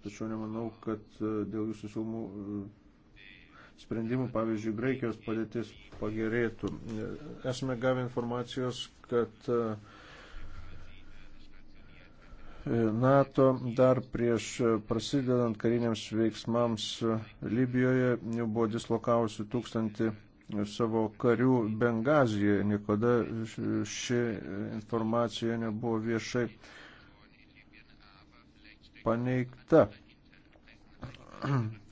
tačiau nemanau, kad dėl jūsų siūlymų sprendimų, pavyzdžiui, Graikijos padėtis pagerėtų. Esame gavę informacijos, kad uh, NATO dar prieš prasidedant kariniams veiksmams Libijoje jau buvo dislokavusi tūkstantį savo karių Bengazijoje. Niekada ši informacija nebuvo viešai paneigta.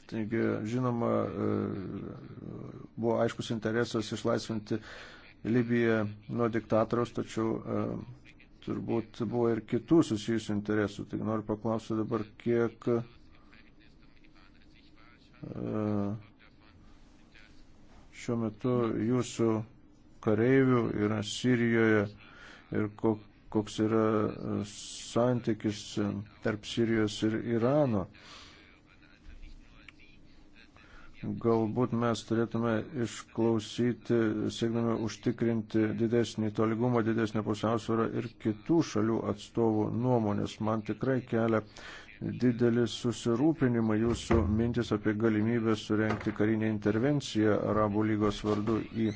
Taigi, žinoma, buvo aiškus interesas išlaisvinti Libiją nuo diktatoriaus, tačiau turbūt buvo ir kitų susijusių interesų. Tik noriu paklausyti dabar, kiek e, šiuo metu jūsų kareivių yra Sirijoje ir koks yra e, santykis tarp Sirijos ir Irano galbūt mes turėtume išklausyti, siekdami užtikrinti didesnį tolygumą, didesnį pusiausvyrą ir kitų šalių atstovų nuomonės. Man tikrai kelia didelį susirūpinimą jūsų mintis apie galimybę surenkti karinę intervenciją Arabų lygos vardu į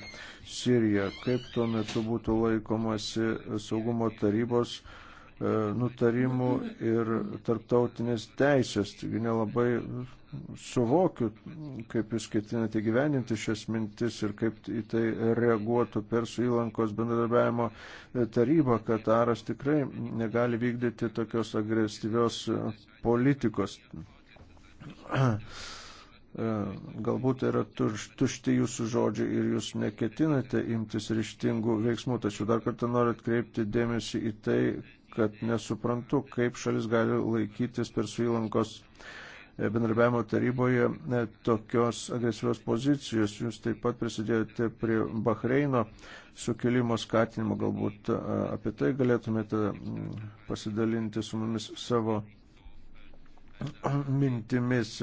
Siriją. Kaip tuo metu būtų laikomasi saugumo tarybos? E, nutarimų ir tarptautinės teisės. Taigi nelabai suvokiu, kaip jūs ketinate gyveninti šias mintis ir kaip į tai reaguotų Persų įlankos bendradarbiavimo taryba, kad aras tikrai negali vykdyti tokios agresyvios politikos. Galbūt yra tuš, tušti jūsų žodžiai ir jūs neketinate imtis ryštingų veiksmų, tačiau dar kartą noriu atkreipti dėmesį į tai, kad nesuprantu, kaip šalis gali laikytis Persų įlankos uh, bendrabiavimo taryboje e, tokios agresyvios pozicijos. Jūs taip pat prisidėjote prie Bahreino sukilimo skatinimo. Galbūt e, apie tai galėtumėte mm, pasidalinti su mumis savo mintimis.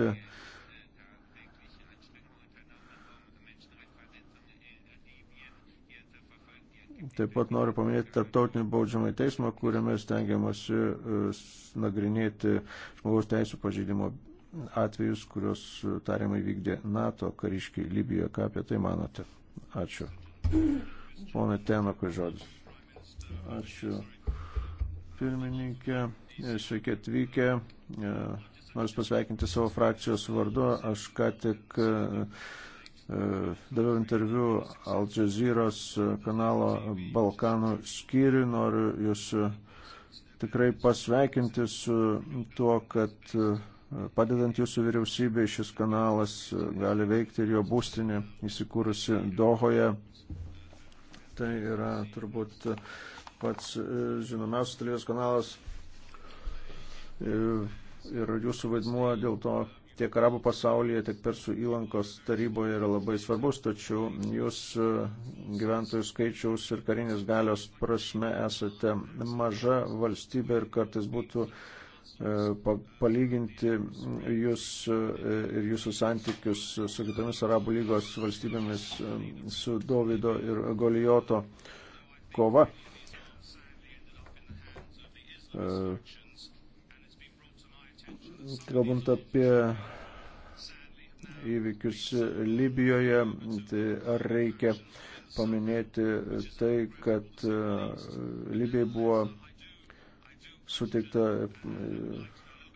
Taip pat noriu paminėti tarptautinį baudžiamą teismą, kuriame stengiamasi e, nagrinėti žmogaus teisų pažeidimo atvejus, kuriuos e, tariamai vykdė NATO kariškiai Libijoje. Ką apie tai manote? Ačiū. Pone Tenokui žodis. Ačiū. Pirmininkė, e, sveiki atvykę. E, noriu pasveikinti savo frakcijos vardu. Aš ką tik daviau interviu Al Jazeeros kanalo Balkanų skyriui. Noriu jūs tikrai pasveikinti su tuo, kad padedant jūsų vyriausybė, šis kanalas e, gali veikti ir jo būstinė įsikūrusi Dohoje. Tai yra turbūt pats e, žinomiausias televizijos kanalas e, ir jūsų vaidmuo dėl to tiek arabų pasaulyje, tiek persų įlankos taryboje yra labai svarbus, tačiau jūs gyventojų skaičiaus ir karinės galios prasme esate maža valstybė ir kartais būtų uh, E, palyginti jūs e, ir jūsų santykius su kitomis Arabų lygos valstybėmis, e, su Davido ir Golijoto kova. Kalbant apie įvykius Libijoje, tai ar reikia paminėti tai, kad Libijai buvo suteikta e,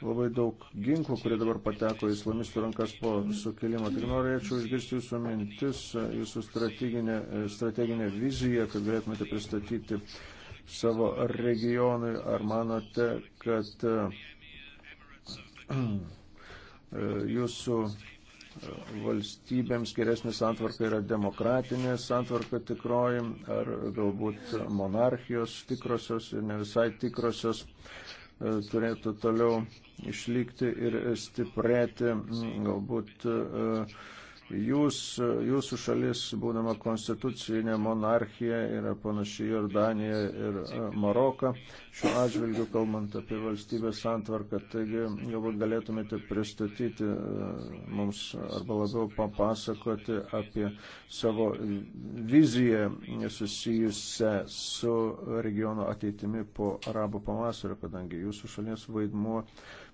labai daug ginklų, kurie dabar pateko į islamistų rankas po sukilimo. Tik norėčiau išgirsti jūsų mintis, jūsų strateginę, e, strateginę viziją, kad galėtumėte pristatyti savo regionui. Ar manote, kad e, jūsų valstybėms geresnė santvarka yra demokratinė santvarka tikroji, ar galbūt monarchijos tikrosios ir ne visai tikrosios e, turėtų toliau išlikti ir stiprėti, galbūt e, Jūs, jūsų šalis, būdama konstitucinė monarchija, yra panaši Jordanija ir e, Maroka, šiuo atžvilgiu kalbant apie valstybės santvarką, taigi galbūt galėtumėte pristatyti e, mums arba labiau papasakoti apie savo viziją susijusią su regiono ateitimi po arabų pavasario, kadangi jūsų šalies vaidmuo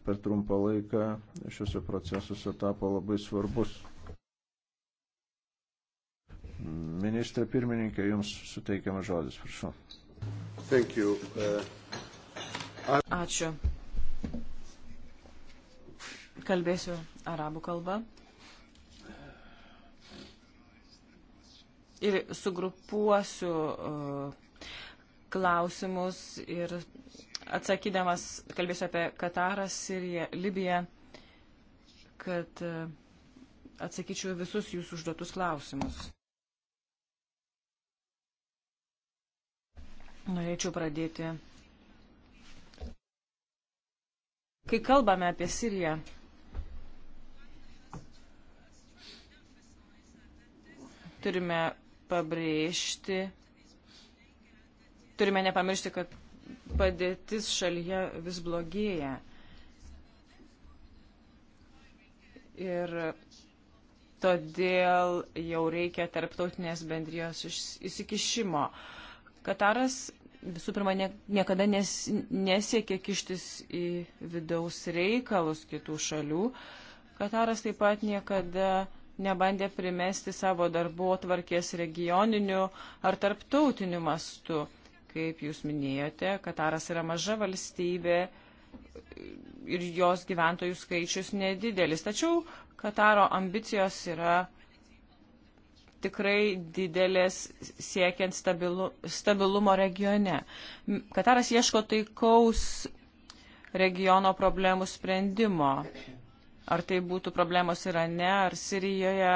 per trumpą laiką šiuose procesuose tapo labai svarbus. Ministrė pirmininkė, jums suteikiamas žodis, prašau. Thank you. Uh, Ačiū. Kalbėsiu arabų kalbą. Ir sugrupuosiu uh, klausimus ir atsakydamas kalbėsiu apie Katarą, Siriją, Libiją, kad uh, atsakyčiau visus jūsų užduotus klausimus. Norėčiau pradėti. Kai kalbame apie Siriją, turime pabrėžti, turime nepamiršti, kad padėtis šalyje vis blogėja. Ir todėl jau reikia tarptautinės bendrijos įsikišimo. Kataras visų pirma ne, niekada nes, nesiekia kištis į vidaus reikalus kitų šalių. Kataras taip pat niekada nebandė primesti savo darbo tvarkės regioniniu ar tarptautiniu mastu. Kaip jūs minėjote, Kataras yra maža valstybė ir jos gyventojų skaičius nedidelis. Tačiau Kataro ambicijos yra tikrai didelės siekiant stabilu, stabilumo regione. Kataras ieško taikaus regiono problemų sprendimo. Ar tai būtų problemos Irane ar Sirijoje,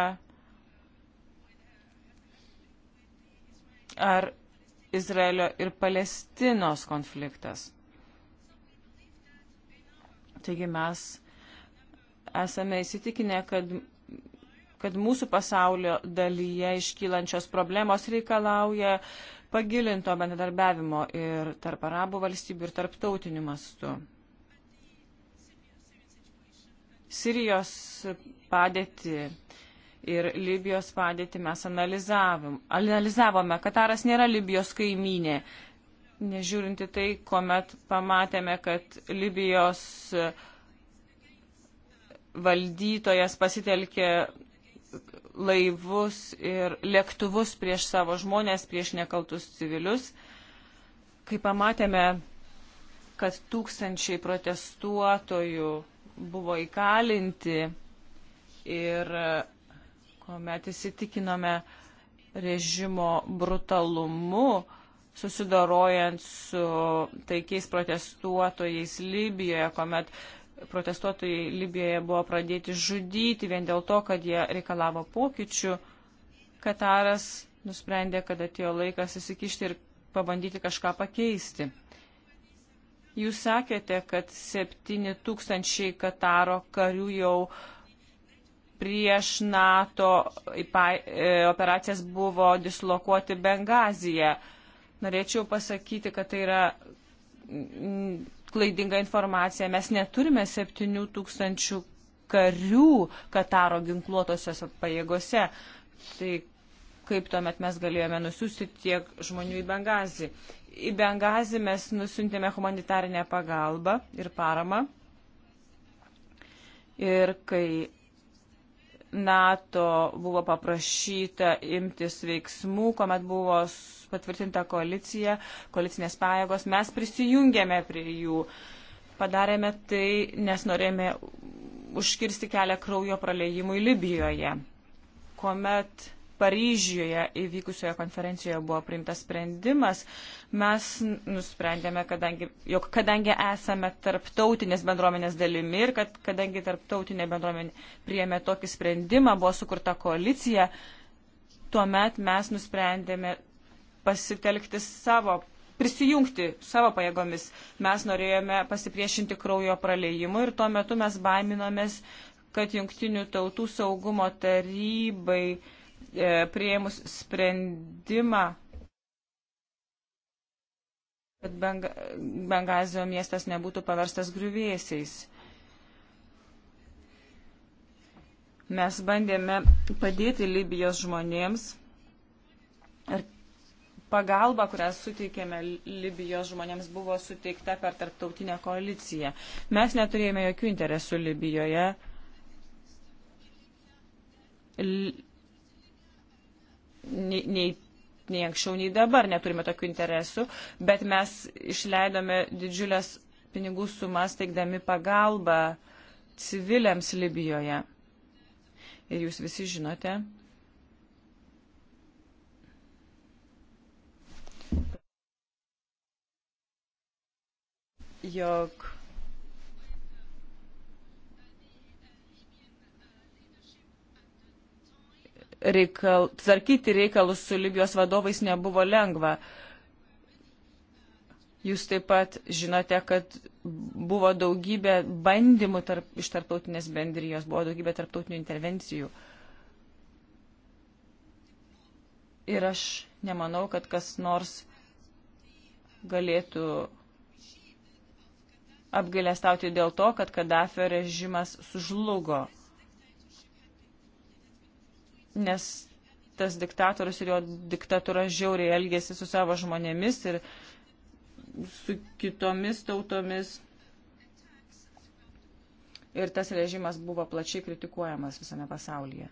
ar Izraelio ir Palestinos konfliktas. Taigi mes esame įsitikinę, kad kad mūsų pasaulio dalyje iškylančios problemos reikalauja pagilinto bendradarbiavimo ir tarp arabų valstybių ir tarptautiniu mastu. Sirijos padėtį ir Libijos padėtį mes analizavome. Kataras nėra Libijos kaimynė. Nežiūrinti tai, kuomet pamatėme, kad Libijos valdytojas pasitelkė laivus ir lėktuvus prieš savo žmonės, prieš nekaltus civilius. Kai pamatėme, kad tūkstančiai protestuotojų buvo įkalinti ir kuomet įsitikinome režimo brutalumu, susidorojant su taikiais protestuotojais Libijoje, kuomet protestuotojai Libijoje buvo pradėti žudyti vien dėl to, kad jie reikalavo pokyčių. Kataras nusprendė, kad atėjo laikas įsikišti ir pabandyti kažką pakeisti. Jūs sakėte, kad 7 tūkstančiai Kataro karių jau prieš NATO e, operacijas buvo dislokuoti Bengazija. Norėčiau pasakyti, kad tai yra klaidingą informaciją. Mes neturime 7 tūkstančių karių Kataro ginkluotosios pajėgose. Tai kaip tuomet mes galėjome nusiųsti tiek žmonių į Bengazį. Į Bengazį mes nusintėme humanitarinę pagalbą ir paramą. Ir kai NATO buvo paprašyta imtis veiksmų, kuomet buvo patvirtinta koalicija, koalicinės pajėgos. Mes prisijungėme prie jų. Padarėme tai, nes norėjome užkirsti kelią kraujo praleimui Libijoje. Kuomet Paryžiuje įvykusioje konferencijoje buvo priimtas sprendimas, mes nusprendėme, kadangi, jog kadangi esame tarptautinės bendruomenės dalimi ir kad kadangi tarptautinė bendruomenė priėmė tokį sprendimą, buvo sukurta koalicija, tuomet mes nusprendėme pasitelkti savo, prisijungti savo pajėgomis. Mes norėjome pasipriešinti kraujo praleimui ir tuo metu mes baiminomės, kad jungtinių tautų saugumo tarybai E, prieimus sprendimą, kad Beng Bengazio miestas nebūtų paverstas griuvėsiais. Mes bandėme padėti Libijos žmonėms ir pagalba, kurią suteikėme Libijos žmonėms, buvo suteikta per tarptautinę koaliciją. Mes neturėjome jokių interesų Libijoje nei, nei, nei anksčiau, nei dabar neturime tokių interesų, bet mes išleidome didžiulės pinigų sumas teikdami pagalbą civiliams Libijoje. Ir jūs visi žinote, jog reikal, tvarkyti reikalus su Libijos vadovais nebuvo lengva. Jūs taip pat žinote, kad buvo daugybė bandymų tarp, iš tarptautinės bendrijos, buvo daugybė tarptautinių intervencijų. Ir aš nemanau, kad kas nors galėtų apgailestauti dėl to, kad Kadafio režimas sužlugo nes tas diktatorius ir jo diktatūra žiauriai elgėsi su savo žmonėmis ir su kitomis tautomis. Ir tas režimas buvo plačiai kritikuojamas visame pasaulyje.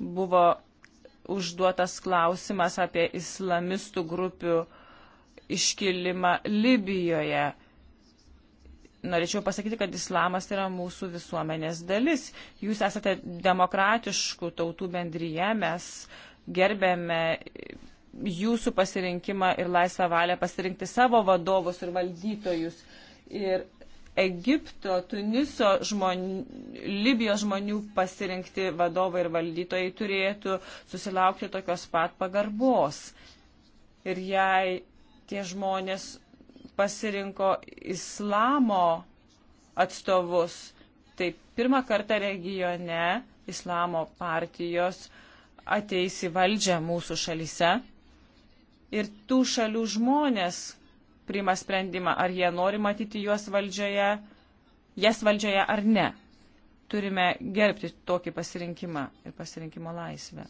Buvo užduotas klausimas apie islamistų grupių iškilimą Libijoje norėčiau pasakyti, kad islamas yra mūsų visuomenės dalis. Jūs esate demokratiškų tautų bendryje, mes gerbėme jūsų pasirinkimą ir laisvą valią pasirinkti savo vadovus ir valdytojus. Ir Egipto, Tuniso žmonių, Libijos žmonių pasirinkti vadovai ir valdytojai turėtų susilaukti tokios pat pagarbos. Ir jei tie žmonės pasirinko islamo atstovus. Tai pirmą kartą regione islamo partijos ateis į valdžią mūsų šalyse ir tų šalių žmonės priima sprendimą, ar jie nori matyti juos valdžioje, jas valdžioje ar ne. Turime gerbti tokį pasirinkimą ir pasirinkimo laisvę.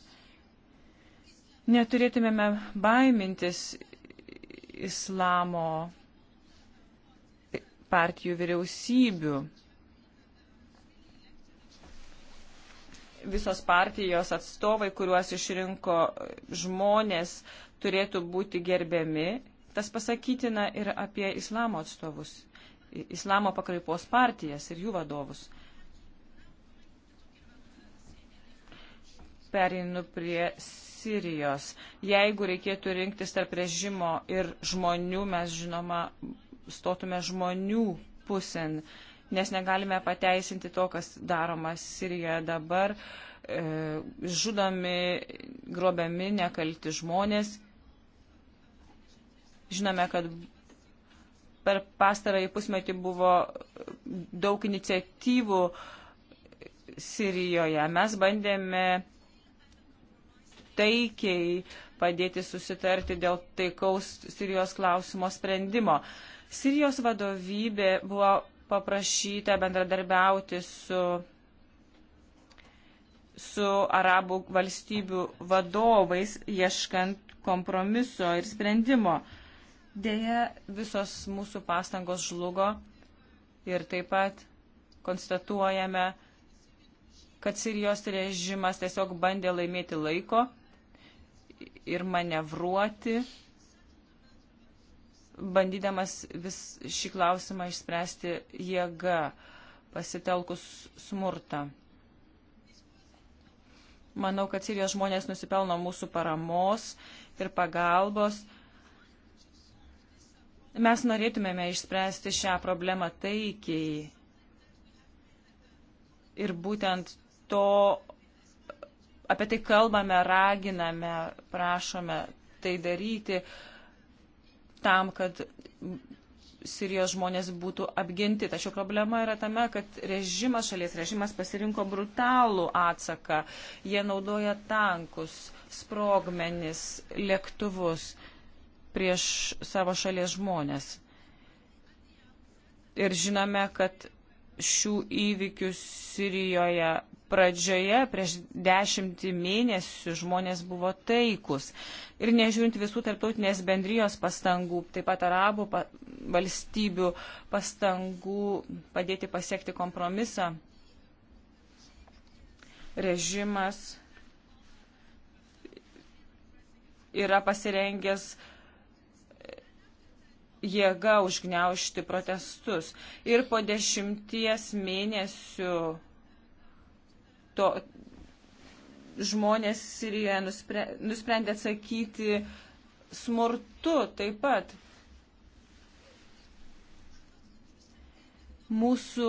Neturėtumėme baimintis islamo partijų vyriausybių. Visos partijos atstovai, kuriuos išrinko žmonės, turėtų būti gerbiami. Tas pasakytina ir apie islamo atstovus, islamo pakraipos partijas ir jų vadovus. Perinu prie Sirijos. Jeigu reikėtų rinktis tarp režimo ir žmonių, mes žinoma stotume žmonių pusėn, nes negalime pateisinti to, kas daroma Sirijoje dabar. E, žudomi, grobiami nekalti žmonės. Žinome, kad per pastarąjį pusmetį buvo daug iniciatyvų Sirijoje. Mes bandėme taikiai padėti susitarti dėl taikaus Sirijos klausimo sprendimo. E, Sirijos vadovybė buvo paprašyta bendradarbiauti su, su arabų valstybių vadovais, ieškant kompromiso ir sprendimo. Deja, visos mūsų pastangos žlugo ir taip pat konstatuojame, kad Sirijos režimas tiesiog bandė laimėti laiko ir manevruoti bandydamas vis šį klausimą išspręsti jėga, pasitelkus smurtą. Manau, kad Sirijos žmonės nusipelno mūsų paramos ir pagalbos. Mes norėtumėme išspręsti šią problemą taikiai. Ir būtent to, apie tai kalbame, raginame, prašome tai daryti. Uh, tam, kad Sirijos žmonės būtų apginti. Tačiau problema yra tame, kad režimas, šalies režimas pasirinko brutalų atsaką. Jie naudoja tankus, sprogmenis, lėktuvus prieš savo šalies žmonės. Ir žinome, kad šių įvykių Sirijoje pradžioje, prieš dešimtį mėnesių, žmonės buvo taikus. Ir nežiūrint visų tarptautinės bendrijos pastangų, taip pat arabų pa valstybių pastangų padėti pasiekti kompromisą, režimas yra pasirengęs jėga užgneušti protestus. Ir po dešimties mėnesių to, žmonės Sirijoje nuspre, nusprendė atsakyti smurtu taip pat. Mūsų,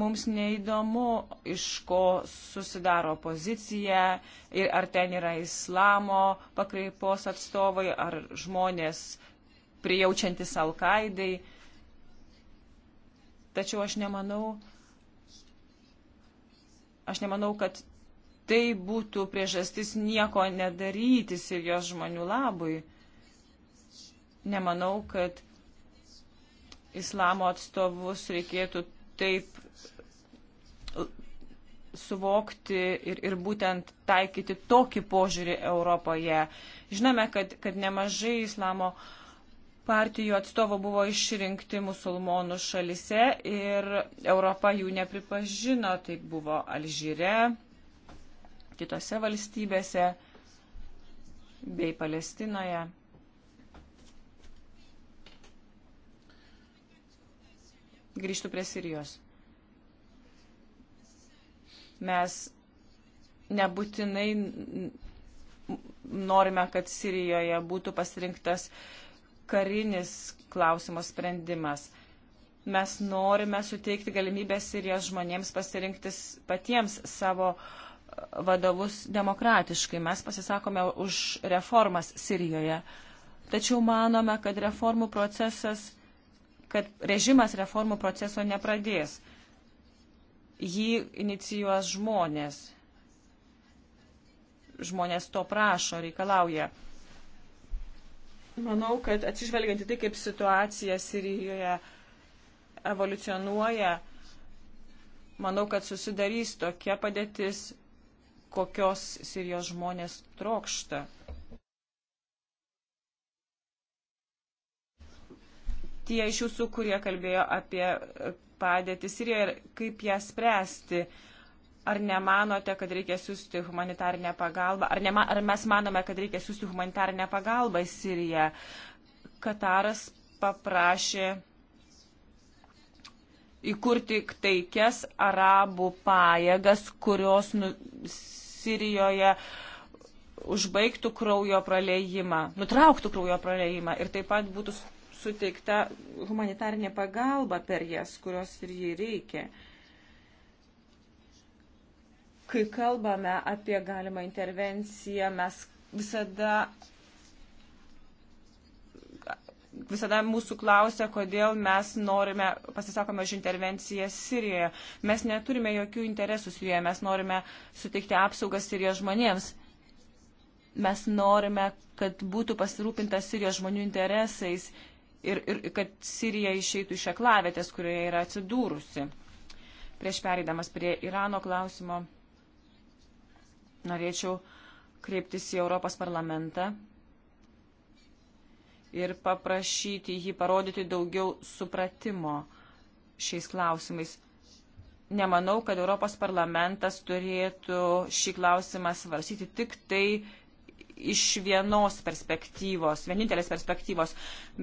mums neįdomu, iš ko susidaro pozicija ir ar ten yra islamo pakreipos atstovai, ar žmonės prijaučiantis Alkaidai. Tačiau aš nemanau, Aš nemanau, kad tai būtų priežastis nieko nedaryti Sirijos žmonių labui. Nemanau, kad islamo atstovus reikėtų taip suvokti ir, ir būtent taikyti tokį požiūrį Europoje. Žinome, kad, kad nemažai islamo uh, partijų atstovų buvo išrinkti musulmonų šalise ir Europa jų nepripažino. Taip buvo Alžyre, kitose valstybėse bei Palestinoje. Grįžtų prie Sirijos. Mes nebūtinai norime, kad Sirijoje būtų pasirinktas uh, karinis klausimo sprendimas. Mes norime suteikti galimybę Sirijos žmonėms pasirinkti patiems savo uh, vadovus demokratiškai. Mes pasisakome už reformas Sirijoje. Tačiau manome, kad reformų procesas, kad režimas reformų proceso nepradės. Jį inicijuos žmonės. Žmonės to prašo, reikalauja. Manau, kad atsižvelgiant į tai, kaip situacija Sirijoje evoliucionuoja, manau, kad susidarys tokia padėtis, kokios Sirijos žmonės trokšta. Tie iš jūsų, kurie kalbėjo apie padėtį Sirijoje ir kaip ją spręsti, uh, Ar nemanote, kad reikia siūsti humanitarinę pagalbą? Ar, nema, ar mes manome, kad reikia siūsti humanitarinę pagalbą į Siriją? Kataras paprašė įkurti taikias arabų pajėgas, kurios nu, Sirijoje užbaigtų kraujo praleimą, nutrauktų kraujo praleimą ir taip pat būtų suteikta humanitarinė pagalba per jas, kurios ir jį reikia. Uh, Kai kalbame apie galimą intervenciją, mes visada visada mūsų klausia, kodėl mes norime, pasisakome už intervenciją Sirijoje. Mes neturime jokių interesų Sirijoje, mes norime suteikti apsaugą Sirijos žmonėms. Mes norime, kad būtų pasirūpinta Sirijos žmonių interesais ir, ir kad Sirija išeitų iš aklavėtės, kurioje yra atsidūrusi. Prieš pereidamas prie Irano klausimo. Norėčiau kreiptis į Europos parlamentą ir paprašyti jį parodyti daugiau supratimo šiais klausimais. Nemanau, kad Europos parlamentas turėtų šį klausimą svarsyti tik tai iš vienos perspektyvos, vienintelės perspektyvos.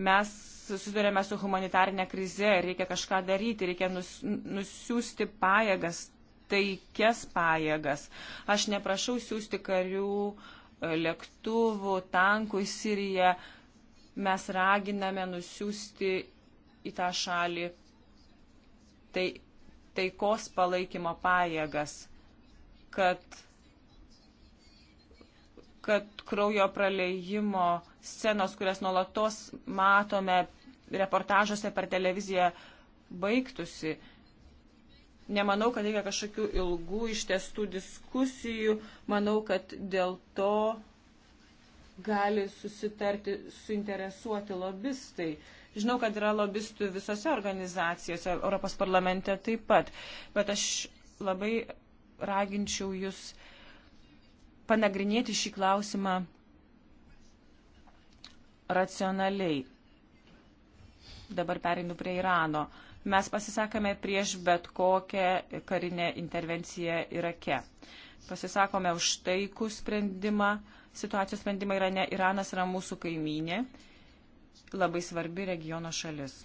Mes susidurėme su humanitarinė krize, reikia kažką daryti, reikia nus, nusiųsti pajėgas taikias pajėgas. Aš neprašau siūsti karių, e, lėktuvų, tankų į Siriją. Mes raginame nusiųsti į tą šalį tai, taikos palaikymo pajėgas, kad kad kraujo praleimo scenos, kurias nuolatos matome reportažuose per televiziją, baigtųsi. Nemanau, kad reikia kažkokių ilgų ištestų diskusijų. Manau, kad dėl to gali susitarti suinteresuoti lobistai. Žinau, kad yra lobistų visose organizacijose, Europos parlamente taip pat, bet aš labai raginčiau jūs panagrinėti šį klausimą racionaliai. Dabar perinu prie Irano. Uh, Mes pasisakome prieš bet kokią karinę intervenciją Irake. Pasisakome už taikų sprendimą. Situacijos sprendimą Irane. Iranas yra mūsų kaiminė, labai svarbi regiono šalis.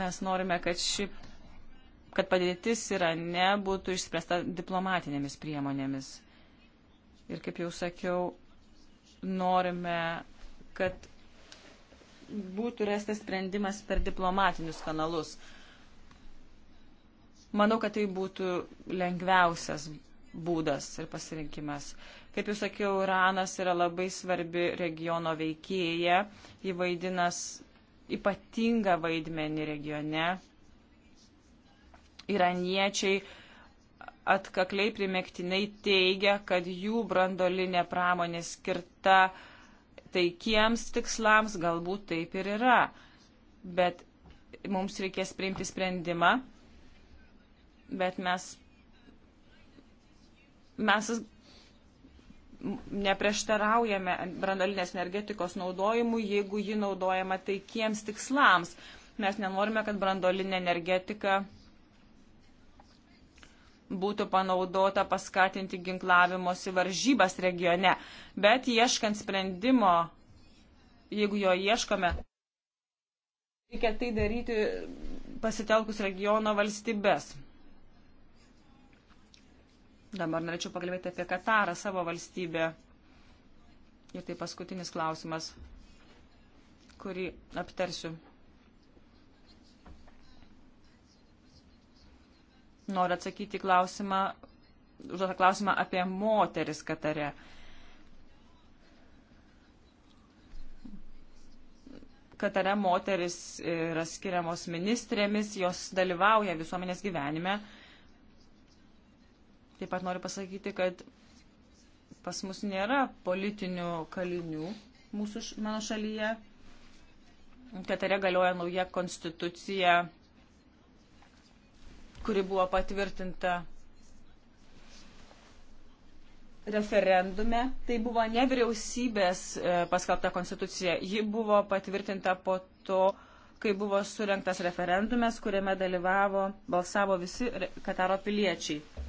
mes norime, kad, ši, kad padėtis Irane būtų išspręsta diplomatinėmis priemonėmis. Ir kaip jau sakiau, norime, kad būtų rastas sprendimas per diplomatinius kanalus. Manau, kad tai būtų lengviausias būdas ir pasirinkimas. Kaip jau sakiau, Iranas yra labai svarbi regiono veikėja, jį vaidinas ypatingą vaidmenį regione. Iraniečiai atkakliai primektinai teigia, kad jų brandolinė pramonė skirta taikiems tikslams, galbūt taip ir yra. Bet mums reikės priimti sprendimą, bet mes, mes neprieštaraujame brandolinės energetikos naudojimui, jeigu ji naudojama taikiems tikslams. Mes nenorime, kad brandolinė energetika būtų panaudota paskatinti ginklavimosi varžybas regione. Bet ieškant sprendimo, jeigu jo ieškome, reikia tai daryti pasitelkus regiono valstybės. Dabar norėčiau pakalbėti apie Katarą, savo valstybę. Ir tai paskutinis klausimas, kurį aptarsiu. Noriu atsakyti klausimą, užduotą klausimą apie moteris Katare. Katare moteris yra skiriamos ministrėmis, jos dalyvauja visuomenės gyvenime. Taip pat noriu pasakyti, kad pas mus nėra politinių kalinių mūsų, mano šalyje. Katare galioja nauja konstitucija kuri buvo patvirtinta referendume. Tai buvo ne vyriausybės e, paskelbta konstitucija. Ji buvo patvirtinta po to, kai buvo surinktas referendumas, kuriame dalyvavo, balsavo visi Kataro piliečiai.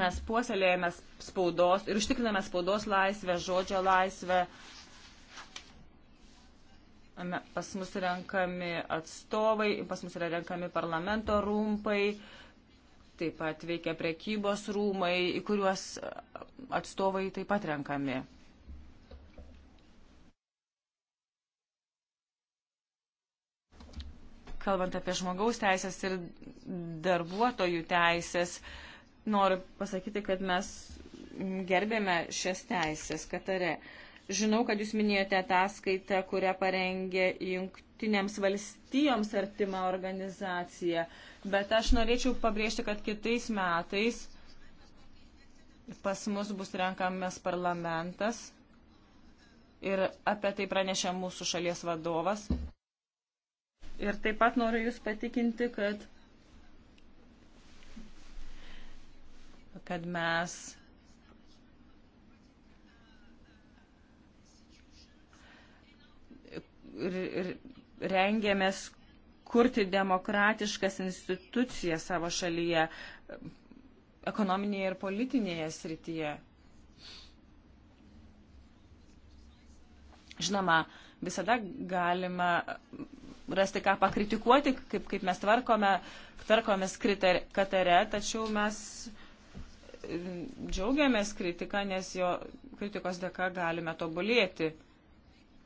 Mes puoselėjame spaudos ir užtikriname spaudos laisvę, žodžio laisvę, Pas mus renkami atstovai, pas mus yra renkami parlamento rūmai, taip pat veikia prekybos rūmai, į kuriuos atstovai taip pat renkami. kalbant apie žmogaus teisės ir darbuotojų teisės, noriu pasakyti, kad mes gerbėme šias teisės Katare. Žinau, kad jūs minėjote ataskaitą, kurią parengė jungtinėms valstijoms artima organizacija, bet aš norėčiau pabrėžti, kad kitais metais pas mus bus renkamas parlamentas ir apie tai pranešė mūsų šalies vadovas. Ir taip pat noriu jūs patikinti, kad kad mes rengėmės kurti demokratiškas institucijas savo šalyje, ekonominėje ir politinėje srityje. Žinoma, visada galima rasti ką pakritikuoti, kaip, kaip mes tvarkome, tvarkomės Katare, tačiau mes džiaugiamės kritiką, nes jo kritikos dėka galime tobulėti.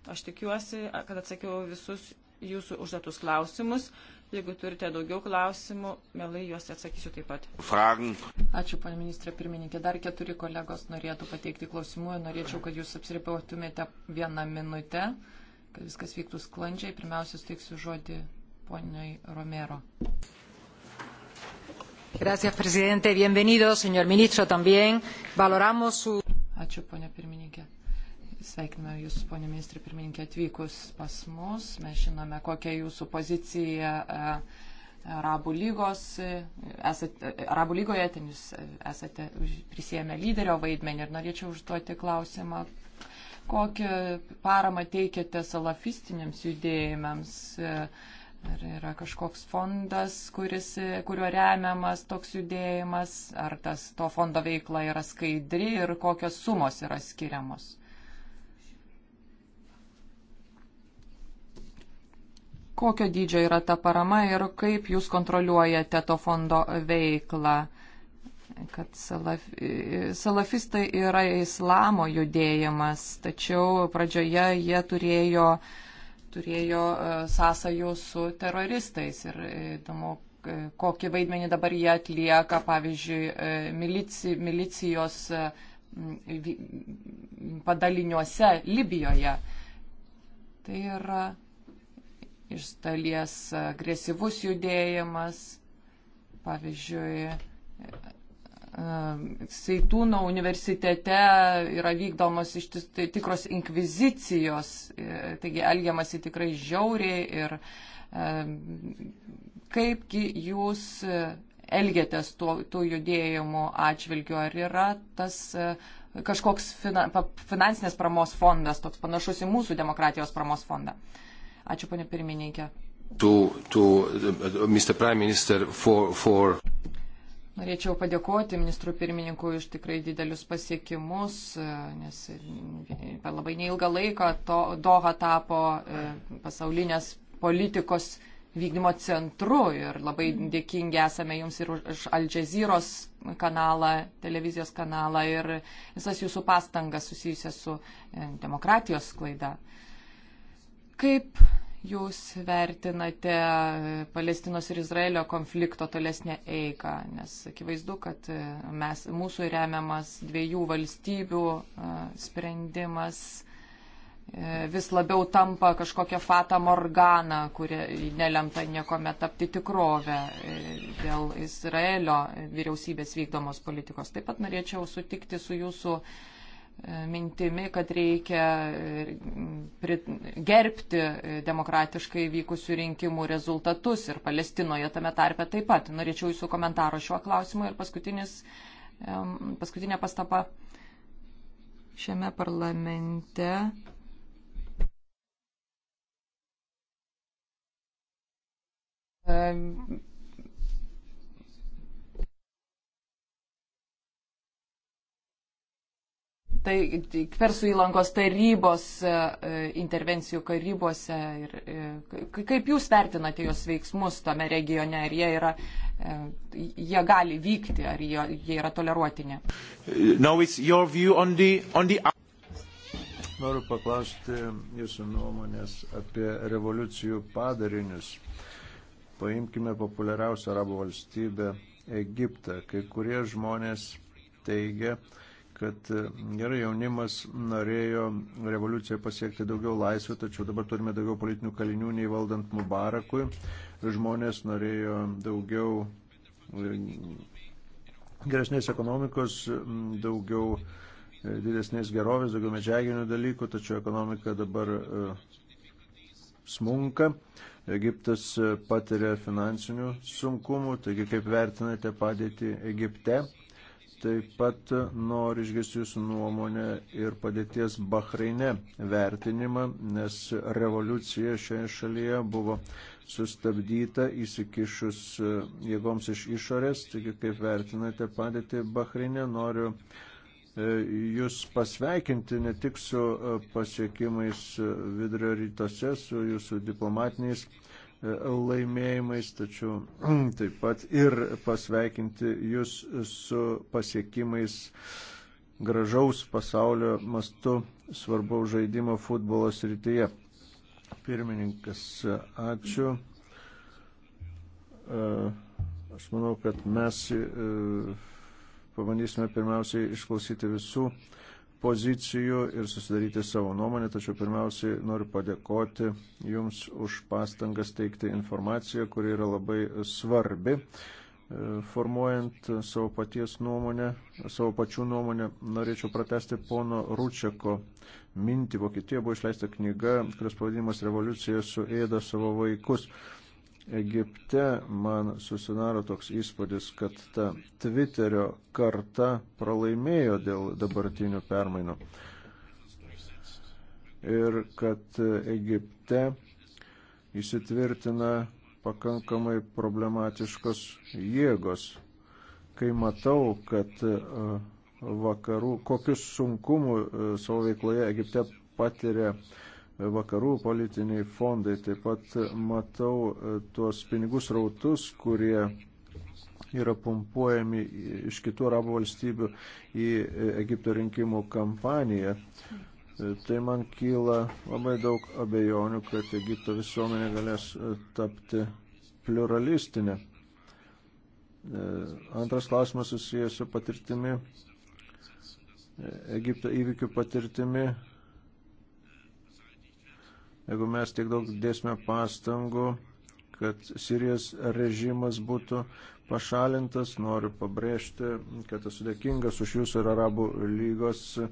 Aš tikiuosi, kad atsakiau visus jūsų užduotus klausimus. Jeigu turite daugiau klausimų, mielai juos atsakysiu taip pat. Fragen. Ačiū, pan ministrė pirmininkė. Dar keturi kolegos norėtų pateikti klausimų. Norėčiau, kad jūs apsiribotumėte vieną minutę, kad viskas vyktų sklandžiai. Pirmiausia, suteiksiu žodį poniai Romero. Gracias, presidente. Bienvenido, señor ministro, también. Valoramos su. Ačiū, ponia pirmininkė. Sveikiname Jūs, ponė ministrė pirmininkė, atvykus pas mus. Mes žinome, kokia Jūsų pozicija e, Arabų, lygos, e, esate, Arabų lygoje, ten Jūs e, esate prisėmę lyderio vaidmenį ir norėčiau užduoti klausimą, kokią paramą teikiate salafistiniams judėjimams. Ar yra kažkoks fondas, kuris, kuriuo remiamas toks judėjimas, ar tas, to fondo veikla yra skaidri ir kokios sumos yra skiriamos? kokio dydžio yra ta parama ir kaip jūs kontroliuojate to fondo veiklą. Kad salaf, salafistai yra islamo judėjimas, tačiau pradžioje jie turėjo, turėjo e, sąsajų su teroristais. Ir e, įdomu, e, kokį vaidmenį dabar jie atlieka, pavyzdžiui, milici, milicijos padaliniuose Libijoje. Tai yra iš dalies agresyvus judėjimas, pavyzdžiui, Seitūno universitete yra vykdomos iš tai tikros inkvizicijos, e, taigi elgiamasi tikrai žiauriai ir kaipgi jūs elgiatės tų, tų judėjimų atžvilgiu, ar yra tas e, kažkoks fina, finansinės pramos fondas, toks panašus į mūsų demokratijos pramos fondą. Uh, Ačiū, ponė pirmininkė. To, to, uh, Minister, for, for... Norėčiau padėkoti ministrų pirmininkui iš tikrai didelius pasiekimus, uh, nes uh, per labai neilgą laiką to, Doha tapo uh, pasaulinės politikos vykdymo centru ir labai dėkingi esame jums ir už Al Jazeeros kanalą, televizijos kanalą ir visas jūsų pastangas susijusias su demokratijos klaida. Uh, Kaip Jūs vertinate Palestinos ir Izraelio konflikto tolesnę eigą, nes akivaizdu, kad e, mes, mūsų remiamas dviejų valstybių e, sprendimas e, vis labiau tampa kažkokia fata morgana, kuri nelemta niekuomet tapti tikrovę dėl Izraelio vyriausybės vykdomos politikos. Taip pat norėčiau sutikti su jūsų uh, mintimi, kad reikia e, gerbti demokratiškai vykusių rinkimų rezultatus ir Palestinoje tame tarpe taip pat. Norėčiau jūsų komentaro šiuo klausimu ir paskutinė pastaba šiame parlamente. tai, Persų įlankos tarybos e, e, intervencijų karybose ir e, kaip jūs vertinate jos veiksmus tame regione, ar jie, yra, jie gali vykti, ar jie, jie yra toleruotini? No, on the, on the... Noriu paklausti jūsų nuomonės apie revoliucijų padarinius. Paimkime populiariausią arabų valstybę Egiptą. Kai kurie žmonės teigia, kad e, gerai jaunimas norėjo revoliucijoje pasiekti daugiau laisvių, tačiau dabar turime daugiau politinių kalinių nei valdant Mubarakui. Žmonės norėjo daugiau e, geresnės ekonomikos, daugiau e, didesnės gerovės, daugiau medžiaginių dalykų, tačiau ekonomika dabar smunka. Egiptas patiria finansinių sunkumų, taigi kaip vertinate padėtį Egipte? Taip pat noriu išgirsti jūsų nuomonę ir padėties Bahreine vertinimą, nes revoliucija šioje šalyje buvo sustabdyta įsikišus e, jėgoms iš išorės. Taigi, kaip vertinate padėtį Bahreine, noriu e, jūs pasveikinti ne tik su e, pasiekimais vidurio rytuose, su jūsų diplomatiniais E, laimėjimais, tačiau taip pat ir pasveikinti jūs su pasiekimais gražaus pasaulio mastu svarbaus žaidimo futbolo srityje. Pirmininkas, ačiū. E, aš manau, kad mes e, pabandysime pirmiausiai išklausyti visų pozicijų ir susidaryti savo nuomonę, tačiau pirmiausiai noriu padėkoti Jums už pastangas teikti informaciją, kuri yra labai svarbi, e, formuojant savo paties nuomonę, savo pačių nuomonę. Norėčiau pratesti pono Rūčiako mintį. Vokietijoje buvo išleista knyga, kurios pavadinimas Revoliucija suėda savo vaikus. Egipte man susidaro toks įspūdis, kad ta Twitterio karta pralaimėjo dėl dabartinių permainų. Ir kad Egipte įsitvirtina pakankamai problematiškos jėgos. Kai matau, kad e, vakarų, kokius sunkumų e, savo veikloje Egipte patiria uh, vakarų politiniai fondai. Taip pat matau e, tuos pinigus rautus, kurie yra pumpuojami iš kitų arabų valstybių į e, Egipto rinkimų kampaniją. E, tai man kyla labai daug abejonių, kad Egipto visuomenė galės tapti pluralistinė. Antras klausimas susijęs su patirtimi, Egipto įvykių patirtimi Jeigu mes tiek daug dėsime pastangų, kad Sirijos režimas būtų pašalintas, noriu pabrėžti, kad esu dėkingas už jūsų ir Arabų lygos e,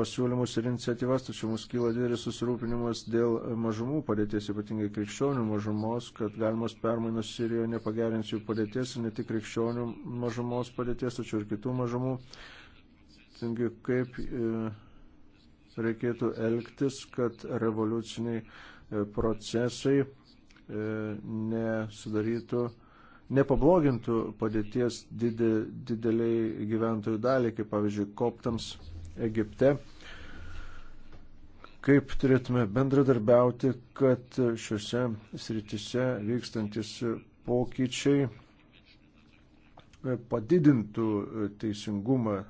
pasiūlymus ir iniciatyvas, tačiau mums kyla didelis susirūpinimas dėl mažumų padėties, ypatingai krikščionių mažumos, kad galimos permainos Sirijoje nepagerins jų padėties, ne tik krikščionių mažumos padėties, tačiau ir kitų mažumų. Taigi, kaip e, reikėtų elgtis, kad revoliuciniai e, procesai e, nesudarytų, nepablogintų padėties didė, dideliai gyventojų daliai, kaip pavyzdžiui, koptams Egipte. Kaip turėtume bendradarbiauti, kad šiuose sritise vykstantis pokyčiai e, padidintų teisingumą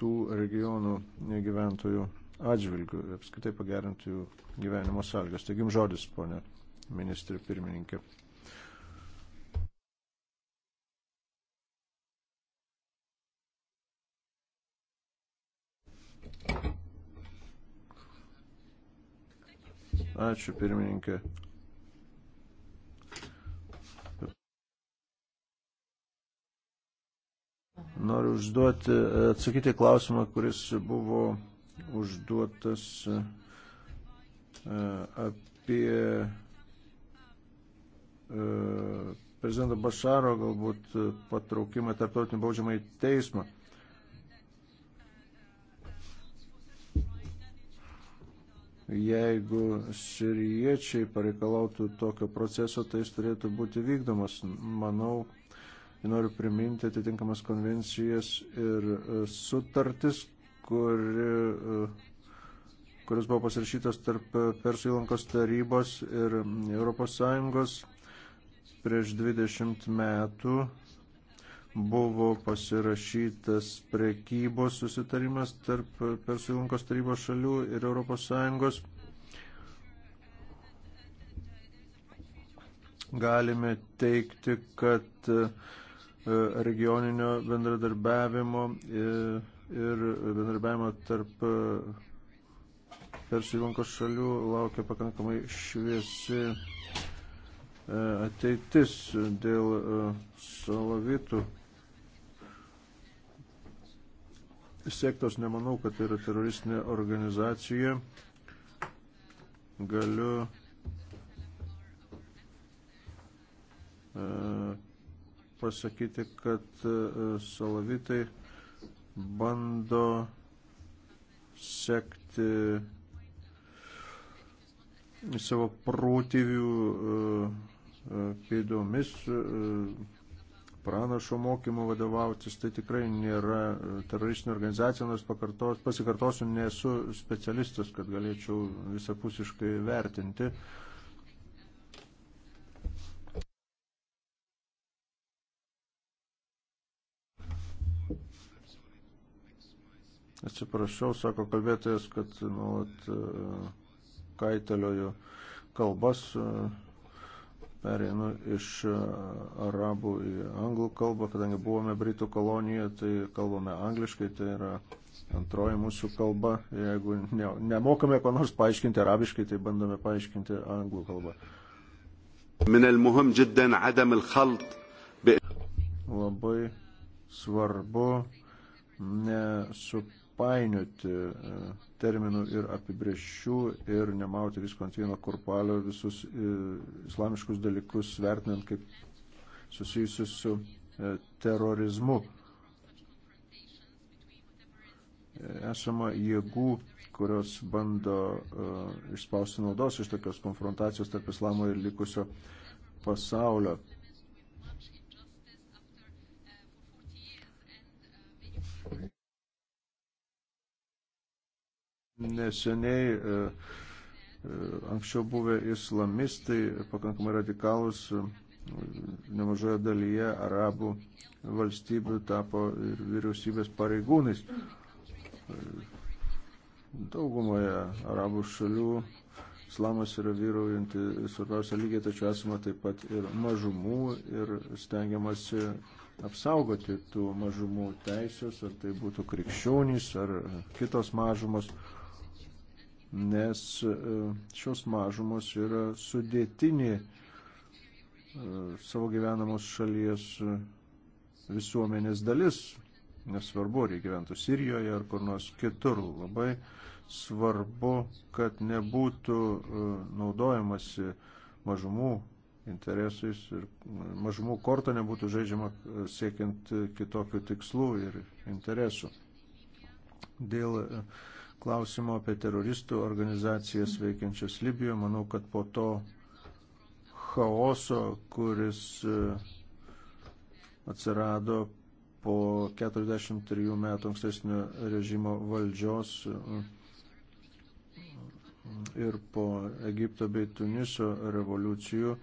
tų regionų gyventojų atžvilgių, apskaitai pagerinti jų gyvenimo sąlygas. Taigi jums žodis, ponė ministrė pirmininkė. Ačiū pirmininkė. Noriu užduoti, atsakyti klausimą, kuris buvo užduotas e, apie e, prezidento Bašaro galbūt patraukimą tarptautinį baudžiamą į teismą. Jeigu siriečiai pareikalautų tokio proceso, tai jis turėtų būti vykdomas. Manau, noriu priminti atitinkamas konvencijas ir sutartis, kuri, e, kuris buvo pasirašytas tarp Persų įlankos tarybos ir ES prieš 20 metų buvo pasirašytas prekybos susitarimas tarp Persų įlankos tarybos šalių ir ES. Galime teikti, kad e, regioninio bendradarbiavimo e, ir bendarbiavimo tarp e, Persų įlankos šalių laukia pakankamai šviesi e, ateitis dėl e, salavitų sektos. Nemanau, kad tai yra teroristinė organizacija. Galiu pasakyti, kad salavitai bando sekti savo protėvių e, e, pėdomis, e, pranašo mokymo vadovautis, tai tikrai nėra teroristinė organizacija, nors pakartos, pasikartosiu, nesu specialistas, kad galėčiau visapusiškai vertinti Atsiprašau, sako kalbėtojas, kad nuolat e, kaitalioju kalbas, e, perėnu iš e, arabų į anglų kalbą, kadangi buvome Britų kolonijoje, tai kalbame angliškai, tai yra antroji mūsų kalba. Jeigu ne, nemokame ko nors paaiškinti arabiškai, tai bandome paaiškinti anglų kalbą. Labai svarbu nesuprantu painioti e, terminų ir apibrėžčių ir nemauti visko ant vieno kurpalio, visus e, islamiškus dalykus vertinant kaip susijusius su e, terorizmu. Esama jėgų, kurios bando išspausti naudos iš tokios konfrontacijos tarp islamo ir likusio pasaulio. Neseniai e, e, anksčiau buvę islamistai, pakankamai radikalus, e, nemažoje dalyje arabų valstybių tapo ir vyriausybės pareigūnais. Daugumoje arabų šalių islamas yra vyraujanti svarbiausia lygiai, tačiau esame taip pat ir mažumų ir stengiamasi apsaugoti tų mažumų teisės, ar tai būtų krikščionys, ar kitos mažumos nes e, šios mažumos yra sudėtinė e, savo gyvenamos šalies e, visuomenės dalis. Nesvarbu, ar jie gyventų Sirijoje ar kur nors kitur. Labai svarbu, kad nebūtų naudojamasi mažumų interesais ir mažumų kortą nebūtų žaidžiama siekiant kitokių tikslų ir interesų. Dėl uh, klausimo apie teroristų organizacijas veikiančias Libijoje. Manau, kad po to chaoso, kuris e, atsirado po 43 metų ankstesnio režimo valdžios e, ir po Egipto bei Tuniso revoliucijų,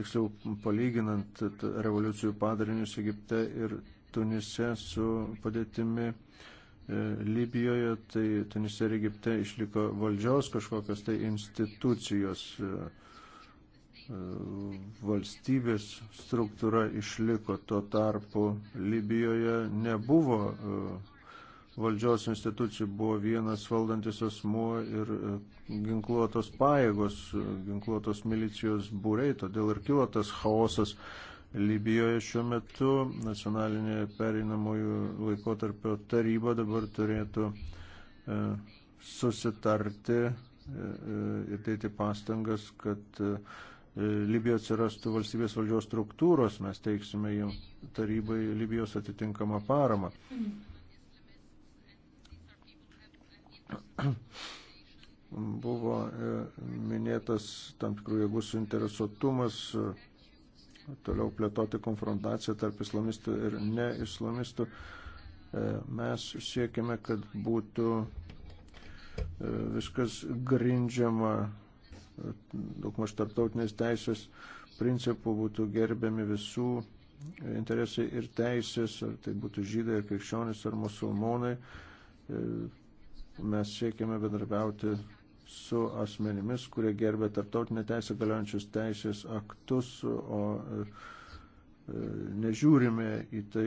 tiksliau palyginant revoliucijų padarinius Egipte ir Tunise su padėtimi E, Libijoje, tai Tunise ir Egipte išliko valdžios kažkokios tai institucijos, e, e, valstybės struktūra išliko, tuo tarpu Libijoje nebuvo valdžios institucijų, buvo vienas valdantis asmuo ir ginkluotos pajėgos, ginkluotos milicijos būrei, todėl ir kilo tas chaosas Libijoje šiuo metu nacionalinė pereinamųjų laikotarpio taryba dabar turėtų e, susitarti e, e, ir dėti pastangas, kad Libijoje atsirastų valstybės valdžios struktūros, mes teiksime jam tarybai Libijos atitinkamą paramą. Buvo minėtas tam tikrų jėgų suinteresuotumas toliau plėtoti konfrontaciją tarp islamistų ir neislamistų. E, mes siekime, kad būtų e, viskas grindžiama e, daugmaž tarptautinės teisės principų, būtų gerbiami visų interesai ir teisės, ar tai būtų žydai, ar krikščionis, ar musulmonai. Mes siekime bendrabiauti su asmenimis, kurie gerbė tarptautinę teisę galiojančius teisės aktus, o e, nežiūrime į tai,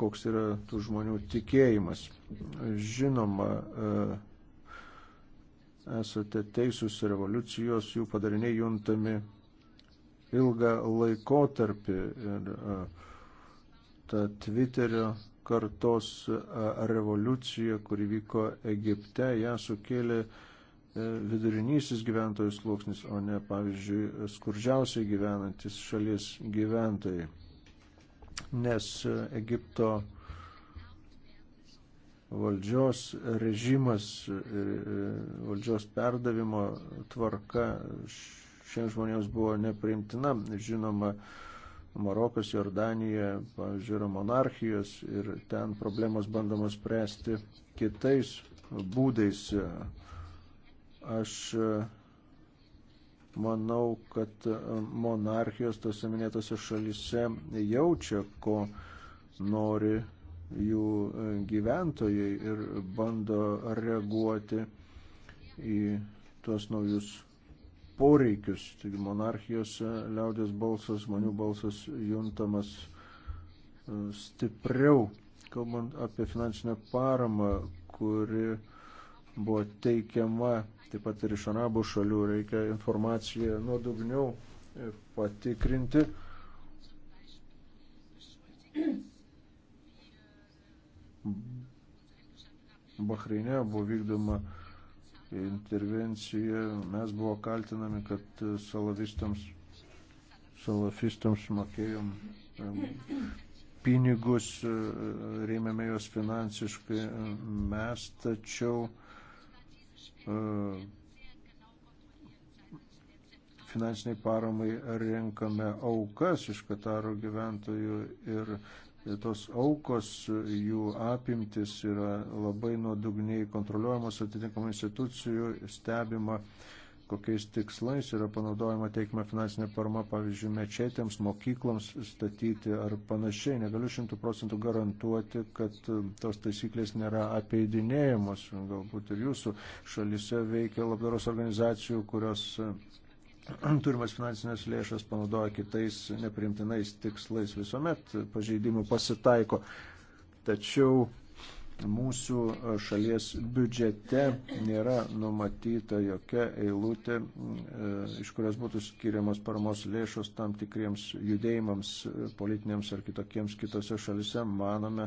koks yra tų žmonių tikėjimas. Žinoma, e, esate teisūs revoliucijos, jų padariniai juntami ilgą laikotarpį ir e, ta Twitterio kartos revoliucija, kuri vyko Egipte, ją sukėlė E, vidurinysis gyventojų sluoksnis, o ne, pavyzdžiui, skurdžiausiai gyvenantis šalies gyventojai. Nes e, Egipto valdžios režimas ir e, valdžios perdavimo tvarka šiems žmonėms buvo nepriimtina. Žinoma, Marokas, Jordanija, pavyzdžiui, yra monarchijos ir ten problemas bandomas spręsti kitais būdais. Aš e, manau, kad e, monarchijos tose minėtose šalise jaučia, ko nori jų e, gyventojai ir bando reaguoti į tuos naujus poreikius. Taigi monarchijose liaudės balsas, žmonių balsas juntamas stipriau. Kalbant apie finansinę paramą, kuri buvo teikiama taip pat ir iš arabų šalių reikia informaciją nuodugniau e, patikrinti. Bahreinė buvo vykdoma intervencija, mes buvo kaltinami, kad salavistams, salafistams mokėjom pinigus, e, rėmėme juos finansiškai, mes tačiau E, finansiniai paramai renkame aukas iš Kataro gyventojų ir tos aukos, jų apimtis yra labai nuodugniai kontroliuojamos atitinkamų institucijų, stebima kokiais tikslais yra panaudojama teikima finansinė parama, pavyzdžiui, mečetėms, mokykloms statyti ar panašiai. Negaliu šimtų procentų garantuoti, kad e, tos taisyklės nėra apeidinėjamos. Galbūt ir jūsų šalise veikia labdaros organizacijų, kurios e, turimas finansinės lėšas panaudoja kitais neprimtinais tikslais. Visuomet pažeidimų pasitaiko. Tačiau mūsų šalies biudžete nėra numatyta jokia eilutė, e, iš kurios būtų skiriamos paramos lėšos tam tikriems judėjimams politiniams ar kitokiems kitose šalise. Manome,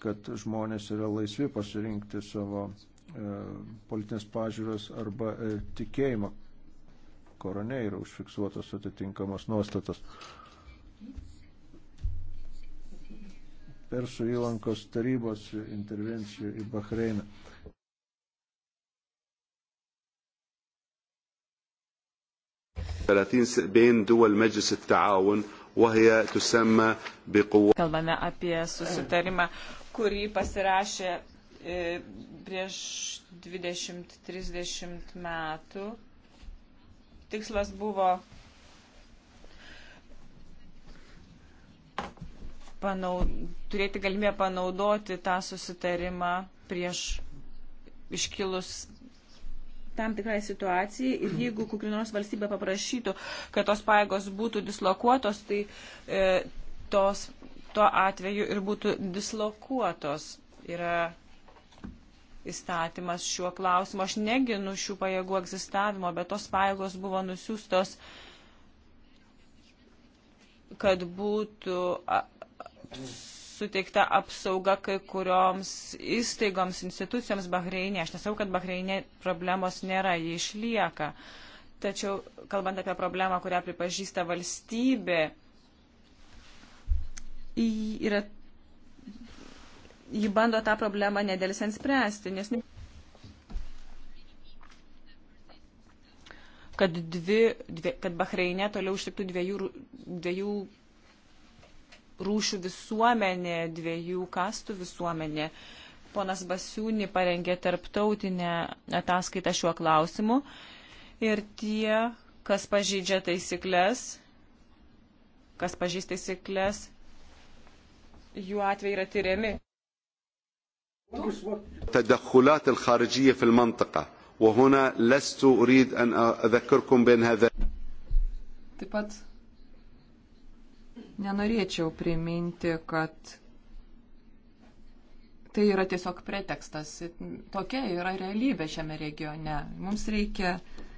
kad žmonės yra laisvi pasirinkti savo e, politinės pažiūros arba e, tikėjimo. Korone yra užfiksuotos atitinkamos nuostatos. Persų įlankos tarybos intervencijų į Bahreiną. Kalbame apie susitarimą, kurį pasirašė e, prieš 20-30 metų. Tikslas buvo panau, turėti galimybę panaudoti tą susitarimą prieš iškilus tam tikrai situacijai ir jeigu kokia nors valstybė paprašytų, kad tos paėgos būtų dislokuotos, tai e, tos, tuo atveju ir būtų dislokuotos. Yra įstatymas šiuo klausimu. Aš neginu šių pajėgų egzistavimo, bet tos pajėgos buvo nusiūstos, kad būtų suteikta apsauga kai kurioms įstaigoms, institucijoms Bahreinė. Aš nesau, kad Bahreinė problemos nėra, ji išlieka. Tačiau, kalbant apie problemą, kurią pripažįsta valstybė, yra, ji bando tą problemą nedėlisant spręsti, nes kad, dvi, dvi, kad Bahreinė toliau užtiktų dviejų, dviejų rūšių visuomenė, dviejų kastų visuomenė. Ponas Basiūni parengė tarptautinę ataskaitą šiuo klausimu ir tie, kas pažydžia taisyklės, kas pažįsta taisyklės, jų atvejai yra tyriami. تدخلات الخارجية في المنطقة وهنا لست أريد أن أذكركم بأن هذا Taip pat Nenorėčiau priminti, kad tai yra tiesiog pretekstas. Tokia yra realybė šiame regione. Mums reikia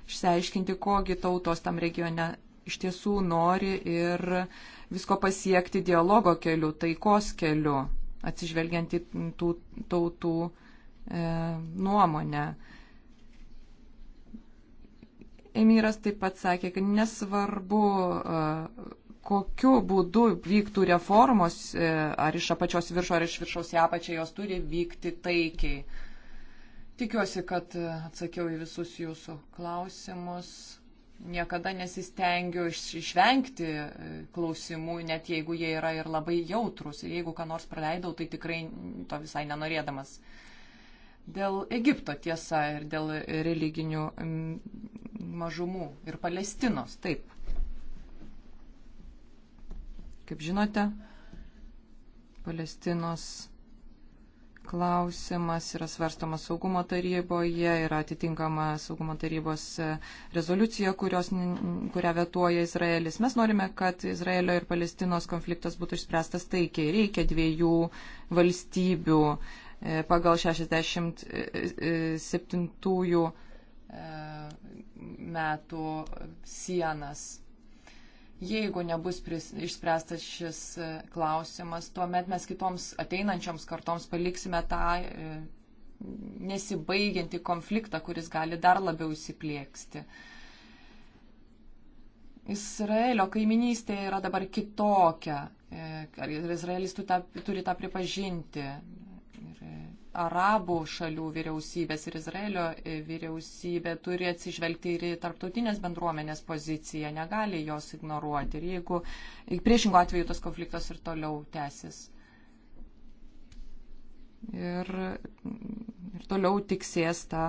išsiaiškinti, kogi tautos tam regione iš tiesų nori ir visko pasiekti dialogo keliu, taikos keliu, atsižvelgiant į tų tautų e, nuomonę. Emyras taip pat sakė, kad nesvarbu. E, kokiu būdu vyktų reformos, e, ar iš apačios viršo, ar iš viršaus į apačią, jos turi vykti taikiai. Tikiuosi, kad e, atsakiau į visus jūsų klausimus. Niekada nesistengiu išvengti e, klausimų, net jeigu jie yra ir labai jautrus. Ir jeigu ką nors praleidau, tai tikrai to visai nenorėdamas. Dėl Egipto tiesa ir dėl religinių mažumų ir Palestinos, taip. Kaip žinote, Palestinos klausimas yra svarstamas saugumo taryboje, yra atitinkama saugumo tarybos e, rezoliucija, kurios, kurią vetuoja Izraelis. Mes norime, kad Izraelio ir Palestinos konfliktas būtų išspręstas taikiai. Reikia dviejų valstybių e, pagal 67 e, metų sienas Jeigu nebus pris, išspręstas šis e, klausimas, tuomet mes kitoms ateinančioms kartoms paliksime tą e, nesibaigianti konfliktą, kuris gali dar labiau įsiplėksti. Izraelio kaiminystė yra dabar kitokia. Ir e, Izraelis turi tą pripažinti arabų šalių vyriausybės ir Izraelio e, vyriausybė turi atsižvelgti ir į tarptautinės bendruomenės poziciją, negali jos ignoruoti. Ir jeigu priešingo atveju tas konfliktas ir toliau tęsis. Ir, ir toliau tiksės ta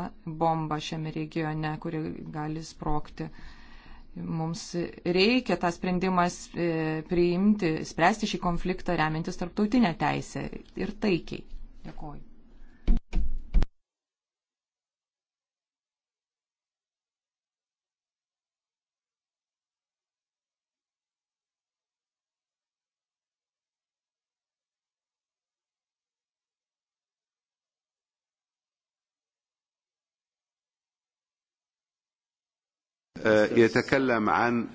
bomba šiame regione, kuri gali sprokti. Mums reikia tą sprendimą e, priimti, spręsti šį konfliktą remiantis tarptautinę teisę ir taikiai. Dėkuoju. يتكلم عن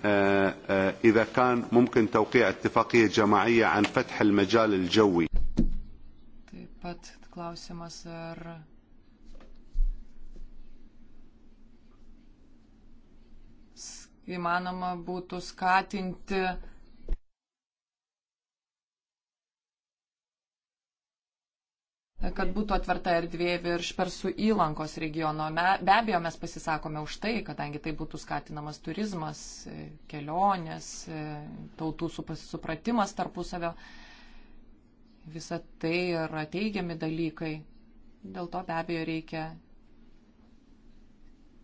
إذا كان ممكن توقيع اتفاقية جماعية عن فتح المجال الجوي Taip pat klausimas, ar įmanoma būtų skatinti kad būtų atverta erdvė virš Persų įlankos regiono. Me, be abejo, mes pasisakome už tai, kadangi tai būtų skatinamas turizmas, e, kelionės, e, tautų supratimas tarpusavio. Visa tai yra teigiami dalykai. Dėl to be abejo reikia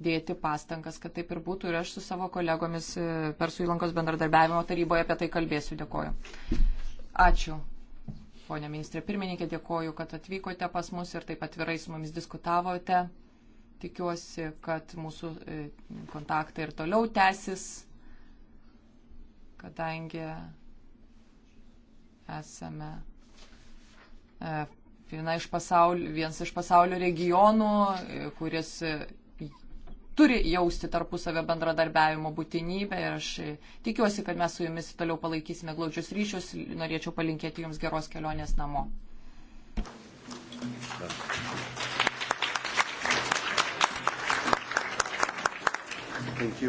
dėti pastangas, kad taip ir būtų. Ir aš su savo kolegomis e, Persų įlankos bendradarbiavimo taryboje apie tai kalbėsiu. Dėkoju. Ačiū ponė ministrė pirmininkė, dėkoju, kad atvykote pas mus ir taip atvirai su mumis diskutavote. Tikiuosi, kad mūsų e, kontaktai ir toliau tęsis, kadangi esame e, viena iš pasaulio, vienas iš pasaulio regionų, e, kuris turi jausti tarpusavio bendradarbiavimo būtinybę ir aš tikiuosi, kad mes su jumis toliau palaikysime glaučius ryšius. Norėčiau palinkėti jums geros kelionės namo. Thank you.